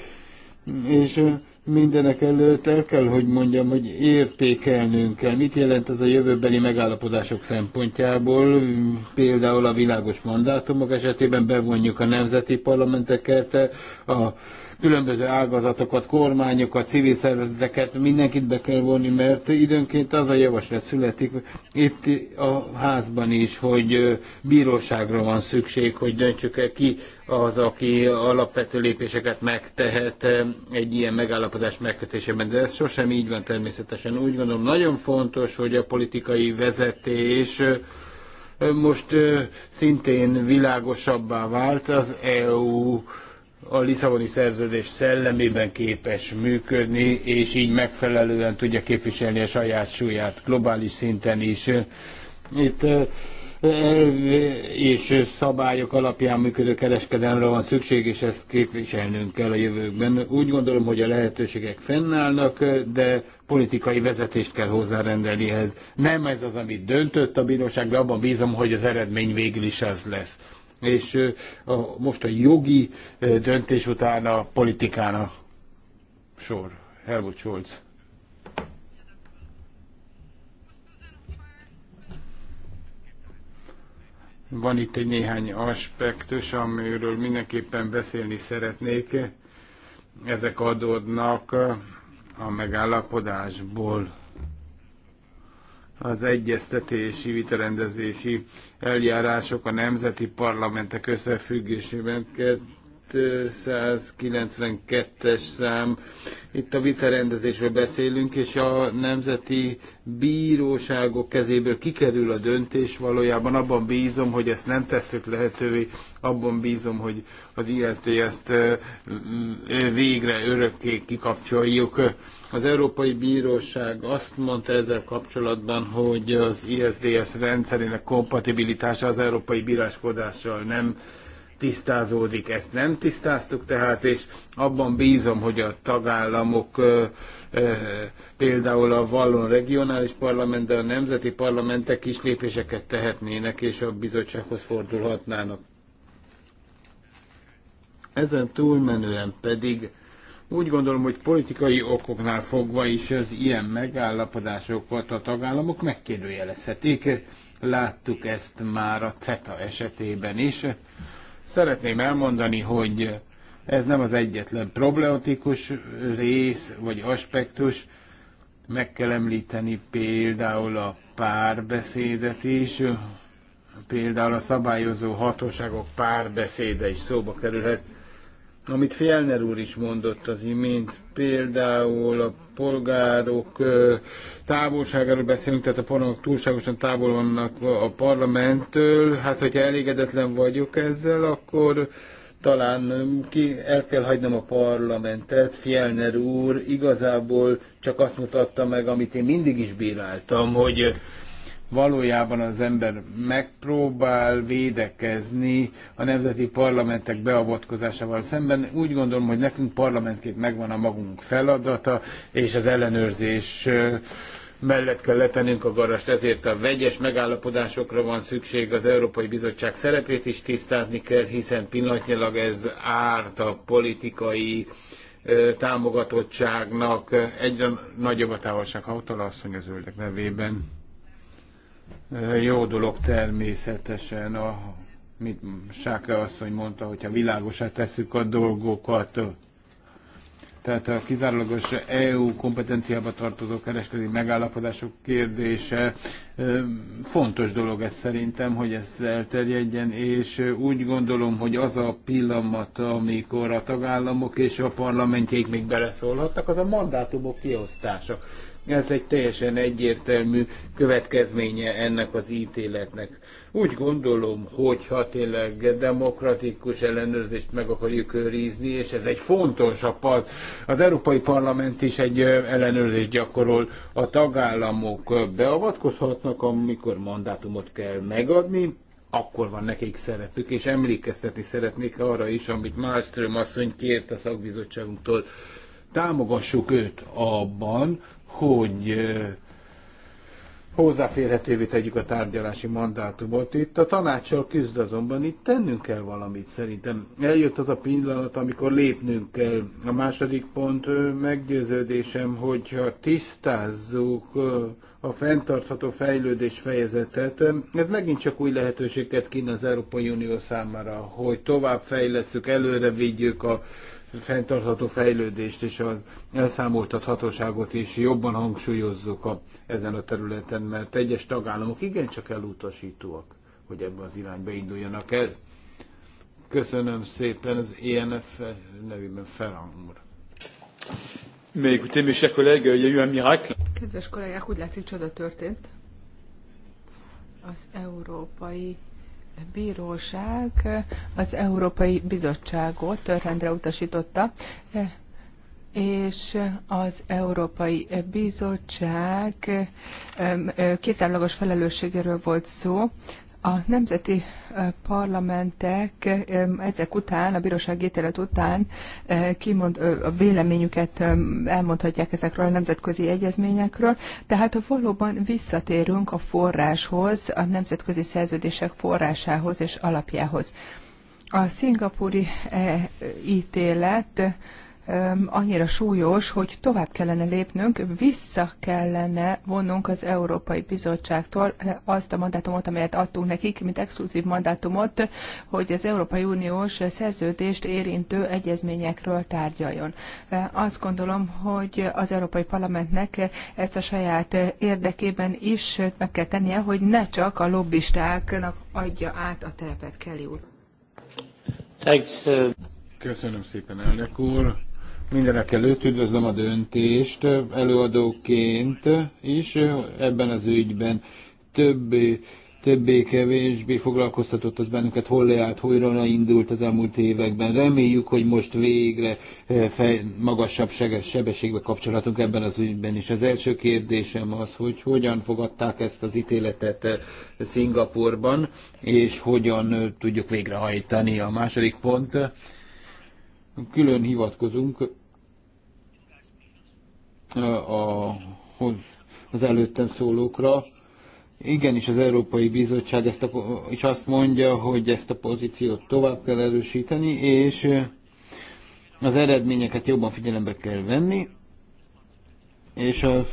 és eh, Mindenek előtt el kell, hogy mondjam, hogy értékelnünk kell. Mit jelent ez a jövőbeli megállapodások szempontjából? Például a világos mandátumok esetében bevonjuk a nemzeti parlamenteket, a különböző ágazatokat, kormányokat, civil szervezeteket, mindenkit be kell vonni, mert időnként az a javaslat születik itt a házban is, hogy bíróságra van szükség, hogy döntsük el ki az, aki alapvető lépéseket megtehet egy ilyen megállapodás megkötésében. De ez sosem így van természetesen. Úgy gondolom, nagyon fontos, hogy a politikai vezetés most szintén világosabbá vált az EU a Lisszaboni szerződés szellemében képes működni, és így megfelelően tudja képviselni a saját súlyát globális szinten is. Itt és szabályok alapján működő kereskedelemre van szükség, és ezt képviselnünk kell a jövőkben. Úgy gondolom, hogy a lehetőségek fennállnak, de politikai vezetést kell hozzárendelni ehhez. Nem ez az, amit döntött a bíróság, de abban bízom, hogy az eredmény végül is az lesz és a, most a jogi döntés után a politikána sor. Helmut Scholz. Van itt egy néhány aspektus, amiről mindenképpen beszélni szeretnék. Ezek adódnak a megállapodásból az egyeztetési, vitarendezési eljárások a nemzeti parlamentek összefüggésében 292-es szám. Itt a vitarendezésről beszélünk, és a nemzeti bíróságok kezéből kikerül a döntés. Valójában abban bízom, hogy ezt nem tesszük lehetővé, abban bízom, hogy az ILT ezt végre örökké kikapcsoljuk az Európai Bíróság azt mondta ezzel kapcsolatban, hogy az ISDS rendszerének kompatibilitása az európai bíráskodással nem tisztázódik. Ezt nem tisztáztuk tehát, és abban bízom, hogy a tagállamok például a Vallon regionális parlament, de a nemzeti parlamentek is lépéseket tehetnének, és a bizottsághoz fordulhatnának. Ezen túlmenően pedig úgy gondolom, hogy politikai okoknál fogva is az ilyen megállapodásokat a tagállamok megkérdőjelezhetik. Láttuk ezt már a CETA esetében is. Szeretném elmondani, hogy ez nem az egyetlen problematikus rész vagy aspektus. Meg kell említeni például a párbeszédet is, például a szabályozó hatóságok párbeszéde is szóba kerülhet amit Fjellner úr is mondott az imént, például a polgárok távolságáról beszélünk, tehát a polgárok túlságosan távol vannak a parlamenttől, hát hogyha elégedetlen vagyok ezzel, akkor talán ki, el kell hagynom a parlamentet, Fjellner úr igazából csak azt mutatta meg, amit én mindig is bíráltam, hogy valójában az ember megpróbál védekezni a nemzeti parlamentek beavatkozásával szemben. Úgy gondolom, hogy nekünk parlamentként megvan a magunk feladata, és az ellenőrzés mellett kell letennünk a garast, ezért a vegyes megállapodásokra van szükség, az Európai Bizottság szerepét is tisztázni kell, hiszen pillanatnyilag ez árt a politikai támogatottságnak, egyre nagyobb a távolság, ha asszony az nevében. Jó dolog természetesen, a, mit Sáka asszony mondta, hogyha világosá tesszük a dolgokat, tehát a kizárólagos EU kompetenciába tartozó kereskedelmi megállapodások kérdése fontos dolog ez szerintem, hogy ez elterjedjen, és úgy gondolom, hogy az a pillanat, amikor a tagállamok és a parlamentjék még beleszólhattak, az a mandátumok kiosztása. Ez egy teljesen egyértelmű következménye ennek az ítéletnek. Úgy gondolom, hogy ha tényleg demokratikus ellenőrzést meg akarjuk őrizni, és ez egy fontosabb part. Az Európai Parlament is egy ellenőrzést gyakorol. A tagállamok beavatkozhatnak, amikor mandátumot kell megadni, akkor van nekik szerepük, és emlékeztetni szeretnék arra is, amit Malmström asszony kért a szakbizottságunktól. Támogassuk őt abban, hogy hozzáférhetővé tegyük a tárgyalási mandátumot. Itt a tanácssal küzd azonban, itt tennünk kell valamit szerintem. Eljött az a pillanat, amikor lépnünk kell. A második pont meggyőződésem, hogyha tisztázzuk a fenntartható fejlődés fejezetet, ez megint csak új lehetőséget kínál az Európai Unió számára, hogy tovább fejlesszük, előre vigyük a fenntartható fejlődést és az elszámoltathatóságot is jobban hangsúlyozzuk a, ezen a területen, mert egyes tagállamok igencsak elutasítóak, hogy ebbe az irányba induljanak el. Köszönöm szépen az ENF nevében Ferran úr. Mais écoutez, mes chers collègues, il y a eu un miracle. Kedves kollégák, úgy látszik, csoda történt. Az európai Bíróság az Európai Bizottságot rendre utasította, és az Európai Bizottság kétszárlagos felelősségéről volt szó, a nemzeti parlamentek ezek után, a bíróság ítélet után kimond, a véleményüket elmondhatják ezekről a nemzetközi egyezményekről, tehát ha valóban visszatérünk a forráshoz, a nemzetközi szerződések forrásához és alapjához. A szingapúri e, ítélet annyira súlyos, hogy tovább kellene lépnünk, vissza kellene vonnunk az Európai Bizottságtól azt a mandátumot, amelyet adtunk nekik, mint exkluzív mandátumot, hogy az Európai Uniós szerződést érintő egyezményekről tárgyaljon. Azt gondolom, hogy az Európai Parlamentnek ezt a saját érdekében is meg kell tennie, hogy ne csak a lobbistáknak adja át a terepet Kelly úr. Thanks. Uh, Köszönöm szépen, elnök úr Mindenek előtt üdvözlöm a döntést előadóként is ebben az ügyben. többi többé-kevésbé foglalkoztatott az bennünket, hol leállt, hol indult az elmúlt években. Reméljük, hogy most végre eh, fej, magasabb sebességbe kapcsolatunk ebben az ügyben is. Az első kérdésem az, hogy hogyan fogadták ezt az ítéletet eh, Szingapurban, és hogyan eh, tudjuk végrehajtani. A második pont, külön hivatkozunk a, az előttem szólókra. Igenis, az Európai Bizottság ezt a, is azt mondja, hogy ezt a pozíciót tovább kell erősíteni, és az eredményeket jobban figyelembe kell venni, és a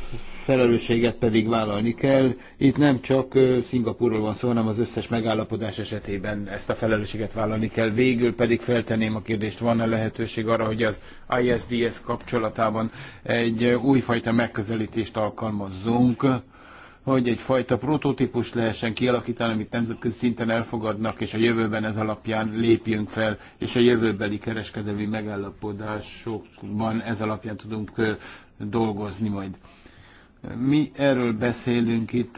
felelősséget pedig vállalni kell. Itt nem csak Szingapurról van szó, hanem az összes megállapodás esetében ezt a felelősséget vállalni kell. Végül pedig feltenném a kérdést, van-e lehetőség arra, hogy az ISDS kapcsolatában egy újfajta megközelítést alkalmazzunk, hogy egyfajta prototípus lehessen kialakítani, amit nemzetközi szinten elfogadnak, és a jövőben ez alapján lépjünk fel, és a jövőbeli kereskedelmi megállapodásokban ez alapján tudunk dolgozni majd. Mi erről beszélünk itt,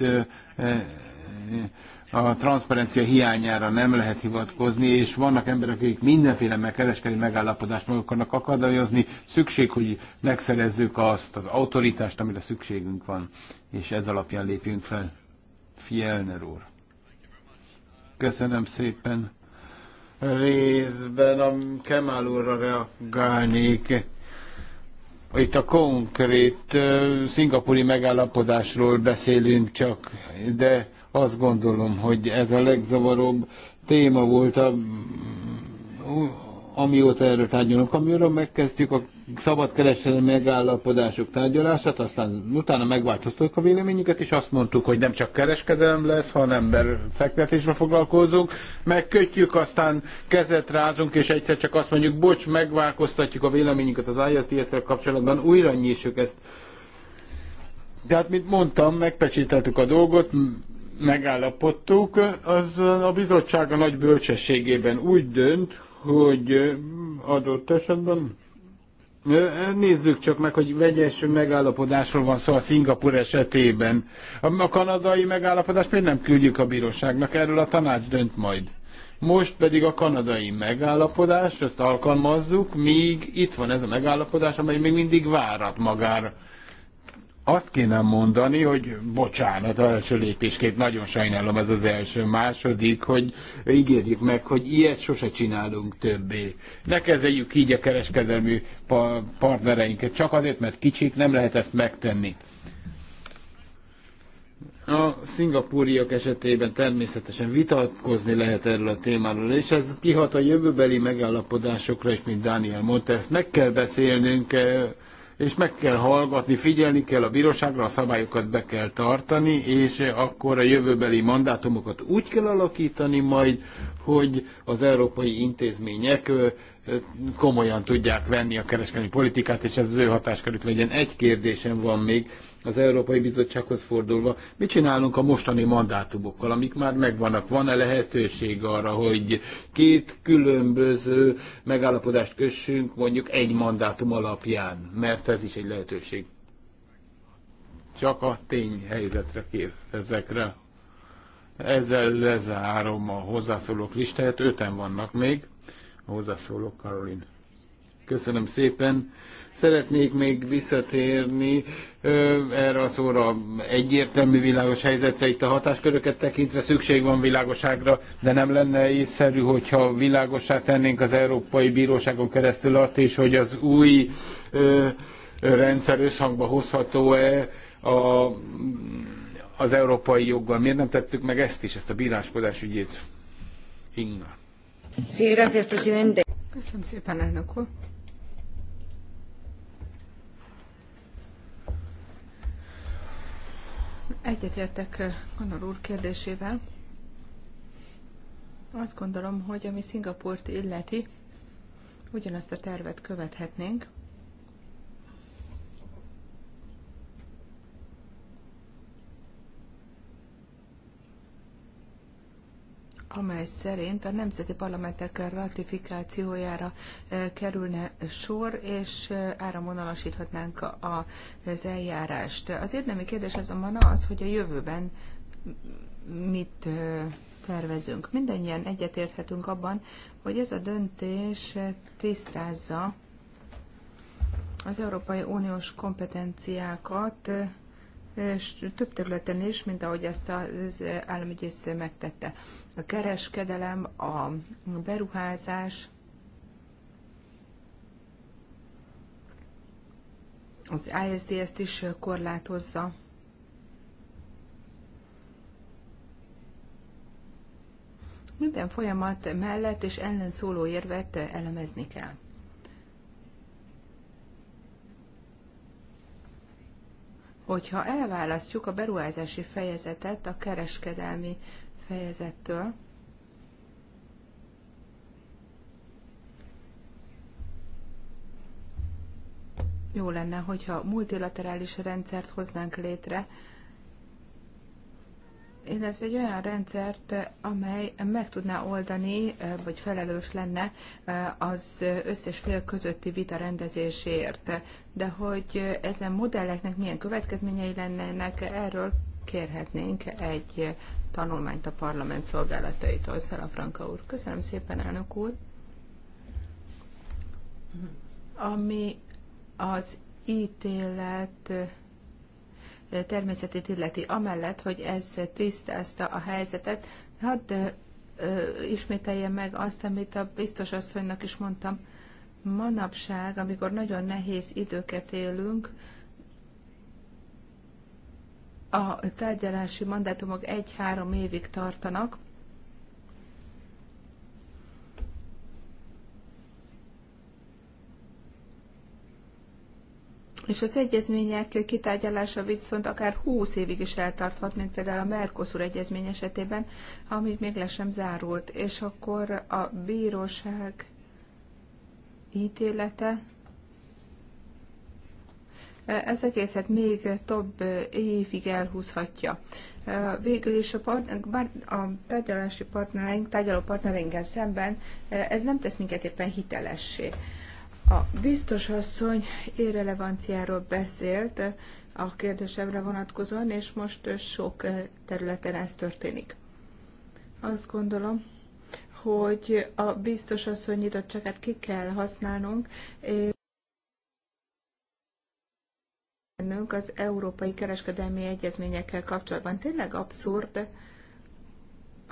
a transzparencia hiányára nem lehet hivatkozni, és vannak emberek, akik mindenféle megkereskedelmi megállapodást meg akarnak akadályozni. Szükség, hogy megszerezzük azt az autoritást, amire szükségünk van, és ez alapján lépjünk fel. Fielner úr. Köszönöm szépen. Részben a Kemal úrra reagálnék itt a konkrét uh, szingapúri megállapodásról beszélünk csak, de azt gondolom, hogy ez a legzavaróbb téma volt a amióta erről tárgyalunk, amióta megkezdjük a szabadkereskedelmi megállapodások tárgyalását, aztán utána megváltoztattuk a véleményüket, és azt mondtuk, hogy nem csak kereskedelem lesz, hanem fektetésre foglalkozunk, megkötjük, aztán kezet rázunk, és egyszer csak azt mondjuk, bocs, megváltoztatjuk a véleményünket az ISDS-szel kapcsolatban, újra nyissuk ezt. De hát, mint mondtam, megpecsételtük a dolgot, megállapodtuk, az a bizottság a nagy bölcsességében úgy dönt, hogy adott esetben Nézzük csak meg, hogy vegyes megállapodásról van szó a Szingapur esetében. A kanadai megállapodást még nem küldjük a bíróságnak? Erről a tanács dönt majd. Most pedig a kanadai megállapodást alkalmazzuk, míg itt van ez a megállapodás, amely még mindig várat magára azt kéne mondani, hogy bocsánat, az első lépésként nagyon sajnálom ez az első, második, hogy ígérjük meg, hogy ilyet sose csinálunk többé. Ne kezeljük így a kereskedelmi pa- partnereinket, csak azért, mert kicsik, nem lehet ezt megtenni. A szingapúriak esetében természetesen vitatkozni lehet erről a témáról, és ez kihat a jövőbeli megállapodásokra is, mint Dániel mondta, ezt meg kell beszélnünk, eh, és meg kell hallgatni, figyelni kell a bíróságra, a szabályokat be kell tartani, és akkor a jövőbeli mandátumokat úgy kell alakítani majd, hogy az európai intézmények komolyan tudják venni a kereskedelmi politikát, és ez az ő hatáskörük legyen. Egy kérdésem van még az Európai Bizottsághoz fordulva. Mit csinálunk a mostani mandátumokkal, amik már megvannak? Van-e lehetőség arra, hogy két különböző megállapodást kössünk mondjuk egy mandátum alapján? Mert ez is egy lehetőség. Csak a tény helyzetre kér ezekre. Ezzel lezárom a hozzászólók listáját, öten vannak még. Hozzászólok, Karolin. Köszönöm szépen. Szeretnék még visszatérni ö, erre a szóra egyértelmű világos helyzetre, itt a hatásköröket tekintve szükség van világosságra, de nem lenne észszerű, hogyha világosá tennénk az Európai Bíróságon keresztül azt is, hogy az új ö, rendszer összhangba hozható-e a, az európai joggal. Miért nem tettük meg ezt is, ezt a bíráskodás ügyét? Inga. Sí, gracias, presidente. Köszönöm szépen, elnök úr. Egyetértek Konor eh, úr kérdésével. Azt gondolom, hogy ami Szingapurt illeti, ugyanazt a tervet követhetnénk. amely szerint a nemzeti parlamentek ratifikációjára e, kerülne sor, és e, áramvonalasíthatnánk az eljárást. Az érdemi kérdés azonban az, hogy a jövőben mit e, tervezünk. Mindennyien egyetérthetünk abban, hogy ez a döntés tisztázza az Európai Uniós kompetenciákat, és több területen is, mint ahogy ezt az államügyész megtette a kereskedelem, a beruházás, az ISD ezt is korlátozza. Minden folyamat mellett és ellen szóló érvet elemezni kell. Hogyha elválasztjuk a beruházási fejezetet a kereskedelmi fejezettől. Jó lenne, hogyha multilaterális rendszert hoznánk létre, illetve egy olyan rendszert, amely meg tudná oldani, vagy felelős lenne az összes fél közötti vita rendezéséért. De hogy ezen modelleknek milyen következményei lennének, erről kérhetnénk egy tanulmányt a parlament szolgálataitól. Szela Franka úr. Köszönöm szépen, elnök úr. Ami az ítélet eh, természetét illeti, amellett, hogy ez tisztázta a helyzetet, hadd eh, ismételjem meg azt, amit a biztos asszonynak is mondtam, manapság, amikor nagyon nehéz időket élünk, a tárgyalási mandátumok egy-három évig tartanak, És az egyezmények kitárgyalása viszont akár 20 évig is eltarthat, mint például a Mercosur egyezmény esetében, amíg még le sem zárult. És akkor a bíróság ítélete ez egészet még több évig elhúzhatja. Végül is a, part, a tárgyalási partnereink, tárgyaló partnereinkkel szemben ez nem tesz minket éppen hitelessé. A biztos asszony irrelevanciáról beszélt a kérdésemre vonatkozóan, és most sok területen ez történik. Azt gondolom, hogy a biztos asszony nyitottságát ki kell használnunk, tennünk az európai kereskedelmi egyezményekkel kapcsolatban. Tényleg abszurd,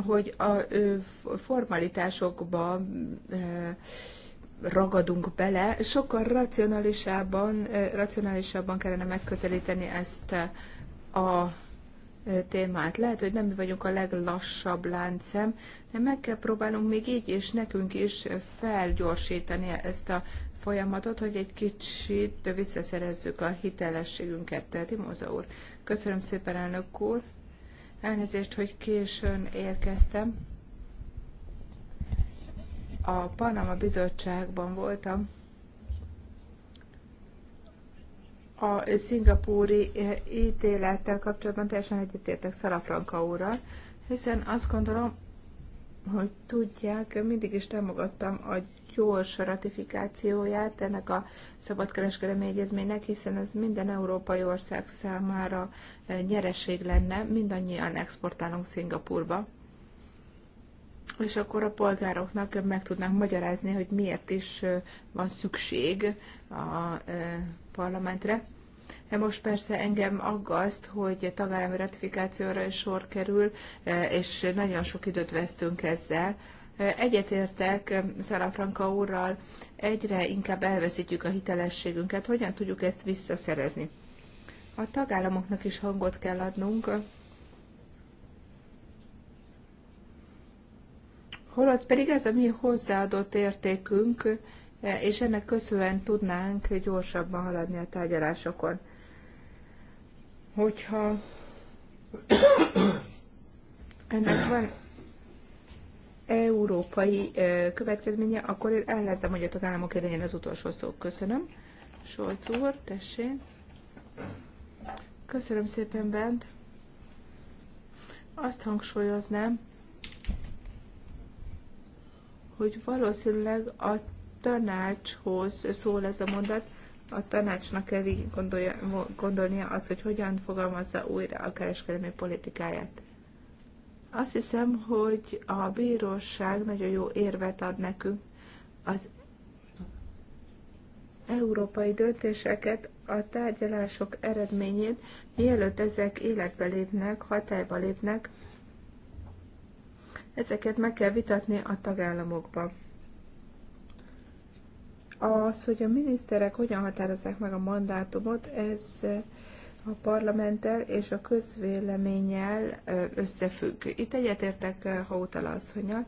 hogy a formalitásokba ragadunk bele, sokkal racionálisabban, racionálisabban kellene megközelíteni ezt a témát. Lehet, hogy nem mi vagyunk a leglassabb láncem, de meg kell próbálnunk még így és nekünk is felgyorsítani ezt a folyamatot, hogy egy kicsit visszaszerezzük a hitelességünket, Imóza úr. Köszönöm szépen, elnök úr. Elnézést, hogy későn érkeztem. A Panama Bizottságban voltam. A szingapúri e, ítélettel kapcsolatban teljesen egyetértek Szalafranka úrral, hiszen azt gondolom, hogy tudják, mindig is támogattam a gyors ratifikációját ennek a szabadkereskedelmi egyezménynek, hiszen ez minden európai ország számára e, nyereség lenne, mindannyian exportálunk Szingapurba. És akkor a polgároknak meg tudnánk magyarázni, hogy miért is e, van szükség a e, parlamentre. De most persze engem aggaszt, hogy tagállami ratifikációra is sor kerül, és nagyon sok időt vesztünk ezzel. Egyetértek Franka úrral, egyre inkább elveszítjük a hitelességünket. Hogyan tudjuk ezt visszaszerezni? A tagállamoknak is hangot kell adnunk, holott pedig ez a mi hozzáadott értékünk, e, és ennek köszönően tudnánk gyorsabban haladni a tárgyalásokon. Hogyha ennek van európai következménye, akkor ellenzem, hogy a tagállamok legyen az utolsó szó. Köszönöm. Solc úr, tessék. Köszönöm szépen, Bent. Azt hangsúlyoznám, hogy valószínűleg a tanácshoz szól ez a mondat, a tanácsnak kell gondolnia az, hogy hogyan fogalmazza újra a kereskedelmi politikáját. Azt hiszem, hogy a bíróság nagyon jó érvet ad nekünk. Az európai döntéseket, a tárgyalások eredményét, mielőtt ezek életbe lépnek, hatályba lépnek, ezeket meg kell vitatni a tagállamokban. Az, hogy a miniszterek hogyan határozzák meg a mandátumot, ez a parlamenttel és a közvéleménnyel összefügg. Itt egyetértek Hautala asszonyal,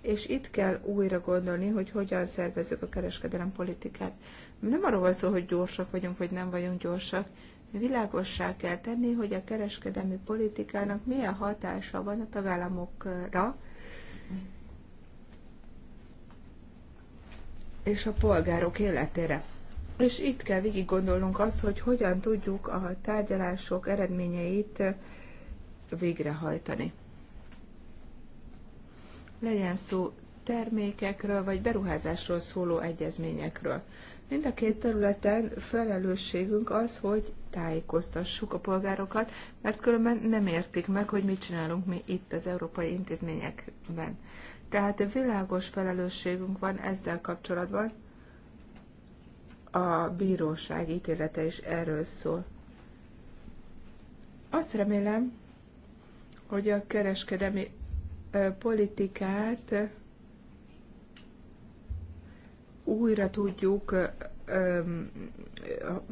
és itt kell újra gondolni, hogy hogyan szervezzük a kereskedelem politikát. Nem arról van szó, hogy gyorsak vagyunk, vagy nem vagyunk gyorsak. Világossá kell tenni, hogy a kereskedelmi politikának milyen hatása van a tagállamokra, és a polgárok életére. És itt kell végig gondolnunk azt, hogy hogyan tudjuk a tárgyalások eredményeit végrehajtani. Legyen szó termékekről vagy beruházásról szóló egyezményekről. Mind a két területen felelősségünk az, hogy tájékoztassuk a polgárokat, mert különben nem értik meg, hogy mit csinálunk mi itt az európai intézményekben. Tehát világos felelősségünk van ezzel kapcsolatban, a bíróság ítélete is erről szól. Azt remélem, hogy a ö, politikát újra tudjuk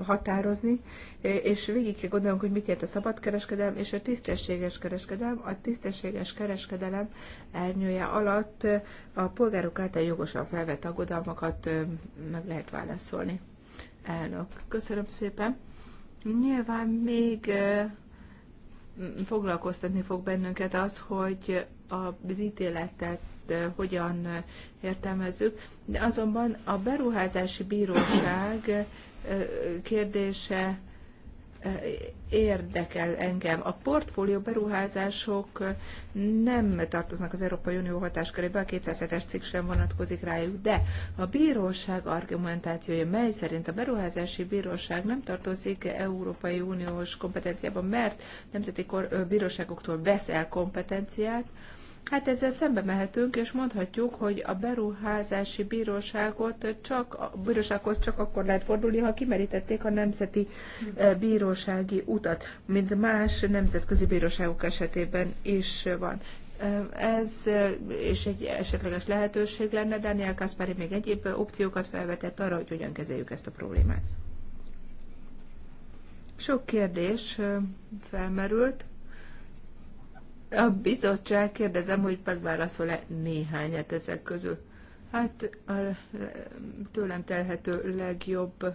határozni, és végig kell gondolnunk, hogy mit jelent a szabadkereskedelem és a tisztességes kereskedelem. A tisztességes kereskedelem ernyője alatt a polgárok által jogosan felvett aggodalmakat meg lehet válaszolni. Elnök, köszönöm szépen. Nyilván még foglalkoztatni fog bennünket az, hogy az ítéletet eh, hogyan eh, értelmezzük. De azonban a beruházási bíróság eh, kérdése érdekel engem. A portfólió beruházások nem tartoznak az Európai Unió hatáskörébe, a 207-es cikk sem vonatkozik rájuk, de a bíróság argumentációja, mely szerint a beruházási bíróság nem tartozik Európai Uniós kompetenciába, mert nemzeti bíróságoktól vesz el kompetenciát, Hát ezzel szembe mehetünk, és mondhatjuk, hogy a beruházási bíróságot csak, a bírósághoz csak akkor lehet fordulni, ha kimerítették a nemzeti bírósági utat, mint más nemzetközi bíróságok esetében is van. Ez és egy esetleges lehetőség lenne. Daniel Kaspari még egyéb opciókat felvetett arra, hogy hogyan kezeljük ezt a problémát. Sok kérdés felmerült a bizottság, kérdezem, hogy megválaszol-e néhányat ezek közül. Hát a e, tőlem telhető legjobb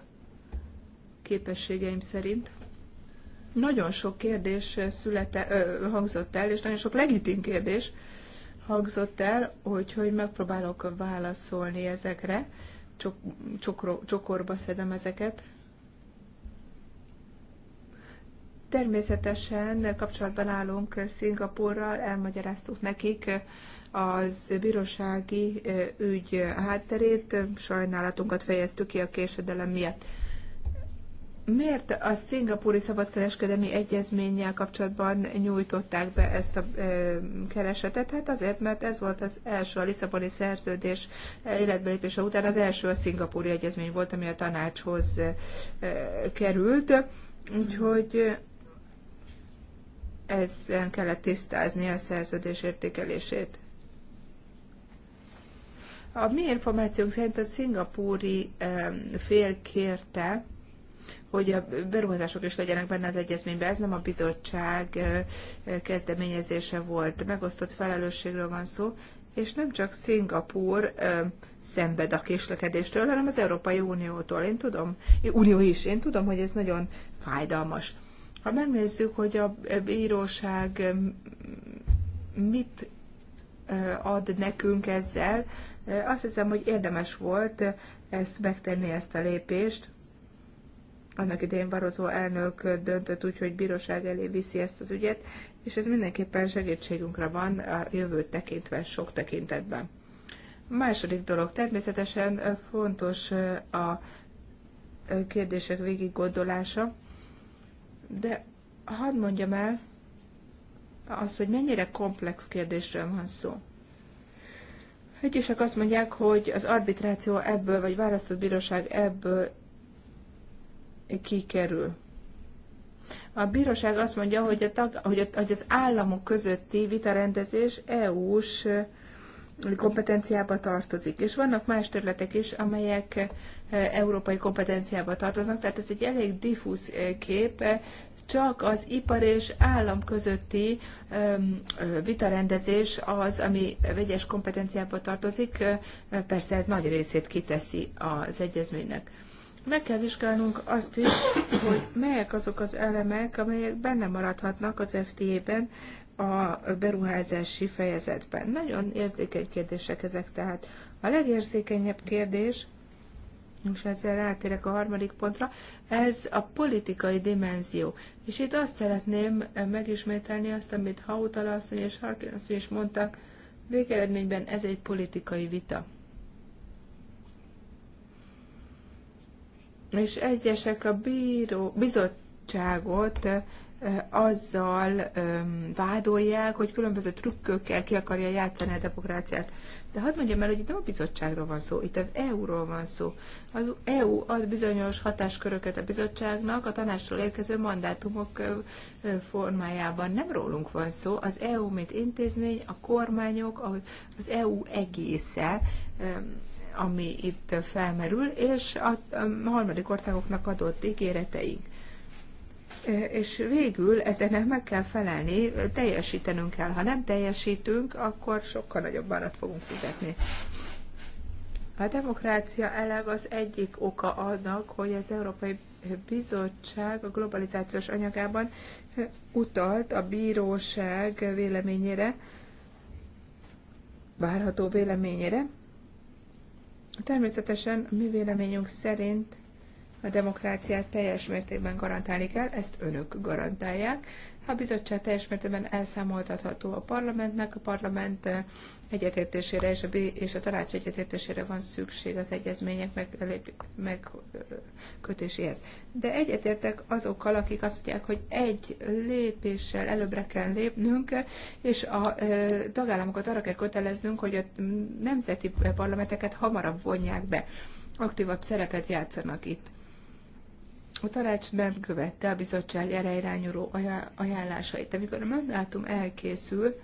képességeim szerint. Nagyon sok kérdés születe, ö, hangzott el, és nagyon sok legitim kérdés hangzott el, úgyhogy megpróbálok válaszolni ezekre. Csok, csokro, csokorba szedem ezeket. Természetesen kapcsolatban állunk Szingapurral, elmagyaráztuk nekik az bírósági ügy hátterét, sajnálatunkat fejeztük ki a késedelem miatt. Miért a szingapúri szabadkereskedelmi egyezménnyel kapcsolatban nyújtották be ezt a e, keresetet? Hát azért, mert ez volt az első, a Lisszaboni szerződés életbelépése után az első a szingapúri egyezmény volt, ami a tanácshoz e, került. Úgyhogy ezen kellett tisztázni a szerződés értékelését. A mi információnk szerint a szingapúri fél kérte, hogy a beruházások is legyenek benne az egyezményben. Ez nem a bizottság kezdeményezése volt. Megosztott felelősségről van szó, és nem csak Szingapúr szenved a késlekedéstől, hanem az Európai Uniótól. Én tudom, Unió is, én tudom, hogy ez nagyon fájdalmas. Ha megnézzük, hogy a bíróság mit ad nekünk ezzel, azt hiszem, hogy érdemes volt ezt megtenni, ezt a lépést. Annak idején Barozó elnök döntött úgy, hogy bíróság elé viszi ezt az ügyet, és ez mindenképpen segítségünkre van a jövőt tekintve, sok tekintetben. A második dolog, természetesen fontos a kérdések végiggondolása. De hadd mondjam el az, hogy mennyire komplex kérdésről van szó. Egyesek azt mondják, hogy az arbitráció ebből, vagy választott bíróság ebből kikerül. A bíróság azt mondja, hogy, a tag, hogy, a, hogy az államok közötti vitarendezés EU-s kompetenciába tartozik. És vannak más területek is, amelyek európai kompetenciába tartoznak, tehát ez egy elég diffúz kép, csak az ipar és állam közötti vitarendezés az, ami vegyes kompetenciába tartozik, persze ez nagy részét kiteszi az egyezménynek. Meg kell vizsgálnunk azt is, hogy melyek azok az elemek, amelyek benne maradhatnak az FTA-ben, a beruházási fejezetben. Nagyon érzékeny kérdések ezek, tehát a legérzékenyebb kérdés most ezzel rátérek a harmadik pontra. Ez a politikai dimenzió. És itt azt szeretném megismételni azt, amit Hautala asszony és Harkin asszony is mondtak, végeredményben ez egy politikai vita. És egyesek a bíró, bizottságot azzal vádolják, hogy különböző trükkökkel ki akarja játszani a demokráciát. De hadd mondjam el, hogy itt nem a bizottságról van szó, itt az EU-ról van szó. Az EU ad bizonyos hatásköröket a bizottságnak a tanácsról érkező mandátumok formájában. Nem rólunk van szó, az EU, mint intézmény, a kormányok, az EU egésze ami itt felmerül, és a harmadik országoknak adott ígéreteink. És végül ezeknek meg kell felelni, teljesítenünk kell. Ha nem teljesítünk, akkor sokkal nagyobb árat fogunk fizetni. A demokrácia eleve az egyik oka annak, hogy az Európai Bizottság a globalizációs anyagában utalt a bíróság véleményére, várható véleményére. Természetesen mi véleményünk szerint a demokráciát teljes mértékben garantálni kell, ezt önök garantálják. A bizottság teljes mértékben elszámoltatható a parlamentnek, a parlament eh, egyetértésére és a, és a tanács egyetértésére van szükség az egyezmények megkötéséhez. Meg, De egyetértek azokkal, akik azt mondják, hogy egy lépéssel előbbre kell lépnünk, és a eh, tagállamokat arra kell köteleznünk, hogy a nemzeti parlamenteket hamarabb vonják be, aktívabb szerepet játszanak itt a tanács nem követte a bizottság erre irányuló ajánlásait. Amikor a mandátum elkészül,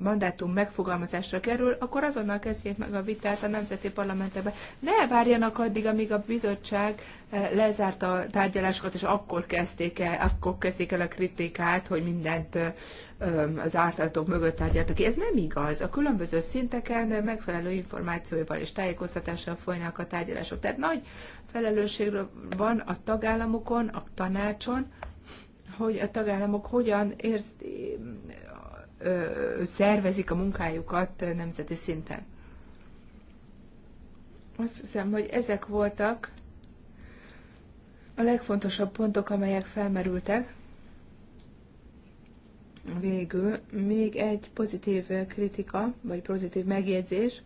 mandátum megfogalmazásra kerül, akkor azonnal kezdjék meg a vitát a nemzeti parlamentbe. Ne várjanak addig, amíg a bizottság eh, lezárta a tárgyalásokat, és akkor kezdték el, akkor kezdték el a kritikát, hogy mindent eh, az ártalatok mögött tárgyaltak Ez nem igaz. A különböző szinteken megfelelő információval és tájékoztatással folynak a tárgyalások. Tehát nagy felelősség van a tagállamokon, a tanácson, hogy a tagállamok hogyan érzi, szervezik a munkájukat nemzeti szinten. Azt hiszem, hogy ezek voltak a legfontosabb pontok, amelyek felmerültek. Végül még egy pozitív kritika, vagy pozitív megjegyzés.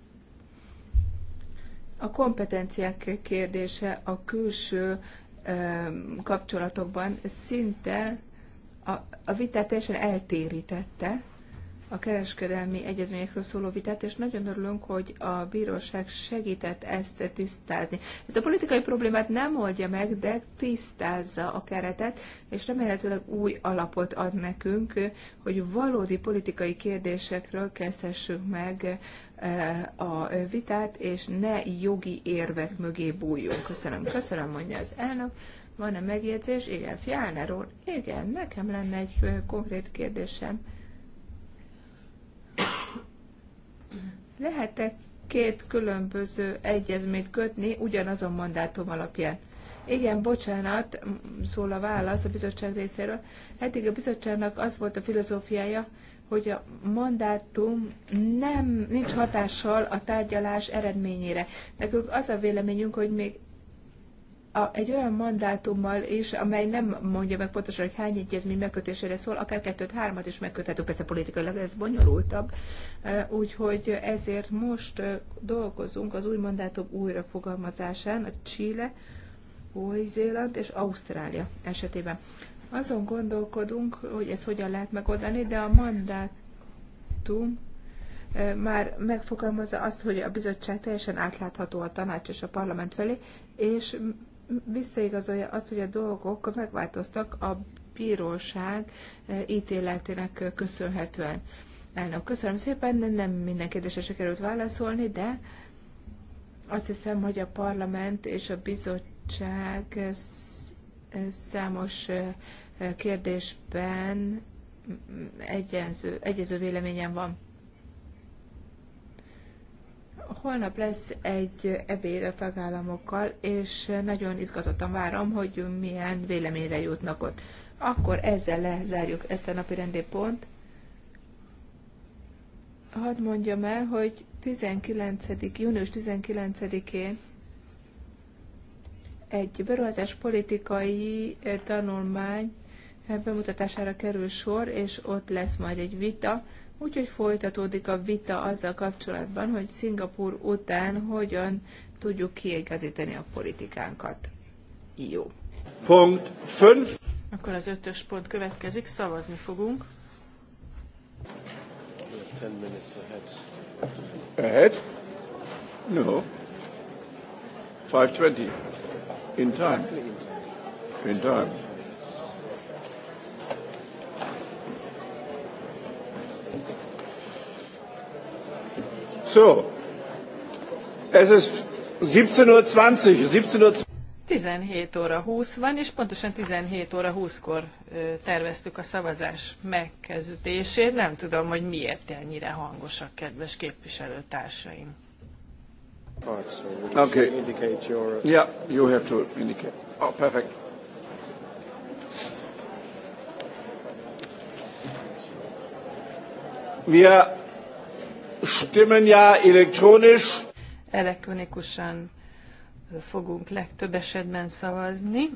A kompetenciák kérdése a külső kapcsolatokban szinte a, a vitát teljesen eltérítette a kereskedelmi egyezményekről szóló vitát, és nagyon örülünk, hogy a bíróság segített ezt tisztázni. Ez a politikai problémát nem oldja meg, de tisztázza a keretet, és remélhetőleg új alapot ad nekünk, hogy valódi politikai kérdésekről kezdhessük meg e, a vitát, és ne jogi érvek mögé bújjunk. Köszönöm, köszönöm, mondja az elnök. Van-e megjegyzés? Igen, Fjálner úr. Igen, nekem lenne egy konkrét kérdésem lehet-e két különböző egyezményt kötni ugyanazon mandátum alapján? Igen, bocsánat, szól a válasz a bizottság részéről. Eddig a bizottságnak az volt a filozófiája, hogy a mandátum nem nincs hatással a tárgyalás eredményére. Nekünk az a véleményünk, hogy még a, egy olyan mandátummal is, amely nem mondja meg pontosan, hogy hány egyezmény megkötésére szól, akár kettőt, hármat is megköthetünk, persze politikailag ez bonyolultabb, úgyhogy ezért most dolgozunk az új mandátum újrafogalmazásán a Chile, Új-Zéland és Ausztrália esetében. Azon gondolkodunk, hogy ez hogyan lehet megoldani, de a mandátum már megfogalmazza azt, hogy a bizottság teljesen átlátható a tanács és a parlament felé, és visszaigazolja azt, hogy a dolgok megváltoztak a bíróság e, ítéletének köszönhetően. Elnök, köszönöm szépen, nem minden kérdésre se került válaszolni, de azt hiszem, hogy a parlament és a bizottság számos e, e, kérdésben egyező, egyező véleményen van. Holnap lesz egy ebéd a tagállamokkal, és nagyon izgatottan várom, hogy milyen véleményre jutnak ott. Akkor ezzel lezárjuk ezt a napi rendi pont. Hadd mondjam el, hogy 19. június 19-én egy beruházás politikai eh, tanulmány eh, bemutatására kerül sor, és ott lesz majd egy vita Úgyhogy folytatódik a vita azzal kapcsolatban, hogy Szingapur után hogyan tudjuk kiegazítani a politikánkat. Jó. Pont 5. Akkor az ötös pont következik, szavazni fogunk. Ahead? No. 5.20. In time. In time. So, es ist 17.20 Uhr, 17.20 17 óra 20 van, és pontosan 17 óra 20-kor terveztük a szavazás megkezdését. Nem tudom, hogy miért ennyire hangosak, kedves képviselőtársaim. Okay. Yeah, you have to indicate. Oh, perfect. Wir stimmen ja elektronisch. Elektronikusan fogunk legtöbb esetben szavazni.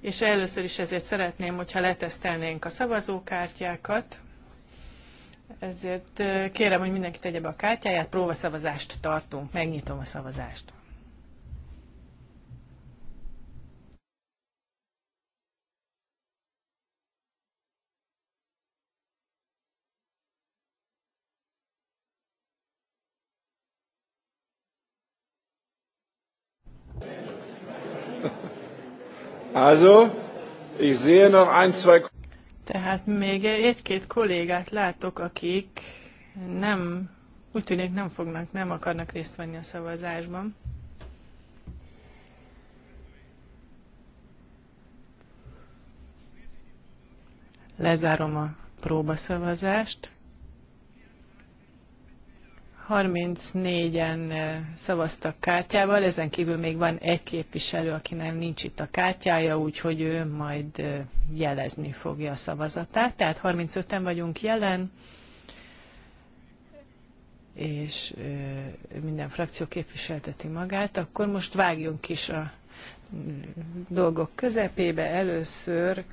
És először is ezért szeretném, hogyha letesztelnénk a szavazókártyákat. Ezért kérem, hogy mindenki tegye be a kártyáját, próbaszavazást tartunk, megnyitom a szavazást. Also, ich sehe noch ein, zwei... Tehát még egy-két kollégát látok, akik nem, úgy tűnik nem fognak, nem akarnak részt venni a szavazásban. Lezárom a próbaszavazást. 34-en szavaztak kártyával, ezen kívül még van egy képviselő, akinek nincs itt a kártyája, úgyhogy ő majd jelezni fogja a szavazatát. Tehát 35-en vagyunk jelen, és minden frakció képviselteti magát. Akkor most vágjunk is a mm, dolgok közepébe. Először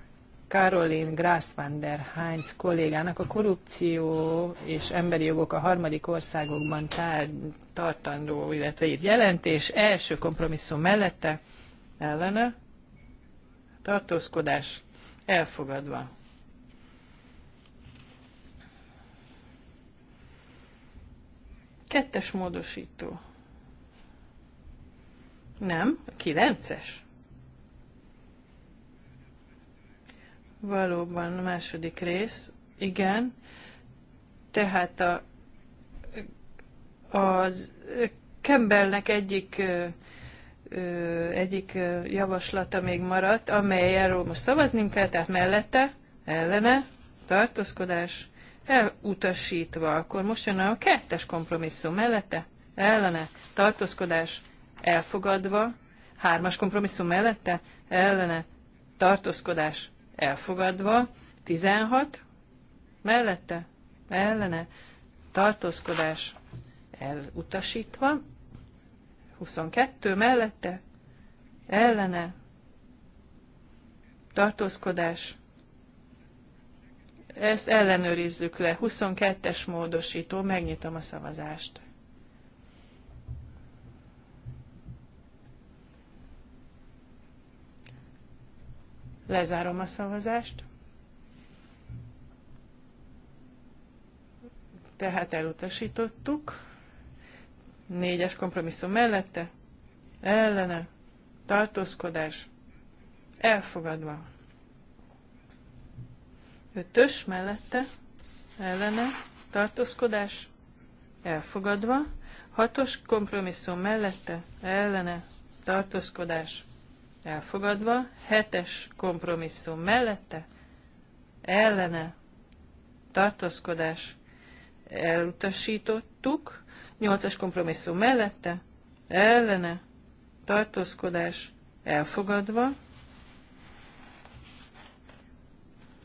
Karolin Grász van der Heinz kollégának a korrupció és emberi jogok a harmadik országokban tár, tartandó, illetve írt jelentés. Első kompromisszum mellette ellene tartózkodás elfogadva. Kettes módosító. Nem, kilences. Valóban a második rész, igen. Tehát a, az Kembelnek egyik egyik javaslata még maradt, amely erről most szavazni kell, tehát mellette, ellene, tartózkodás, elutasítva. Akkor most jön a kettes kompromisszum mellette, ellene, tartózkodás, elfogadva, hármas kompromisszum mellette, ellene, tartózkodás, elfogadva, 16 mellette, ellene, tartózkodás elutasítva, 22 mellette, ellene, tartózkodás, ezt ellenőrizzük le, 22-es módosító, megnyitom a szavazást. Lezárom a szavazást. Tehát elutasítottuk. Négyes kompromisszum mellette, ellene, tartózkodás, elfogadva. Ötös mellette, ellene, tartózkodás, elfogadva. Hatos kompromisszum mellette, ellene, tartózkodás, elfogadva, hetes kompromisszum mellette, ellene, tartózkodás, elutasítottuk, nyolcas kompromisszum mellette, ellene, tartózkodás, elfogadva,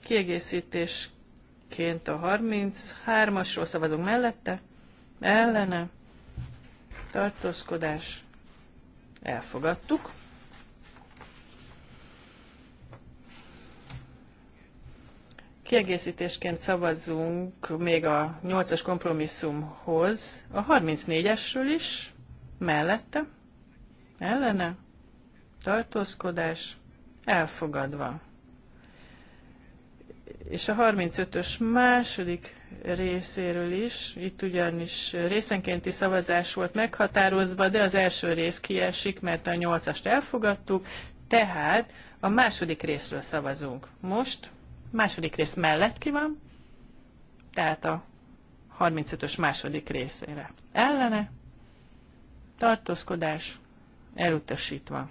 kiegészítésként a 33-asról szavazunk mellette, ellene, tartózkodás, elfogadtuk. Kiegészítésként szavazzunk még a 8-as kompromisszumhoz, a 34-esről is, mellette, ellene, tartózkodás, elfogadva. És a 35-ös második részéről is, itt ugyanis részenkénti szavazás volt meghatározva, de az első rész kiesik, mert a 8-ast elfogadtuk, tehát a második részről szavazunk. Most Második rész mellett ki van, tehát a 35-ös második részére. Ellene, tartózkodás, elutasítva.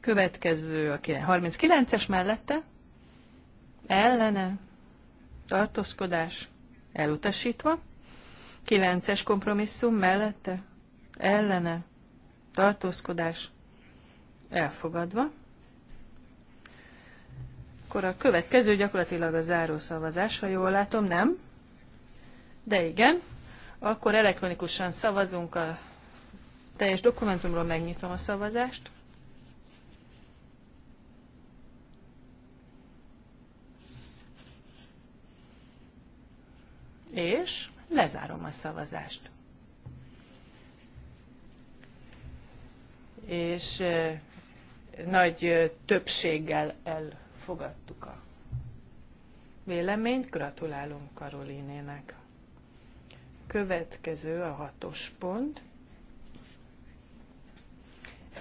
Következő a 39-es mellette, ellene, tartózkodás, elutasítva. 9-es kompromisszum mellette, ellene, tartózkodás, elfogadva. Akkor a következő gyakorlatilag a zárószavazás, ha jól látom, nem? De igen. Akkor elektronikusan szavazunk a teljes dokumentumról, megnyitom a szavazást. És lezárom a szavazást. És nagy többséggel el elfogadtuk a véleményt. Gratulálunk Karolinének. Következő a hatos pont.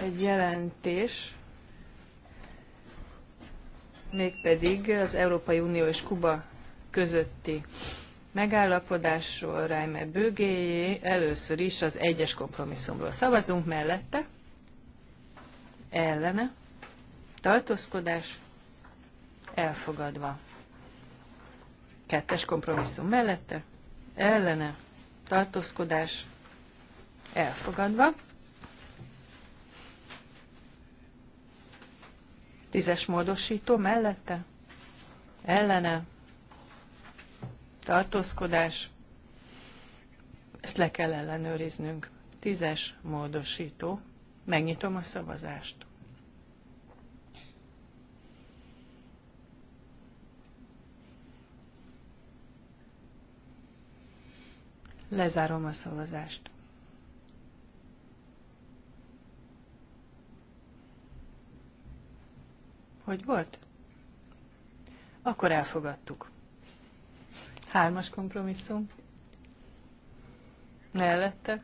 Egy jelentés, mégpedig az Európai Unió és Kuba közötti megállapodásról Reimer Bögéjé először is az egyes kompromisszumról szavazunk mellette, ellene, tartózkodás, elfogadva. Kettes kompromisszum mellette, ellene, tartózkodás, elfogadva. Tízes módosító mellette, ellene, tartózkodás, ezt le kell ellenőriznünk. Tízes módosító, megnyitom a szavazást. Lezárom a szavazást. Hogy volt? Akkor elfogadtuk. Hármas kompromisszum. Mellette.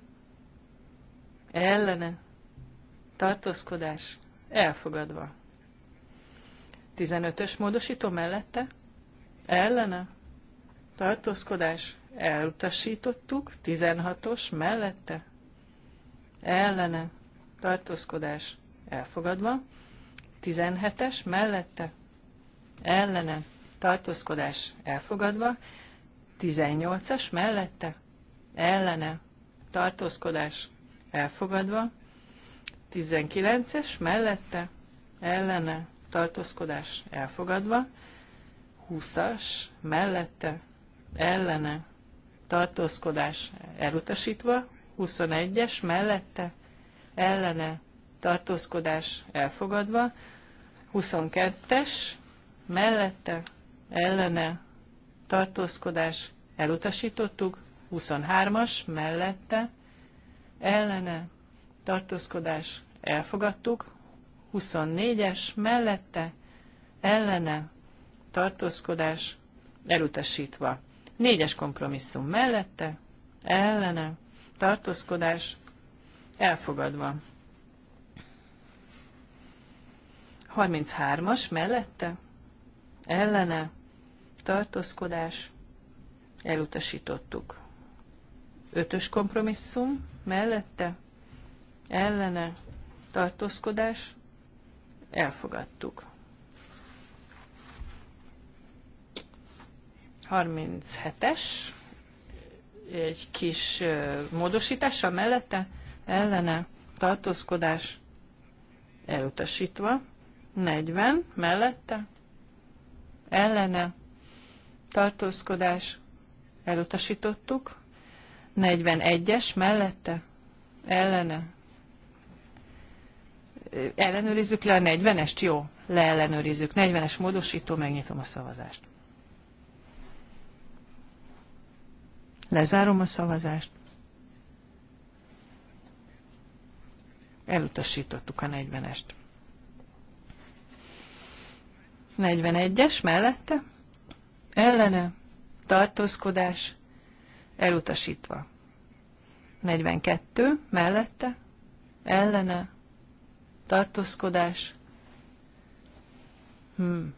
Ellene. Tartózkodás. Elfogadva. 15-ös módosító mellette. Ellene. Tartózkodás elutasítottuk, 16-os mellette, ellene, tartózkodás elfogadva, 17-es mellette, ellene, tartózkodás elfogadva, 18-as mellette, ellene, tartózkodás elfogadva, 19-es mellette, ellene, tartózkodás elfogadva, 20-as mellette, ellene, tartózkodás elutasítva, 21-es mellette, ellene, tartózkodás elfogadva, 22-es mellette, ellene, tartózkodás elutasítottuk, 23-as mellette, ellene, tartózkodás elfogadtuk, 24-es mellette, ellene, tartózkodás elutasítva. Négyes kompromisszum mellette, ellene, tartózkodás elfogadva. 33-as mellette, ellene, tartózkodás elutasítottuk. Ötös kompromisszum mellette, ellene, tartózkodás elfogadtuk. 37-es, egy kis módosítása mellette, ellene, tartózkodás elutasítva, 40 mellette, ellene, tartózkodás elutasítottuk, 41-es mellette, ellene, ellenőrizzük le a 40-est, jó, leellenőrizzük, 40-es módosító, megnyitom a szavazást. Lezárom a szavazást. Elutasítottuk a 40-est. 41-es mellette, ellene, tartózkodás, elutasítva. 42 mellette, ellene, tartózkodás, hmm.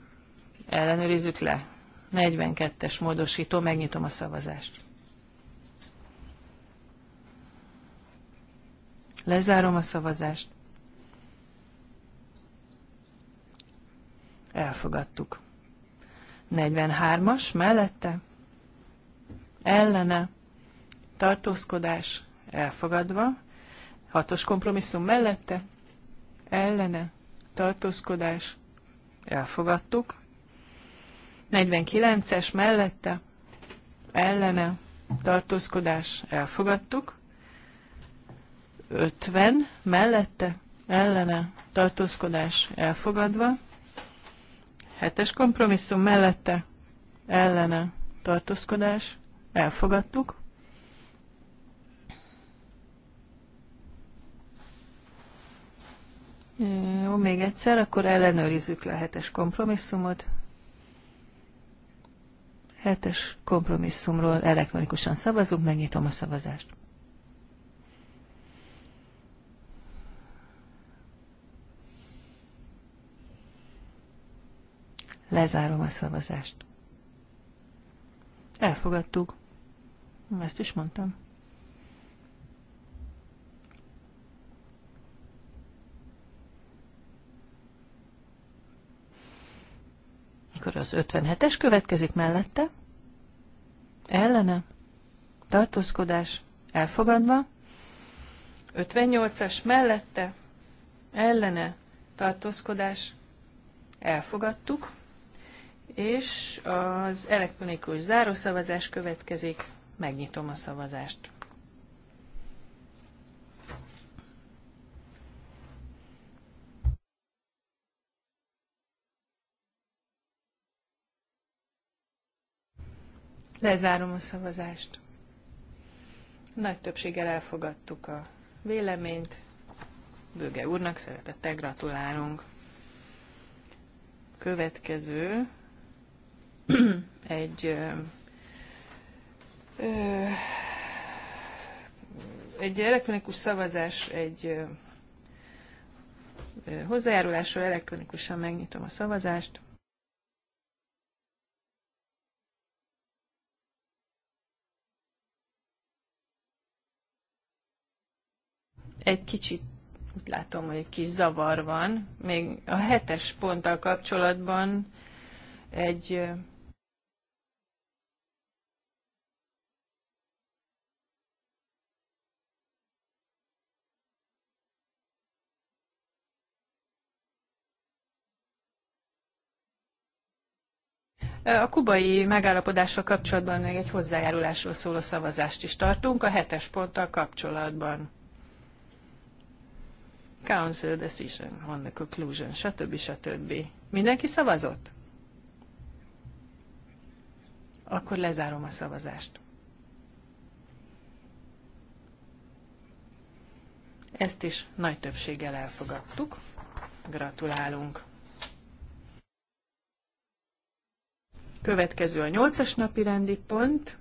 ellenőrizzük le. 42-es módosító, megnyitom a szavazást. Lezárom a szavazást. Elfogadtuk. 43-as mellette, ellene, tartózkodás, elfogadva, hatos kompromisszum mellette, ellene, tartózkodás, elfogadtuk, 49-es mellette, ellene, tartózkodás, elfogadtuk, 50 mellette ellene tartózkodás elfogadva, 7-es kompromisszum mellette ellene tartózkodás elfogadtuk, Jó, még egyszer, akkor ellenőrizzük le a hetes kompromisszumot. Hetes kompromisszumról elektronikusan szavazunk, megnyitom a szavazást. Lezárom a szavazást. Elfogadtuk. Ezt is mondtam. Akkor az 57-es következik mellette. Ellene. Tartózkodás. Elfogadva. 58-as mellette. Ellene. Tartózkodás. Elfogadtuk és az elektronikus zárószavazás következik. Megnyitom a szavazást. Lezárom a szavazást. Nagy többséggel elfogadtuk a véleményt. Bőge úrnak szeretettel gratulálunk. Következő egy ö, ö, egy elektronikus szavazás egy ö, hozzájárulásról elektronikusan megnyitom a szavazást. Egy kicsit úgy látom, hogy egy kis zavar van. Még a hetes ponttal kapcsolatban egy A kubai megállapodással kapcsolatban még egy hozzájárulásról szóló szavazást is tartunk, a hetes ponttal kapcsolatban. Council decision, on the conclusion, stb. stb. Mindenki szavazott? Akkor lezárom a szavazást. Ezt is nagy többséggel elfogadtuk. Gratulálunk! Következő a nyolcas napi rendi pont.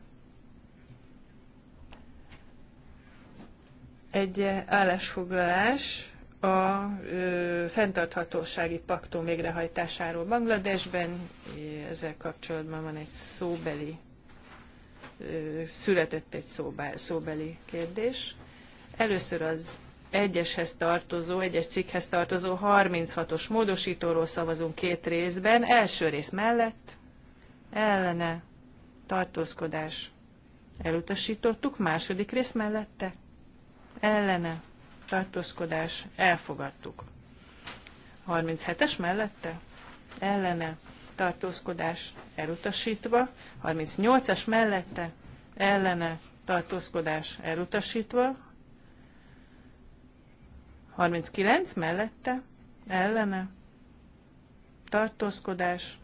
Egy állásfoglalás a ö, fenntarthatósági paktum végrehajtásáról Bangladesben. Ezzel kapcsolatban van egy szóbeli, ö, született egy szóbá, szóbeli kérdés. Először az egyeshez tartozó, egyes cikkhez tartozó 36-os módosítóról szavazunk két részben. Első rész mellett, ellene tartózkodás elutasítottuk, második rész mellette ellene tartózkodás elfogadtuk. 37-es mellette ellene tartózkodás elutasítva, 38-as mellette ellene tartózkodás elutasítva, 39 mellette ellene tartózkodás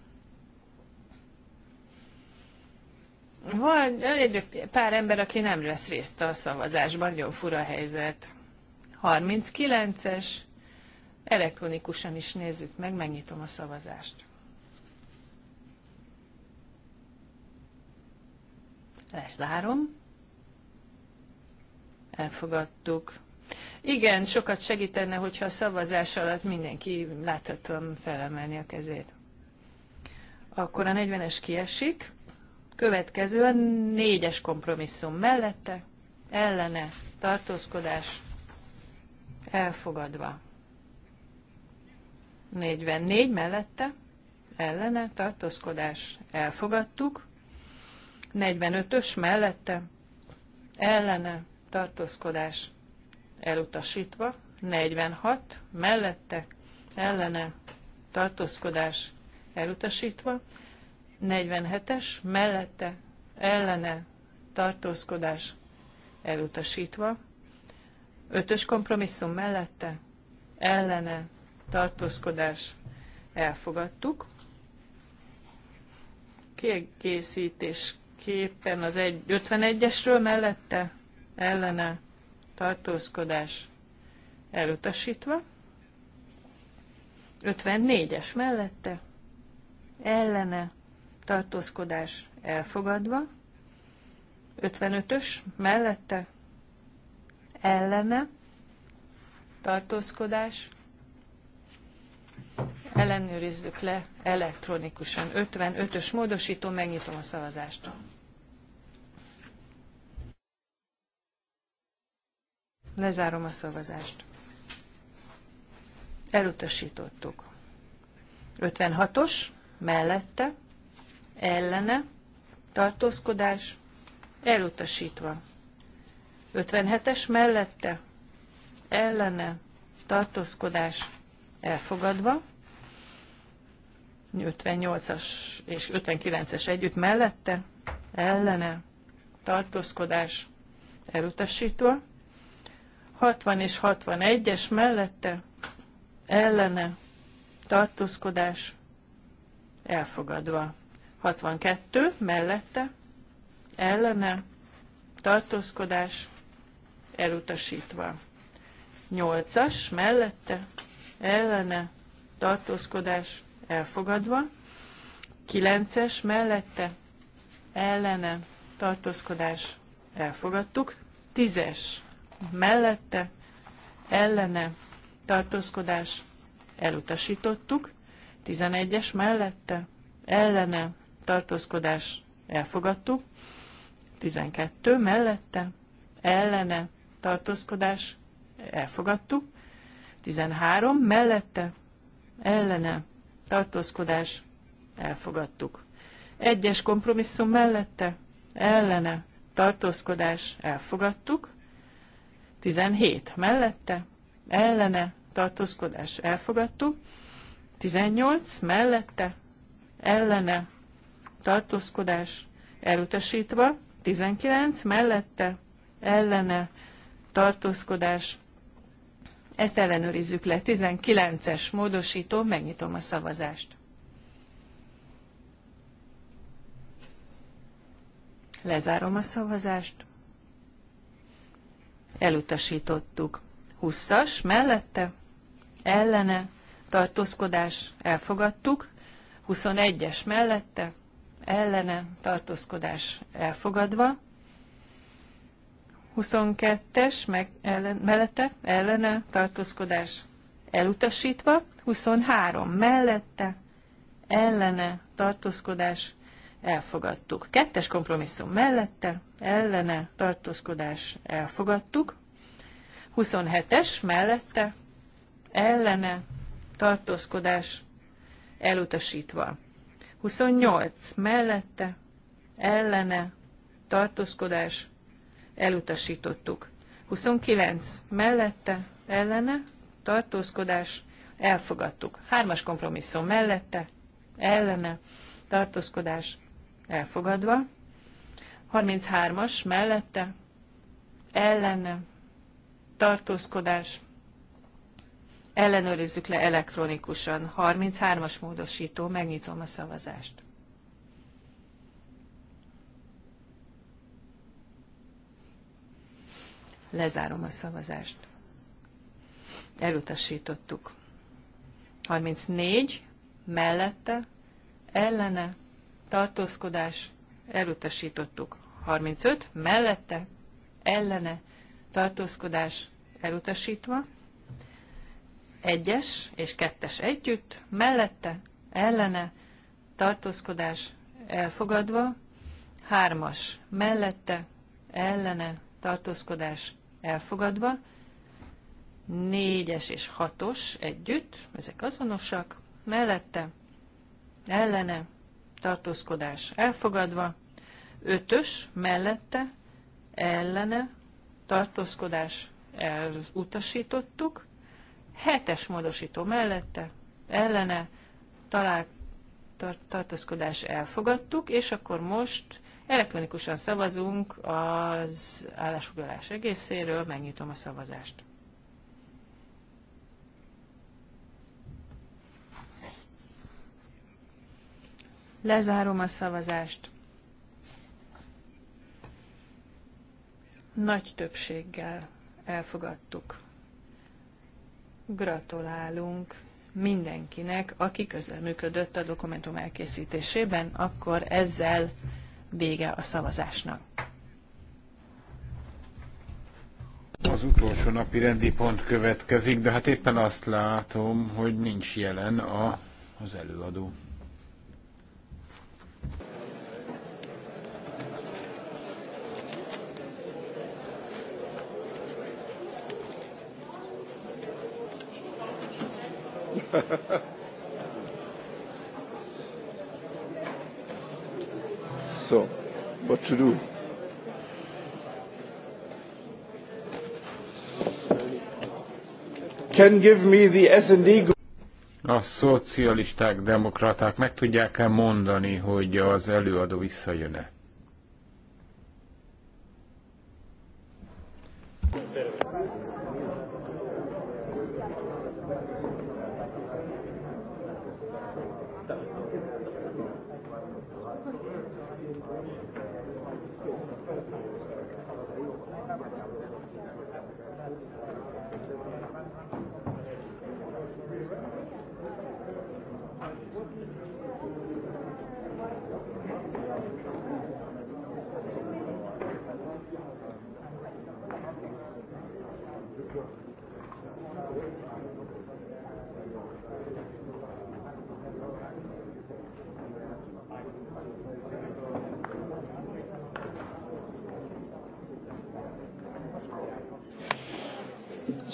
Van egy pár ember, aki nem lesz részt a szavazásban, nagyon fura helyzet. 39-es, elektronikusan is nézzük meg, megnyitom a szavazást. Lezárom. Elfogadtuk. Igen, sokat segítene, hogyha a szavazás alatt mindenki láthatóan felemelni a kezét. Akkor a 40-es kiesik. Következő a négyes kompromisszum mellette, ellene, tartózkodás, elfogadva. 44 mellette, ellene, tartózkodás, elfogadtuk. 45-ös mellette, ellene, tartózkodás, elutasítva. 46 mellette, ellene, tartózkodás, elutasítva. 47-es mellette ellene tartózkodás elutasítva, 5-ös kompromisszum mellette ellene tartózkodás elfogadtuk. képen az 51-esről mellette ellene tartózkodás elutasítva, 54-es mellette ellene tartózkodás elfogadva, 55-ös mellette ellene tartózkodás ellenőrizzük le elektronikusan. 55-ös módosító, megnyitom a szavazást. Lezárom a szavazást. Elutasítottuk. 56-os, mellette, ellene, tartózkodás, elutasítva. 57-es mellette, ellene, tartózkodás, elfogadva. 58-as és 59-es együtt mellette, ellene, tartózkodás, elutasítva. 60 és 61-es mellette, ellene, tartózkodás, elfogadva. 62 mellette ellene tartózkodás elutasítva. 8-as mellette ellene tartózkodás elfogadva. 9-es mellette ellene tartózkodás elfogadtuk. 10-es mellette ellene tartózkodás elutasítottuk. 11-es mellette ellene tartózkodás elfogadtuk, 12 mellette, ellene, tartózkodás elfogadtuk, 13 mellette, ellene, tartózkodás elfogadtuk. Egyes kompromisszum mellette, ellene, tartózkodás elfogadtuk, 17 mellette, ellene, tartózkodás elfogadtuk, 18 mellette, ellene, tartózkodás elutasítva, 19 mellette ellene tartózkodás. Ezt ellenőrizzük le. 19-es módosító, megnyitom a szavazást. Lezárom a szavazást. Elutasítottuk. 20-as mellette ellene tartózkodás elfogadtuk. 21-es mellette ellene tartózkodás elfogadva, 22-es meg ellen, mellette ellene tartózkodás elutasítva, 23 mellette ellene tartózkodás elfogadtuk. Kettes kompromisszum mellette ellene tartózkodás elfogadtuk, 27-es mellette ellene tartózkodás elutasítva. 28 mellette, ellene, tartózkodás, elutasítottuk. 29 mellette, ellene, tartózkodás, elfogadtuk. Hármas kompromisszum mellette, ellene, tartózkodás, elfogadva. 33-as mellette, ellene, tartózkodás, Ellenőrizzük le elektronikusan. 33-as módosító, megnyitom a szavazást. Lezárom a szavazást. Elutasítottuk. 34 mellette, ellene, tartózkodás, elutasítottuk. 35 mellette, ellene, tartózkodás, elutasítva egyes és kettes együtt, mellette, ellene, tartózkodás elfogadva, hármas mellette, ellene, tartózkodás elfogadva, négyes és hatos együtt, ezek azonosak, mellette, ellene, tartózkodás elfogadva, ötös mellette, ellene, tartózkodás elutasítottuk, Hetes módosító mellette, ellene, talál, tar, tartózkodás elfogadtuk, és akkor most elektronikusan szavazunk az állásfoglalás egészéről, megnyitom a szavazást. Lezárom a szavazást. Nagy többséggel elfogadtuk. Gratulálunk mindenkinek, aki közreműködött a dokumentum elkészítésében, akkor ezzel vége a szavazásnak. Az utolsó napi rendi pont következik, de hát éppen azt látom, hogy nincs jelen a, az előadó. so, what to do? Can give me the S&D a szocialisták, demokraták meg tudják-e mondani, hogy az előadó visszajön-e?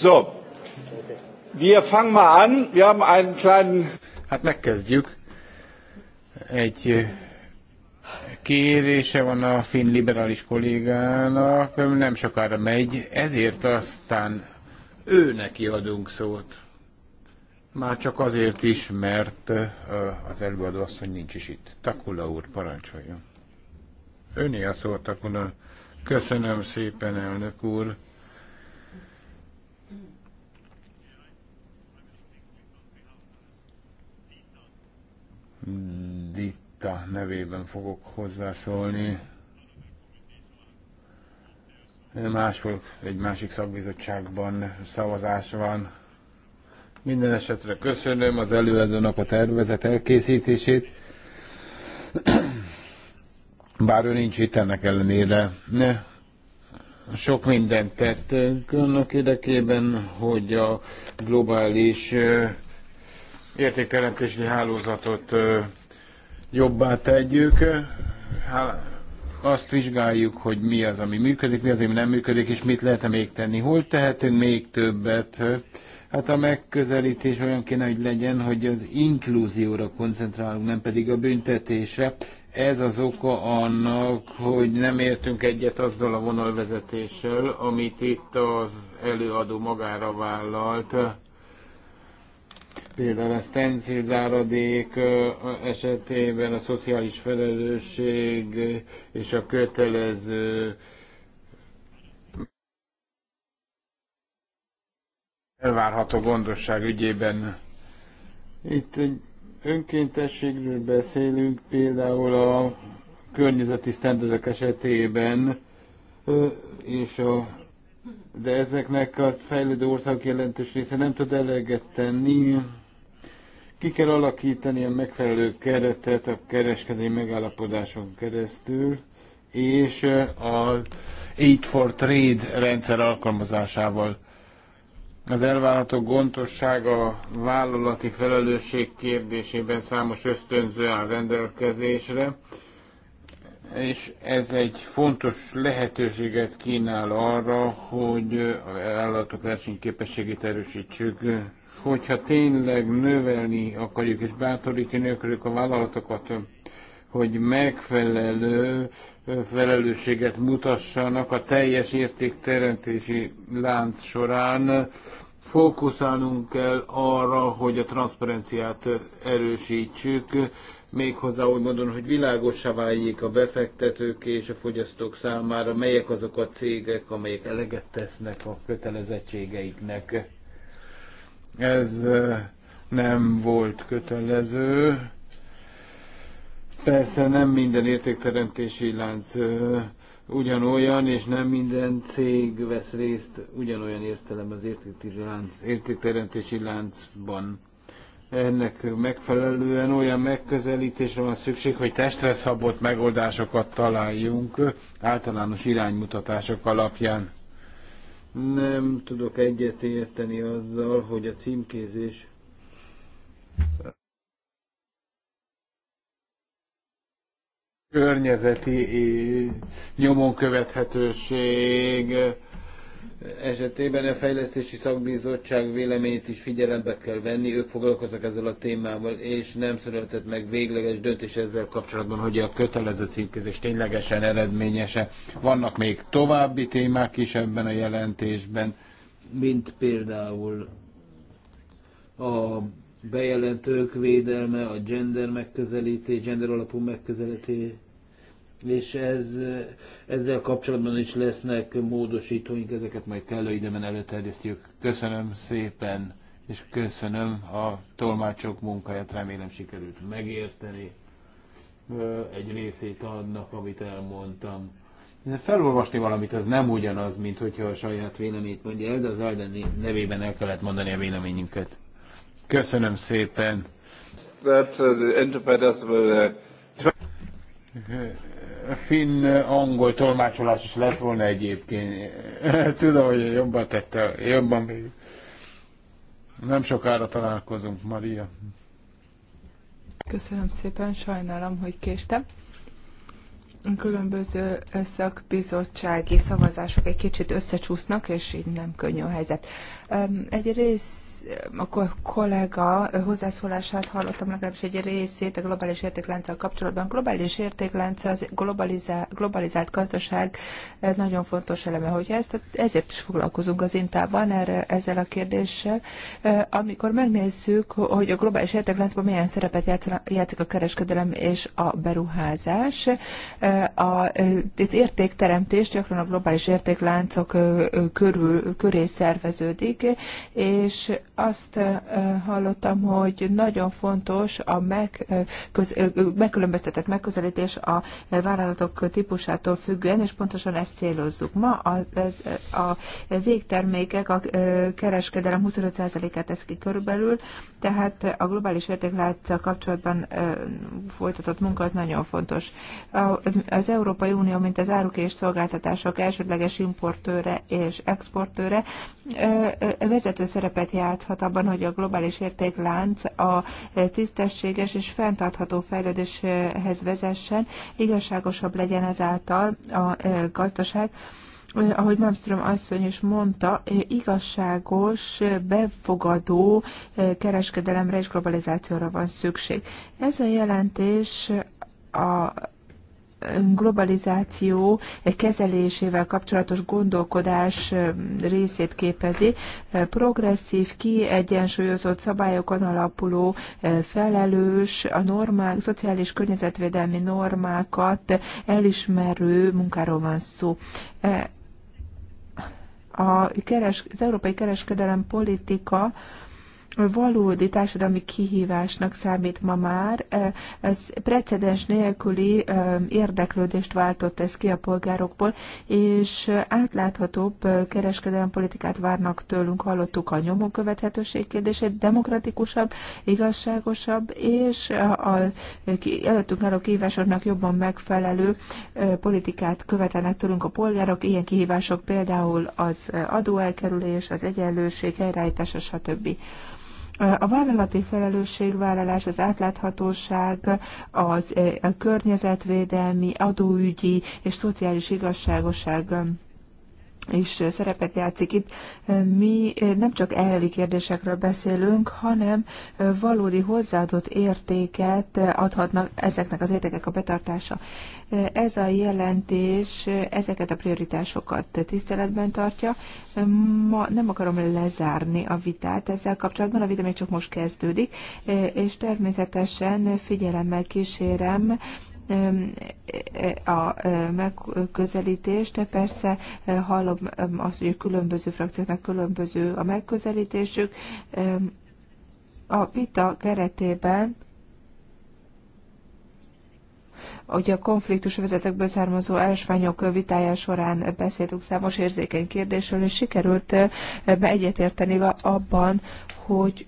So, wir fangen mal an. Wir haben einen kleinen... Hát megkezdjük. Egy kérése van a finn liberális kollégának, nem sokára megy, ezért aztán ő neki adunk szót. Már csak azért is, mert az előadó asszony nincs is itt. Takula úr, parancsoljon. Öné a szó, Takula. Köszönöm szépen, elnök úr. Ditta nevében fogok hozzászólni. Máshol egy másik szakbizottságban szavazás van. Minden esetre köszönöm az előadónak a tervezet elkészítését. Bár ő nincs itt ennek ellenére. Ne. Sok mindent tettünk annak érdekében, hogy a globális értékteremtési hálózatot jobbá tegyük. Azt vizsgáljuk, hogy mi az, ami működik, mi az, ami nem működik, és mit lehet még tenni. Hol tehetünk még többet? Hát a megközelítés olyan kéne, hogy legyen, hogy az inkluzióra koncentrálunk, nem pedig a büntetésre. Ez az oka annak, hogy nem értünk egyet azzal a vonalvezetéssel, amit itt az előadó magára vállalt Például a stencil záradék esetében a szociális felelősség és a kötelező elvárható gondosság ügyében. Itt egy önkéntességről beszélünk, például a környezeti sztenderdek esetében, és a, de ezeknek a fejlődő országok jelentős része nem tud eleget tenni ki kell alakítani a megfelelő keretet a kereskedelmi megállapodáson keresztül, és eh, a Aid for Trade rendszer alkalmazásával. Az elvárható gondosság a vállalati felelősség kérdésében számos ösztönző áll rendelkezésre, és ez egy fontos lehetőséget kínál arra, hogy a vállalatok versenyképességét erősítsük hogyha tényleg növelni akarjuk és bátorítani akarjuk a vállalatokat, hogy megfelelő felelősséget mutassanak a teljes értékteremtési lánc során, fókuszálnunk kell arra, hogy a transzparenciát erősítsük, méghozzá úgy mondom, hogy világosá váljék a befektetők és a fogyasztók számára, melyek azok a cégek, amelyek eleget tesznek a kötelezettségeiknek. Ez nem volt kötelező. Persze nem minden értékteremtési lánc ugyanolyan, és nem minden cég vesz részt ugyanolyan értelem az értékteremtési láncban. Ennek megfelelően olyan megközelítésre van szükség, hogy testre szabott megoldásokat találjunk általános iránymutatások alapján. Nem tudok egyet érteni azzal, hogy a címkézés környezeti eh, nyomon követhetőség esetében a fejlesztési szakbizottság véleményét is figyelembe kell venni, ők foglalkoznak ezzel a témával, és nem született meg végleges döntés ezzel kapcsolatban, hogy a kötelező címkézés ténylegesen eredményese. Vannak még további témák is ebben a jelentésben, mint például a bejelentők védelme, a gender megközelítés, gender alapú megközelítés, és ez, ezzel kapcsolatban is lesznek módosítóink, ezeket majd kellő időben előterjesztjük. Köszönöm szépen, és köszönöm a tolmácsok munkáját, remélem sikerült megérteni egy részét annak, amit elmondtam. Felolvasni valamit az nem ugyanaz, mint hogyha a saját véleményt mondja el, de az Alden nevében el kellett mondani a véleményünket. Köszönöm szépen! That, uh, the finn-angol tolmácsolás is lett volna egyébként. Tudom, hogy jobban tette, jobban nem sokára találkozunk, Maria. Köszönöm szépen, sajnálom, hogy késtem. Különböző szakbizottsági szavazások egy kicsit összecsúsznak, és így nem könnyű a helyzet. Egy rész a kollega hozzászólását hallottam legalábbis egy részét a globális értéklánccal kapcsolatban. Globális értéklánc, az globalizá, globalizált gazdaság ez nagyon fontos eleme, hogy ezt, ezért is foglalkozunk az Intában erre, ezzel a kérdéssel. Amikor megnézzük, hogy a globális értékláncban milyen szerepet játszik a kereskedelem és a beruházás, az értékteremtés gyakran a globális értékláncok körül, köré szerveződik, és azt hallottam, hogy nagyon fontos a meg, köz, megkülönböztetett megközelítés a vállalatok típusától függően, és pontosan ezt célozzuk. Ma a, ez, a végtermékek a kereskedelem 25%-át tesz ki körülbelül, tehát a globális értéklánccal kapcsolatban folytatott munka az nagyon fontos. Az Európai Unió, mint az áruk és szolgáltatások elsődleges importőre és exportőre vezető szerepet játszik megbízhat abban, hogy a globális értéklánc a tisztességes és fenntartható fejlődéshez vezessen, igazságosabb legyen ezáltal a e, gazdaság e, ahogy Malmström asszony is mondta, e, igazságos, befogadó kereskedelemre és globalizációra van szükség. Ez a jelentés a globalizáció kezelésével kapcsolatos gondolkodás részét képezi, progresszív, kiegyensúlyozott szabályokon alapuló, felelős, a normák, szociális környezetvédelmi normákat elismerő munkáról van szó a keres, az európai kereskedelem politika valódi társadalmi kihívásnak számít ma már. Ez precedens nélküli érdeklődést váltott ez ki a polgárokból, és átláthatóbb kereskedelmi politikát várnak tőlünk, hallottuk a nyomon követhetőség kérdését, demokratikusabb, igazságosabb, és a előttünk álló kihívásoknak jobban megfelelő politikát követelnek tőlünk a polgárok, ilyen kihívások például az adóelkerülés, az egyenlőség helyreállítása, stb. A vállalati felelősségvállalás, az átláthatóság, az a eh, környezetvédelmi, adóügyi és szociális igazságosság um, is szerepet játszik itt. Mi eh, nem csak elvi kérdésekről beszélünk, hanem eh, valódi hozzáadott értéket eh, adhatnak ezeknek az értékek a betartása. Ez a jelentés ezeket a prioritásokat tiszteletben tartja. Ma nem akarom lezárni a vitát ezzel kapcsolatban, a vita még csak most kezdődik, és természetesen figyelemmel kísérem a megközelítést. Persze hallom azt, hogy a különböző frakcióknak különböző a megközelítésük. A vita keretében hogy a konfliktus vezetekből származó elsványok vitája során beszéltünk számos érzékeny kérdésről, és sikerült egyetérteni abban, hogy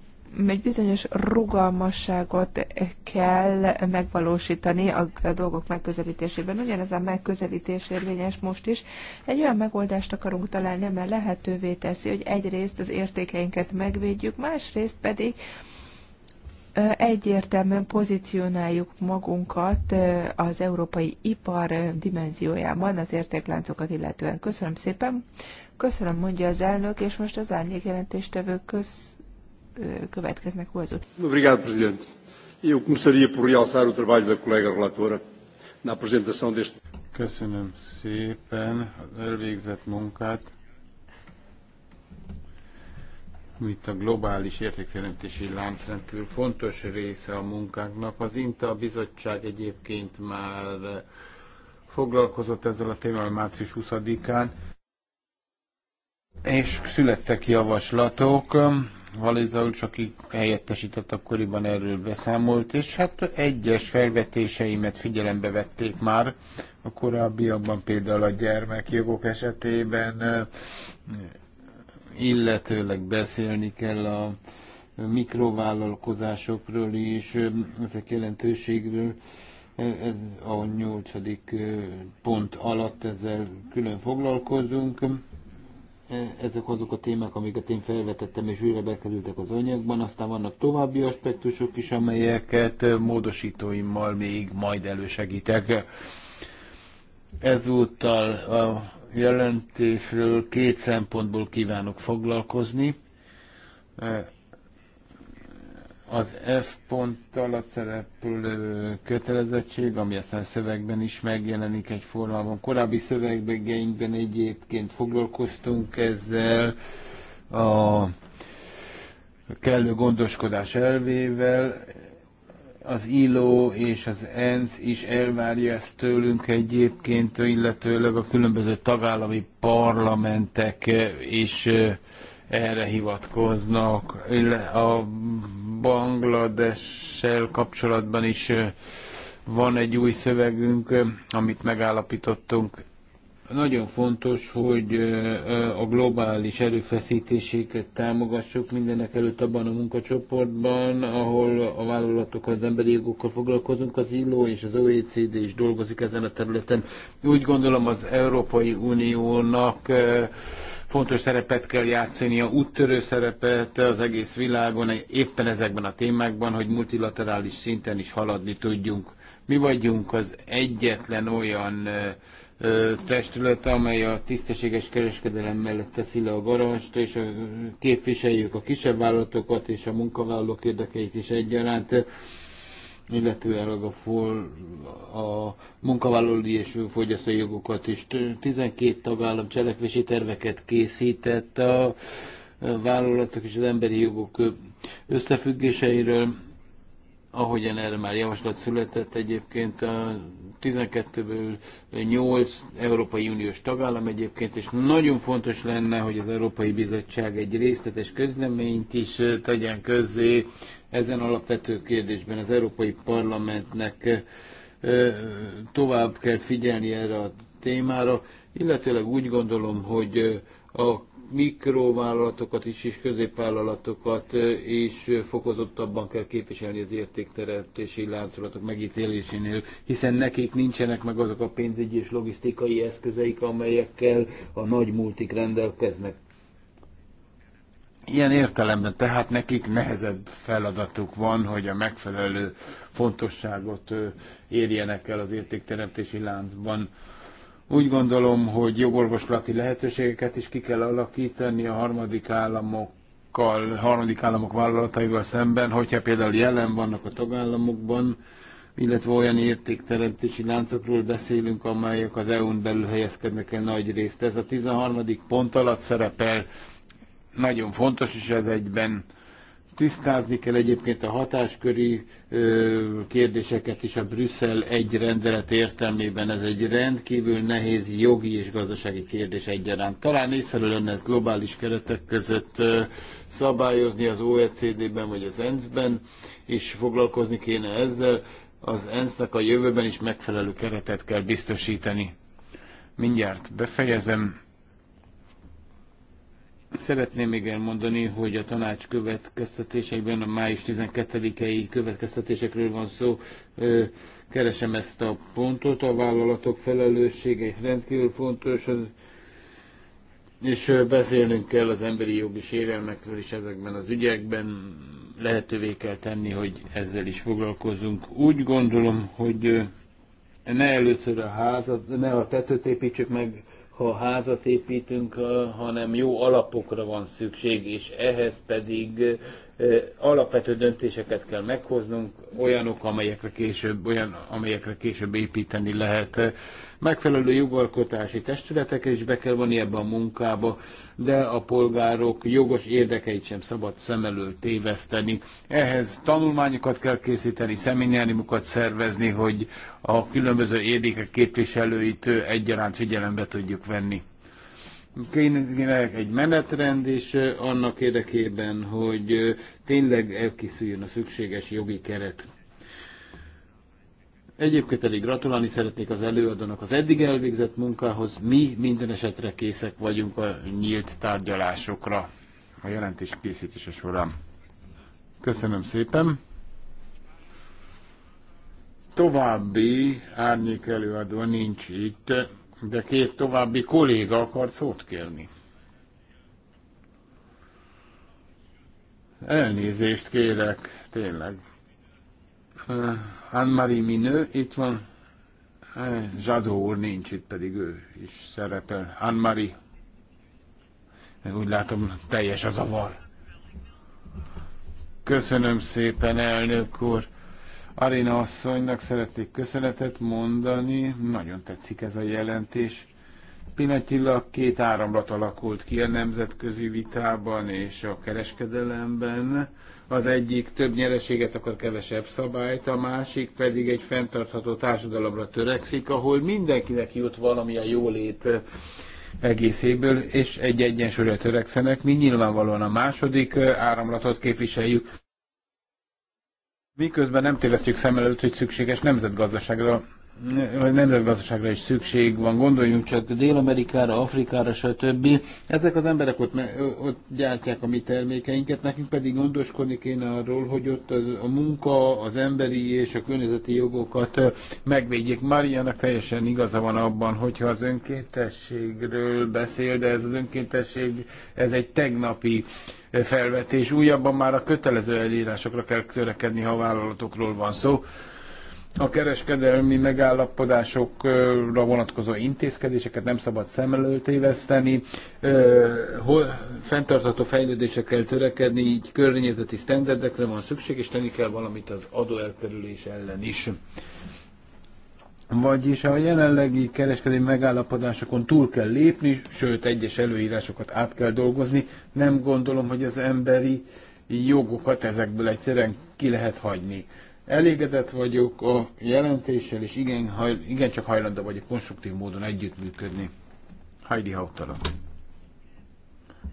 egy bizonyos rugalmasságot kell megvalósítani a dolgok megközelítésében. Ugyanez a megközelítés érvényes most is. Egy olyan megoldást akarunk találni, mert lehetővé teszi, hogy egyrészt az értékeinket megvédjük, másrészt pedig egyértelműen pozícionáljuk magunkat az európai ipar dimenziójában az értékláncokat illetően. Köszönöm szépen. Köszönöm, mondja az elnök, és most az árnyék jelentéstevők köz következnek hozzá. Obrigado, Presidente. Eu começaria por realçar o trabalho da colega relatora na apresentação deste... Köszönöm szépen az elvégzett munkát. Itt a globális értékteremtési lánc rendkívül fontos része a munkánknak. Az INTA bizottság egyébként már foglalkozott ezzel a témával március 20-án, és születtek javaslatok Halizaul, aki helyettesített akkoriban erről beszámolt, és hát egyes felvetéseimet figyelembe vették már a korábbiakban, például a gyermekjogok esetében, illetőleg beszélni kell a mikrovállalkozásokról is, ezek jelentőségről ez a nyolcadik pont alatt ezzel külön foglalkozunk ezek azok a témák, amiket én felvetettem, és újra bekerültek az anyagban. Aztán vannak további aspektusok is, amelyeket eh, módosítóimmal még majd elősegítek. Ezúttal a jelentésről két szempontból kívánok foglalkozni. Eh, az F pont alatt szereplő kötelezettség, ami aztán szövegben is megjelenik egy formában. Korábbi szövegben egyébként foglalkoztunk ezzel a kellő gondoskodás elvével. Az ILO és az ENSZ is elvárja ezt tőlünk egyébként, illetőleg a különböző tagállami parlamentek és erre hivatkoznak. A Bangladessel kapcsolatban is van egy új szövegünk, amit megállapítottunk. Nagyon fontos, hogy a globális erőfeszítéséket támogassuk mindenek előtt abban a munkacsoportban, ahol a vállalatokkal, az emberi jogokkal foglalkozunk, az ILO és az OECD is dolgozik ezen a területen. Úgy gondolom az Európai Uniónak fontos szerepet kell játszania, úttörő szerepet az egész világon, éppen ezekben a témákban, hogy multilaterális szinten is haladni tudjunk. Mi vagyunk az egyetlen olyan testület, amely a tisztességes kereskedelem mellett teszi le a garanst, és a, képviseljük a kisebb vállalatokat és a munkavállalók érdekeit is egyaránt illetőleg a, for, a munkavállalói és fogyasztói jogokat is. 12 tagállam cselekvési terveket készített a vállalatok és az emberi jogok összefüggéseiről, ahogyan erre már javaslat született egyébként a 12-ből 8 Európai Uniós tagállam egyébként, és nagyon fontos lenne, hogy az Európai Bizottság egy részletes közleményt is tegyen közzé ezen alapvető kérdésben az Európai Parlamentnek eh, tovább kell figyelni erre a témára, illetőleg úgy gondolom, hogy eh, a mikrovállalatokat is és középvállalatokat eh, is fokozottabban kell képviselni az értékteremtési láncolatok megítélésénél, hiszen nekik nincsenek meg azok a pénzügyi és logisztikai eszközeik, amelyekkel a nagy multik rendelkeznek. Ilyen értelemben tehát nekik nehezebb feladatuk van, hogy a megfelelő fontosságot érjenek el az értékteremtési láncban. Úgy gondolom, hogy jogorvoslati lehetőségeket is ki kell alakítani a harmadik államokkal, harmadik államok vállalataival szemben, hogyha például jelen vannak a tagállamokban, illetve olyan értékteremtési láncokról beszélünk, amelyek az EU-n belül helyezkednek el nagy részt. Ez a 13. pont alatt szerepel, nagyon fontos, és ez egyben tisztázni kell egyébként a hatásköri ö, kérdéseket is a Brüsszel egy rendelet értelmében. Ez egy rendkívül nehéz jogi és gazdasági kérdés egyaránt. Talán észre lenne ezt globális keretek között ö, szabályozni az OECD-ben vagy az ENSZ-ben, és foglalkozni kéne ezzel. Az ENSZ-nek a jövőben is megfelelő keretet kell biztosítani. Mindjárt befejezem Szeretném még elmondani, hogy a tanács következtetéseiben a május 12-i következtetésekről van szó. Keresem ezt a pontot. A vállalatok felelőssége rendkívül fontos, és beszélnünk kell az emberi jogi sérelmekről is ezekben az ügyekben. Lehetővé kell tenni, hogy ezzel is foglalkozunk. Úgy gondolom, hogy ne először a házat, ne a tetőt építsük meg, ha házat építünk, hanem jó alapokra van szükség, és ehhez pedig alapvető döntéseket kell meghoznunk, olyanok, amelyekre később, olyan, amelyekre később építeni lehet. Megfelelő jogalkotási testületeket is be kell vonni ebbe a munkába, de a polgárok jogos érdekeit sem szabad szem elől téveszteni. Ehhez tanulmányokat kell készíteni, szemináriumokat szervezni, hogy a különböző érdekek képviselőit egyaránt figyelembe tudjuk venni kéne egy menetrend, és annak érdekében, hogy tényleg elkészüljön a szükséges jogi keret. Egyébként pedig gratulálni szeretnék az előadónak az eddig elvégzett munkához. Mi minden esetre készek vagyunk a nyílt tárgyalásokra a jelentés készítése során. Köszönöm szépen! További árnyék előadó nincs itt de két további kolléga akart szót kérni. Elnézést kérek, tényleg. Anne-Marie Minő, itt van. Zsadó úr nincs itt, pedig ő is szerepel. Anne-Marie. Úgy látom, teljes a zavar. Köszönöm szépen, elnök úr. Aréna asszonynak szeretnék köszönetet mondani, nagyon tetszik ez a jelentés. Pillanatilag két áramlat alakult ki a nemzetközi vitában és a kereskedelemben. Az egyik több nyereséget akar kevesebb szabályt, a másik pedig egy fenntartható társadalomra törekszik, ahol mindenkinek jut valami a jólét egészéből, és egy egyensúlyra törekszenek. Mi nyilvánvalóan a második áramlatot képviseljük miközben nem tévesztjük szem előtt, hogy szükséges nemzetgazdaságra vagy nemzetgazdaságra is szükség van, gondoljunk csak Dél-Amerikára, Afrikára, stb. Ezek az emberek ott, ott gyártják a mi termékeinket, nekünk pedig gondoskodni kéne arról, hogy ott az, a munka, az emberi és a környezeti jogokat megvédjék. Mariannak teljesen igaza van abban, hogyha az önkéntességről beszél, de ez az önkéntesség, ez egy tegnapi uh, felvetés. Újabban már a kötelező elírásokra kell törekedni, ha vállalatokról van szó. A kereskedelmi megállapodásokra vonatkozó intézkedéseket nem szabad szem előtt éveszteni, fenntartható fejlődésre kell törekedni, így környezeti sztenderdekre van szükség, és tenni kell valamit az adóelkerülés ellen is. Vagyis a jelenlegi kereskedelmi megállapodásokon túl kell lépni, sőt egyes előírásokat át kell dolgozni. Nem gondolom, hogy az emberi jogokat ezekből egyszerűen ki lehet hagyni. Elégedett vagyok a jelentéssel, és igen, haj, igen csak hajlandó vagyok konstruktív módon együttműködni. Heidi Hautala.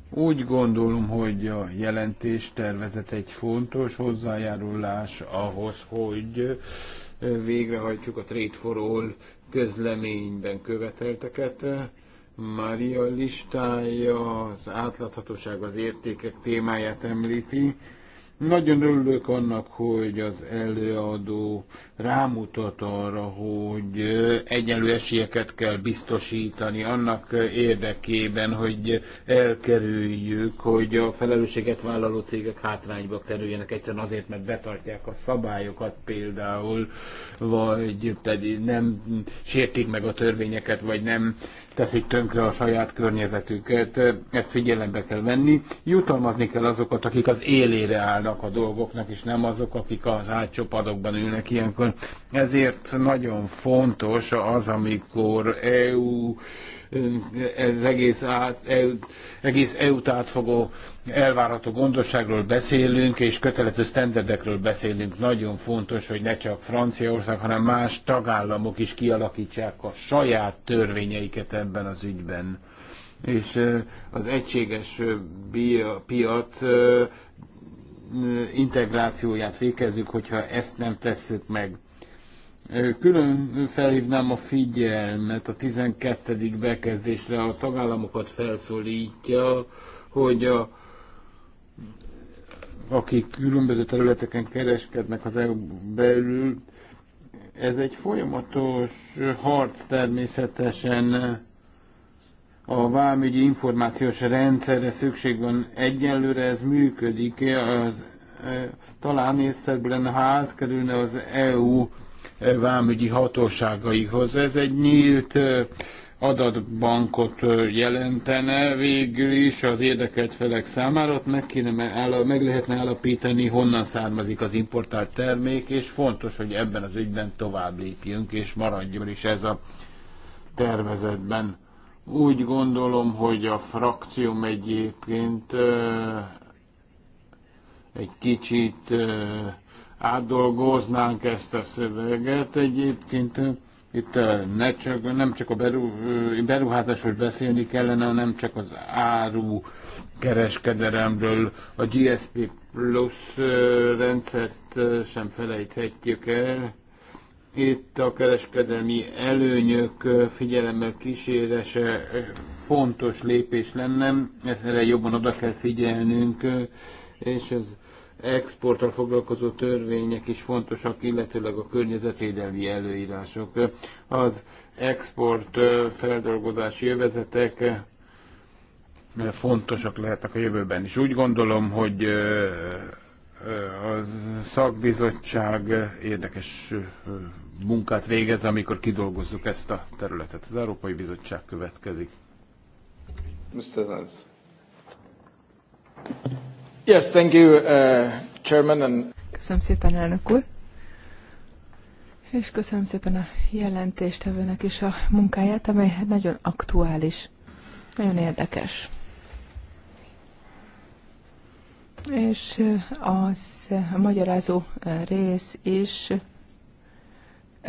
Úgy gondolom, hogy a jelentés tervezet egy fontos hozzájárulás ahhoz, hogy végrehajtjuk a Trade for All közleményben követelteket. Mária listája az átláthatóság az értékek témáját említi. Nagyon örülök annak, hogy az előadó rámutat arra, hogy egyenlő esélyeket kell biztosítani annak érdekében, hogy elkerüljük, hogy a felelősséget vállaló cégek hátrányba kerüljenek egyszerűen azért, mert betartják a szabályokat például, vagy pedig nem sértik meg a törvényeket, vagy nem teszik tönkre a saját környezetüket, ezt figyelembe kell venni. Jutalmazni kell azokat, akik az élére állnak a dolgoknak, és nem azok, akik az átcsopadokban ülnek ilyenkor. Ezért nagyon fontos az, amikor EU ez egész, át, EU, egész EU-t átfogó elvárható gondosságról beszélünk, és kötelező sztenderdekről beszélünk. Nagyon fontos, hogy ne csak Franciaország, hanem más tagállamok is kialakítsák a saját törvényeiket ebben az ügyben. És e, az egységes e, piac e, integrációját végezzük, hogyha ezt nem tesszük meg Külön felhívnám a figyelmet a 12. bekezdésre, a tagállamokat felszólítja, hogy a, akik különböző területeken kereskednek az EU belül, ez egy folyamatos harc természetesen a vámügyi információs rendszerre szükség van. Egyelőre ez működik, talán észszerűbb lenne, ha átkerülne az EU vámügyi hatóságaihoz. Ez egy nyílt adatbankot jelentene végül is az érdekelt felek számára, ott meg, kéne, meg lehetne állapítani, honnan származik az importált termék, és fontos, hogy ebben az ügyben tovább lépjünk, és maradjon is ez a tervezetben. Úgy gondolom, hogy a frakcióm egyébként egy kicsit átdolgoznánk ezt a szöveget. Egyébként itt ne csak, nem csak a beru, beruházásról beszélni kellene, hanem csak az áru kereskedelemről, a GSP Plus rendszert sem felejthetjük el. Itt a kereskedelmi előnyök figyelemmel kísérese fontos lépés lenne, erre jobban oda kell figyelnünk, és az exporttal foglalkozó törvények is fontosak, illetőleg a környezetvédelmi előírások. Az export feldolgozási övezetek fontosak lehetnek a jövőben is. Úgy gondolom, hogy a szakbizottság érdekes munkát végez, amikor kidolgozzuk ezt a területet. Az Európai Bizottság következik. Mr. Lance. Yes, thank you, uh, Chairman. And... Köszönöm szépen, elnök úr. És köszönöm szépen a jelentéstevőnek is a munkáját, amely nagyon aktuális, nagyon érdekes. És uh, az a uh, magyarázó uh, rész is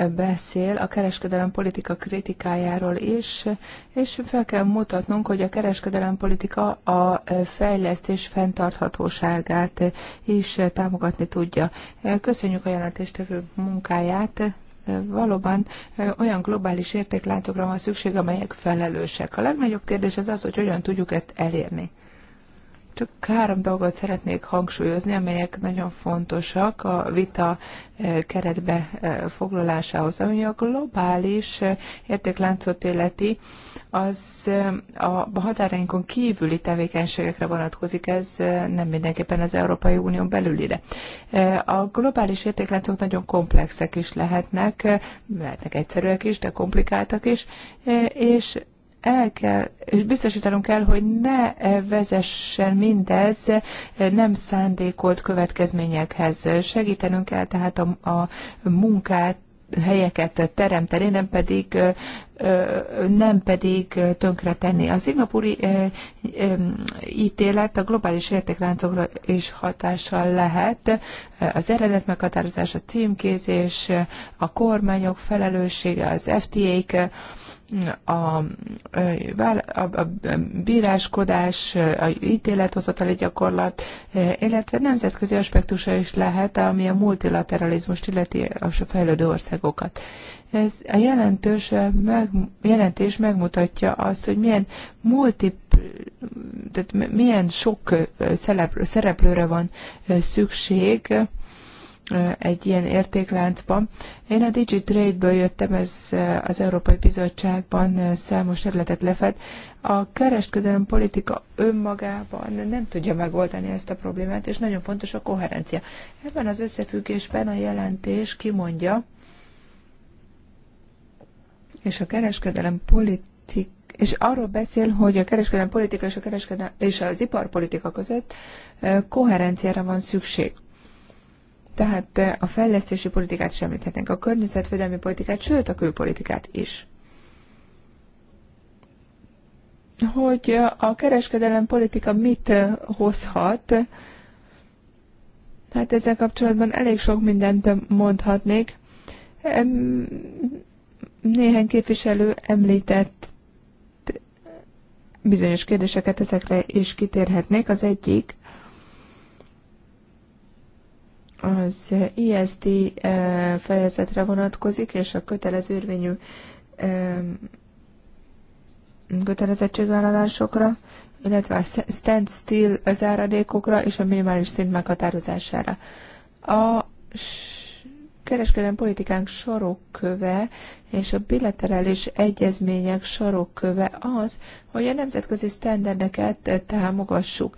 beszél a kereskedelem politika kritikájáról is, és fel kell mutatnunk, hogy a kereskedelem politika a fejlesztés fenntarthatóságát is támogatni tudja. Köszönjük a jelentéstevő munkáját. Valóban olyan globális értékláncokra van szükség, amelyek felelősek. A legnagyobb kérdés az az, hogy hogyan tudjuk ezt elérni. Csak három dolgot szeretnék hangsúlyozni, amelyek nagyon fontosak a vita e, keretbe e, foglalásához. Ami a globális e, értékláncot életi, az a határainkon kívüli tevékenységekre vonatkozik, ez nem mindenképpen az Európai Unión belülire. A globális értékláncok nagyon komplexek is lehetnek, lehetnek egyszerűek is, de komplikáltak is, és el kell, és biztosítanunk kell, hogy ne vezessen mindez eh, nem szándékolt következményekhez. Segítenünk kell tehát a, a munkát, helyeket teremteni, nem pedig, eh, eh, nem pedig tönkretenni. A szingapúri ítélet a globális értékláncokra is hatással lehet. Az eredet meghatározás, a címkézés, a kormányok felelőssége, az FTA-k, a, a, a bíráskodás, a ítélethozatali gyakorlat, illetve nemzetközi aspektusa is lehet, ami a multilateralizmust illeti a fejlődő országokat. Ez a jelentős meg, jelentés megmutatja azt, hogy milyen multi, tehát milyen sok szereplőre van szükség, egy ilyen értékláncba. Én a DigiTrade-ből jöttem, ez az Európai Bizottságban számos területet lefed. A kereskedelem politika önmagában nem tudja megoldani ezt a problémát, és nagyon fontos a koherencia. Ebben az összefüggésben a jelentés kimondja, és a kereskedelem politika és arról beszél, hogy a kereskedelmi politika és, a kereskedelem, és az iparpolitika között koherenciára van szükség. Tehát eh, a fejlesztési politikát sem említhetnénk, a környezetvédelmi politikát, sőt a külpolitikát is. Hogy eh, a kereskedelem politika mit eh, hozhat, hát ezzel kapcsolatban elég sok mindent mondhatnék. Néhány képviselő említett bizonyos kérdéseket, ezekre is kitérhetnék. Az egyik, az ISD eh, fejezetre vonatkozik, és a kötelező érvényű eh, kötelezettségvállalásokra, illetve a standstill záradékokra és a minimális szint meghatározására. A kereskedelmi politikánk sarokköve és a bilaterális egyezmények sarokköve az, hogy a nemzetközi sztenderdeket eh, támogassuk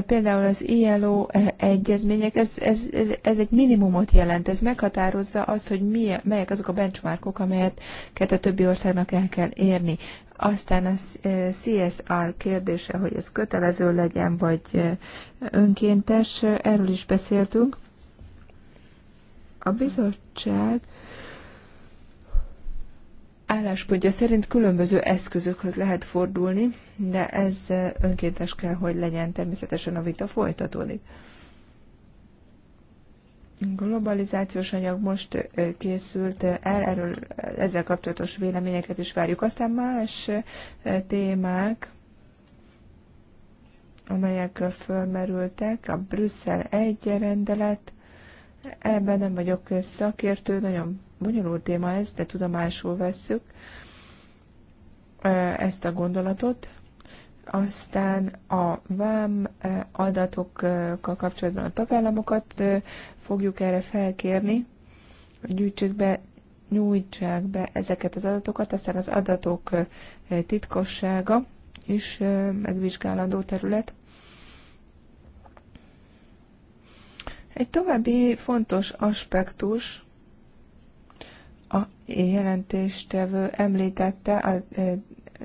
például az ILO eh, egyezmények, ez, ez, ez egy minimumot jelent, ez meghatározza azt, hogy mi, melyek azok a benchmarkok, amelyeket a többi országnak el kell érni. Aztán a CSR eh, kérdése, hogy ez kötelező legyen, vagy eh, önkéntes, erről is beszéltünk. A bizottság álláspontja szerint különböző eszközökhöz lehet fordulni, de ez önkéntes kell, hogy legyen, természetesen a vita folytatódik. Globalizációs anyag most készült el, erről ezzel kapcsolatos véleményeket is várjuk. Aztán más témák, amelyek fölmerültek, a Brüsszel egy rendelet, ebben nem vagyok szakértő, nagyon bonyolult téma ez, de tudomásul vesszük ezt a gondolatot. Aztán a vám adatokkal kapcsolatban a tagállamokat fogjuk erre felkérni, hogy gyűjtsék be, nyújtsák be ezeket az adatokat, aztán az adatok titkossága is megvizsgálandó terület. Egy további fontos aspektus jelentéstevő említette, e,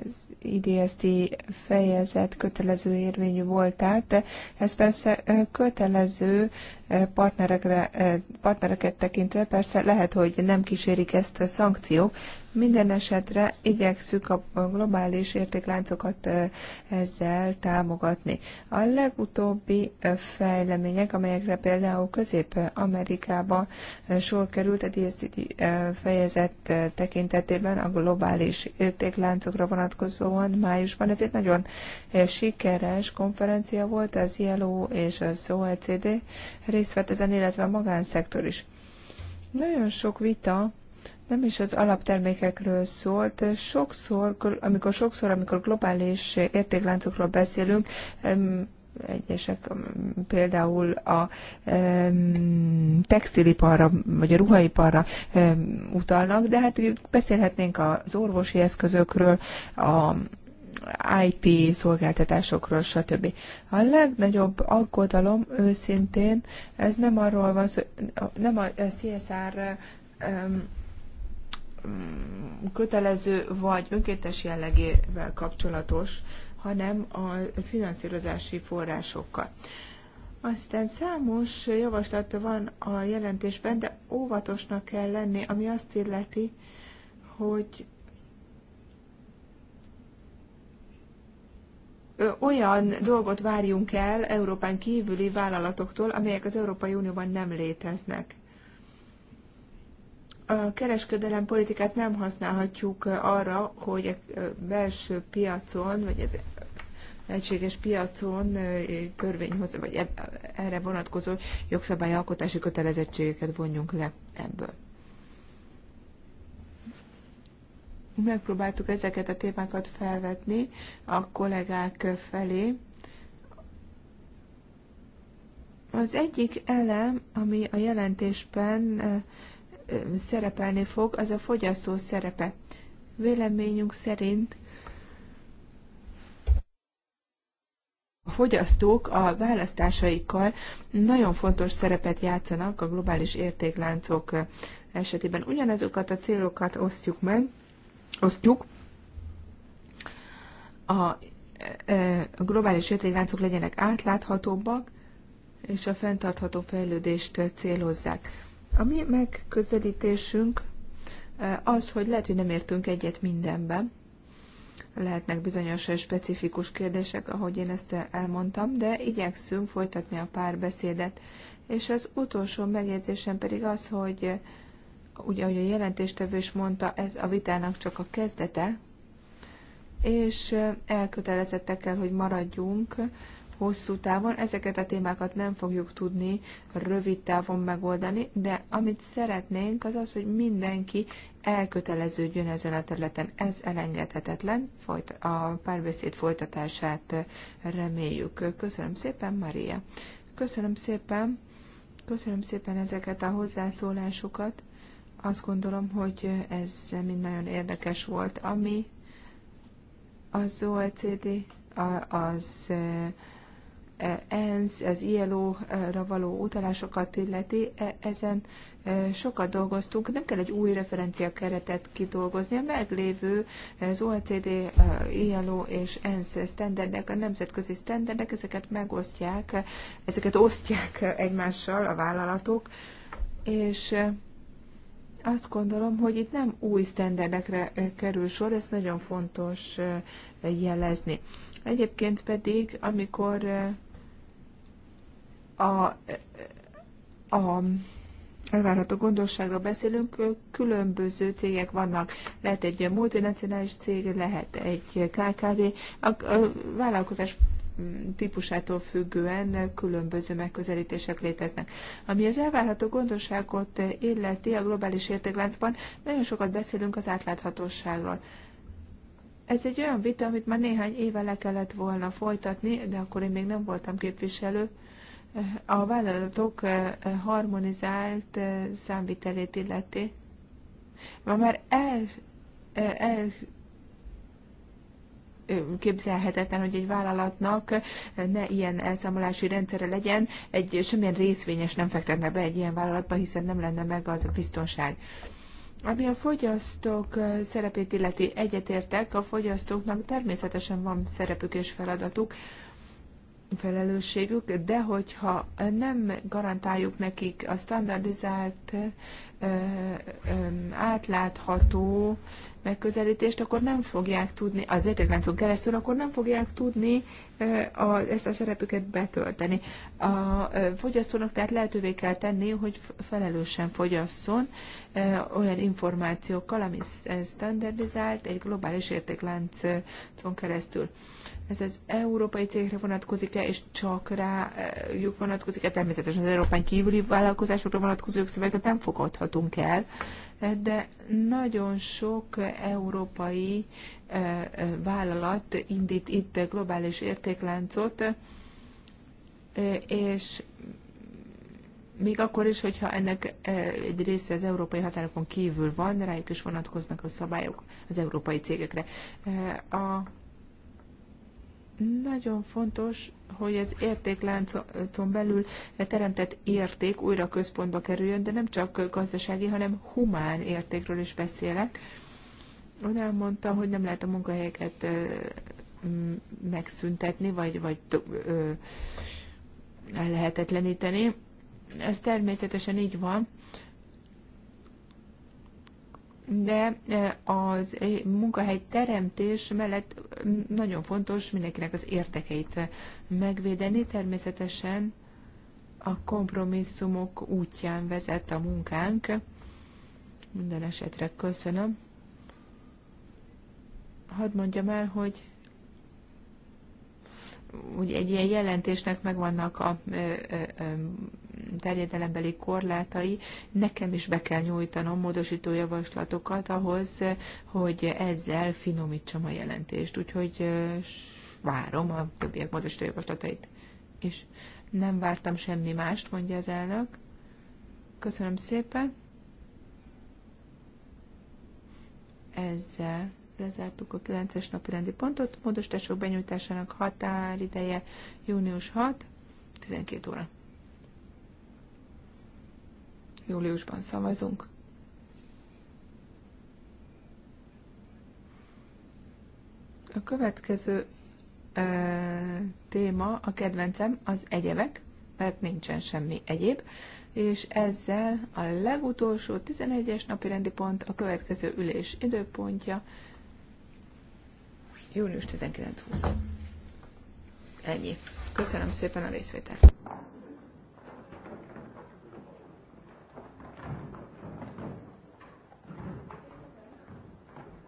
az IDSD fejezet kötelező érvényű voltát. Ez persze e, kötelező partnerekre, eh, partnereket tekintve, persze lehet, hogy nem kísérik ezt a szankciók, minden esetre igyekszük a globális értékláncokat eh, ezzel támogatni. A legutóbbi eh, fejlemények, amelyekre például Közép-Amerikába sor került a DSZT fejezet tekintetében a globális értékláncokra vonatkozóan májusban, ez egy nagyon sikeres konferencia volt az ILO és az OECD részéről, részt vett ezen, illetve a magánszektor is. Nagyon sok vita nem is az alaptermékekről szólt. Sokszor, amikor sokszor, amikor globális értékláncokról beszélünk, egyesek például a textiliparra vagy a ruhaiparra utalnak, de hát beszélhetnénk az orvosi eszközökről, a IT szolgáltatásokról, stb. A legnagyobb aggodalom őszintén, ez nem arról van szó, nem a CSR kötelező vagy önkéntes jellegével kapcsolatos, hanem a finanszírozási forrásokkal. Aztán számos javaslat van a jelentésben, de óvatosnak kell lenni, ami azt illeti, hogy olyan dolgot várjunk el Európán kívüli vállalatoktól, amelyek az Európai Unióban nem léteznek. A kereskedelem politikát nem használhatjuk arra, hogy a belső piacon, vagy az egységes piacon törvényhoz, vagy erre vonatkozó jogszabályalkotási kötelezettségeket vonjunk le ebből. megpróbáltuk ezeket a témákat felvetni a kollégák felé. Az egyik elem, ami a jelentésben szerepelni fog, az a fogyasztó szerepe. Véleményünk szerint a fogyasztók a választásaikkal nagyon fontos szerepet játszanak a globális értékláncok esetében. Ugyanazokat a célokat osztjuk meg, osztjuk, e, e, a, globális értékláncok legyenek átláthatóbbak, és a fenntartható fejlődést célozzák. A mi megközelítésünk e, az, hogy lehet, hogy nem értünk egyet mindenben, lehetnek bizonyos specifikus kérdések, ahogy én ezt elmondtam, de igyekszünk folytatni a párbeszédet. És az utolsó megjegyzésem pedig az, hogy ugye, ahogy a jelentéstevő is mondta, ez a vitának csak a kezdete, és elkötelezettek el, hogy maradjunk hosszú távon. Ezeket a témákat nem fogjuk tudni rövid távon megoldani, de amit szeretnénk, az az, hogy mindenki elköteleződjön ezen a területen. Ez elengedhetetlen. A párbeszéd folytatását reméljük. Köszönöm szépen, Maria. Köszönöm szépen. Köszönöm szépen ezeket a hozzászólásokat. Azt gondolom, hogy ez mind nagyon érdekes volt, ami az OECD, az e, ENSZ, az ILO-ra való utalásokat illeti, e, ezen e, sokat dolgoztunk, nem kell egy új referencia keretet kidolgozni, a meglévő az OECD, ILO és ENSZ standardek, a nemzetközi standardek, ezeket megosztják, ezeket osztják egymással a vállalatok, és azt gondolom, hogy itt nem új sztenderdekre kerül sor, ez nagyon fontos jelezni. Egyébként pedig, amikor a, a elvárható gondosságra beszélünk, különböző cégek vannak. Lehet egy multinacionális cég, lehet egy KKV. A vállalkozás típusától függően különböző megközelítések léteznek. Ami az elvárható gondosságot illeti a globális értékláncban, nagyon sokat beszélünk az átláthatóságról. Ez egy olyan vita, amit már néhány éve le kellett volna folytatni, de akkor én még nem voltam képviselő. A vállalatok harmonizált számvitelét illeti. Ma már el, el képzelhetetlen, hogy egy vállalatnak ne ilyen elszámolási rendszere legyen, egy semmilyen részvényes nem fektetne be egy ilyen vállalatba, hiszen nem lenne meg az a biztonság. Ami a fogyasztók szerepét illeti, egyetértek, a fogyasztóknak természetesen van szerepük és feladatuk, felelősségük, de hogyha nem garantáljuk nekik a standardizált, átlátható megközelítést, akkor nem fogják tudni, az értékláncon keresztül, akkor nem fogják tudni a, ezt a szerepüket betölteni. A fogyasztónak tehát lehetővé kell tenni, hogy felelősen fogyasszon olyan információkkal, ami standardizált egy globális értékláncon keresztül. Ez az európai cégekre vonatkozik-e, és csak rájuk vonatkozik-e? Természetesen az Európán kívüli vállalkozásokra vonatkozó jogszabályokat nem fogadhatunk el, de nagyon sok európai eh, eh, vállalat indít itt globális értékláncot, eh, és még akkor is, hogyha ennek egy része az európai határokon kívül van, rájuk is vonatkoznak a szabályok az európai cégekre. A nagyon fontos, hogy az értékláncon belül teremtett érték újra központba kerüljön, de nem csak gazdasági, hanem humán értékről is beszélek. Ön elmondta, hogy nem lehet a munkahelyeket megszüntetni, vagy, vagy lehetetleníteni. Ez természetesen így van, de eh, az eh, munkahely teremtés mellett mm, nagyon fontos mindenkinek az értekeit eh, megvédeni. Természetesen a kompromisszumok útján vezet a munkánk. Minden esetre köszönöm. Hadd mondjam el, hogy ugye egy ilyen jelentésnek megvannak a terjedelembeli korlátai, nekem is be kell nyújtanom módosító javaslatokat ahhoz, hogy ezzel finomítsam a jelentést. Úgyhogy várom a többiek módosító javaslatait. És nem vártam semmi mást, mondja az elnök. Köszönöm szépen. Ezzel lezártuk a 9-es napi rendi pontot. Módosítások benyújtásának határideje június 6, 12 óra. Júliusban szavazunk. A következő ö, téma a kedvencem az egyebek, mert nincsen semmi egyéb és ezzel a legutolsó 11-es napi rendi pont a következő ülés időpontja Június 19-20. Ennyi. Köszönöm szépen a részvételt.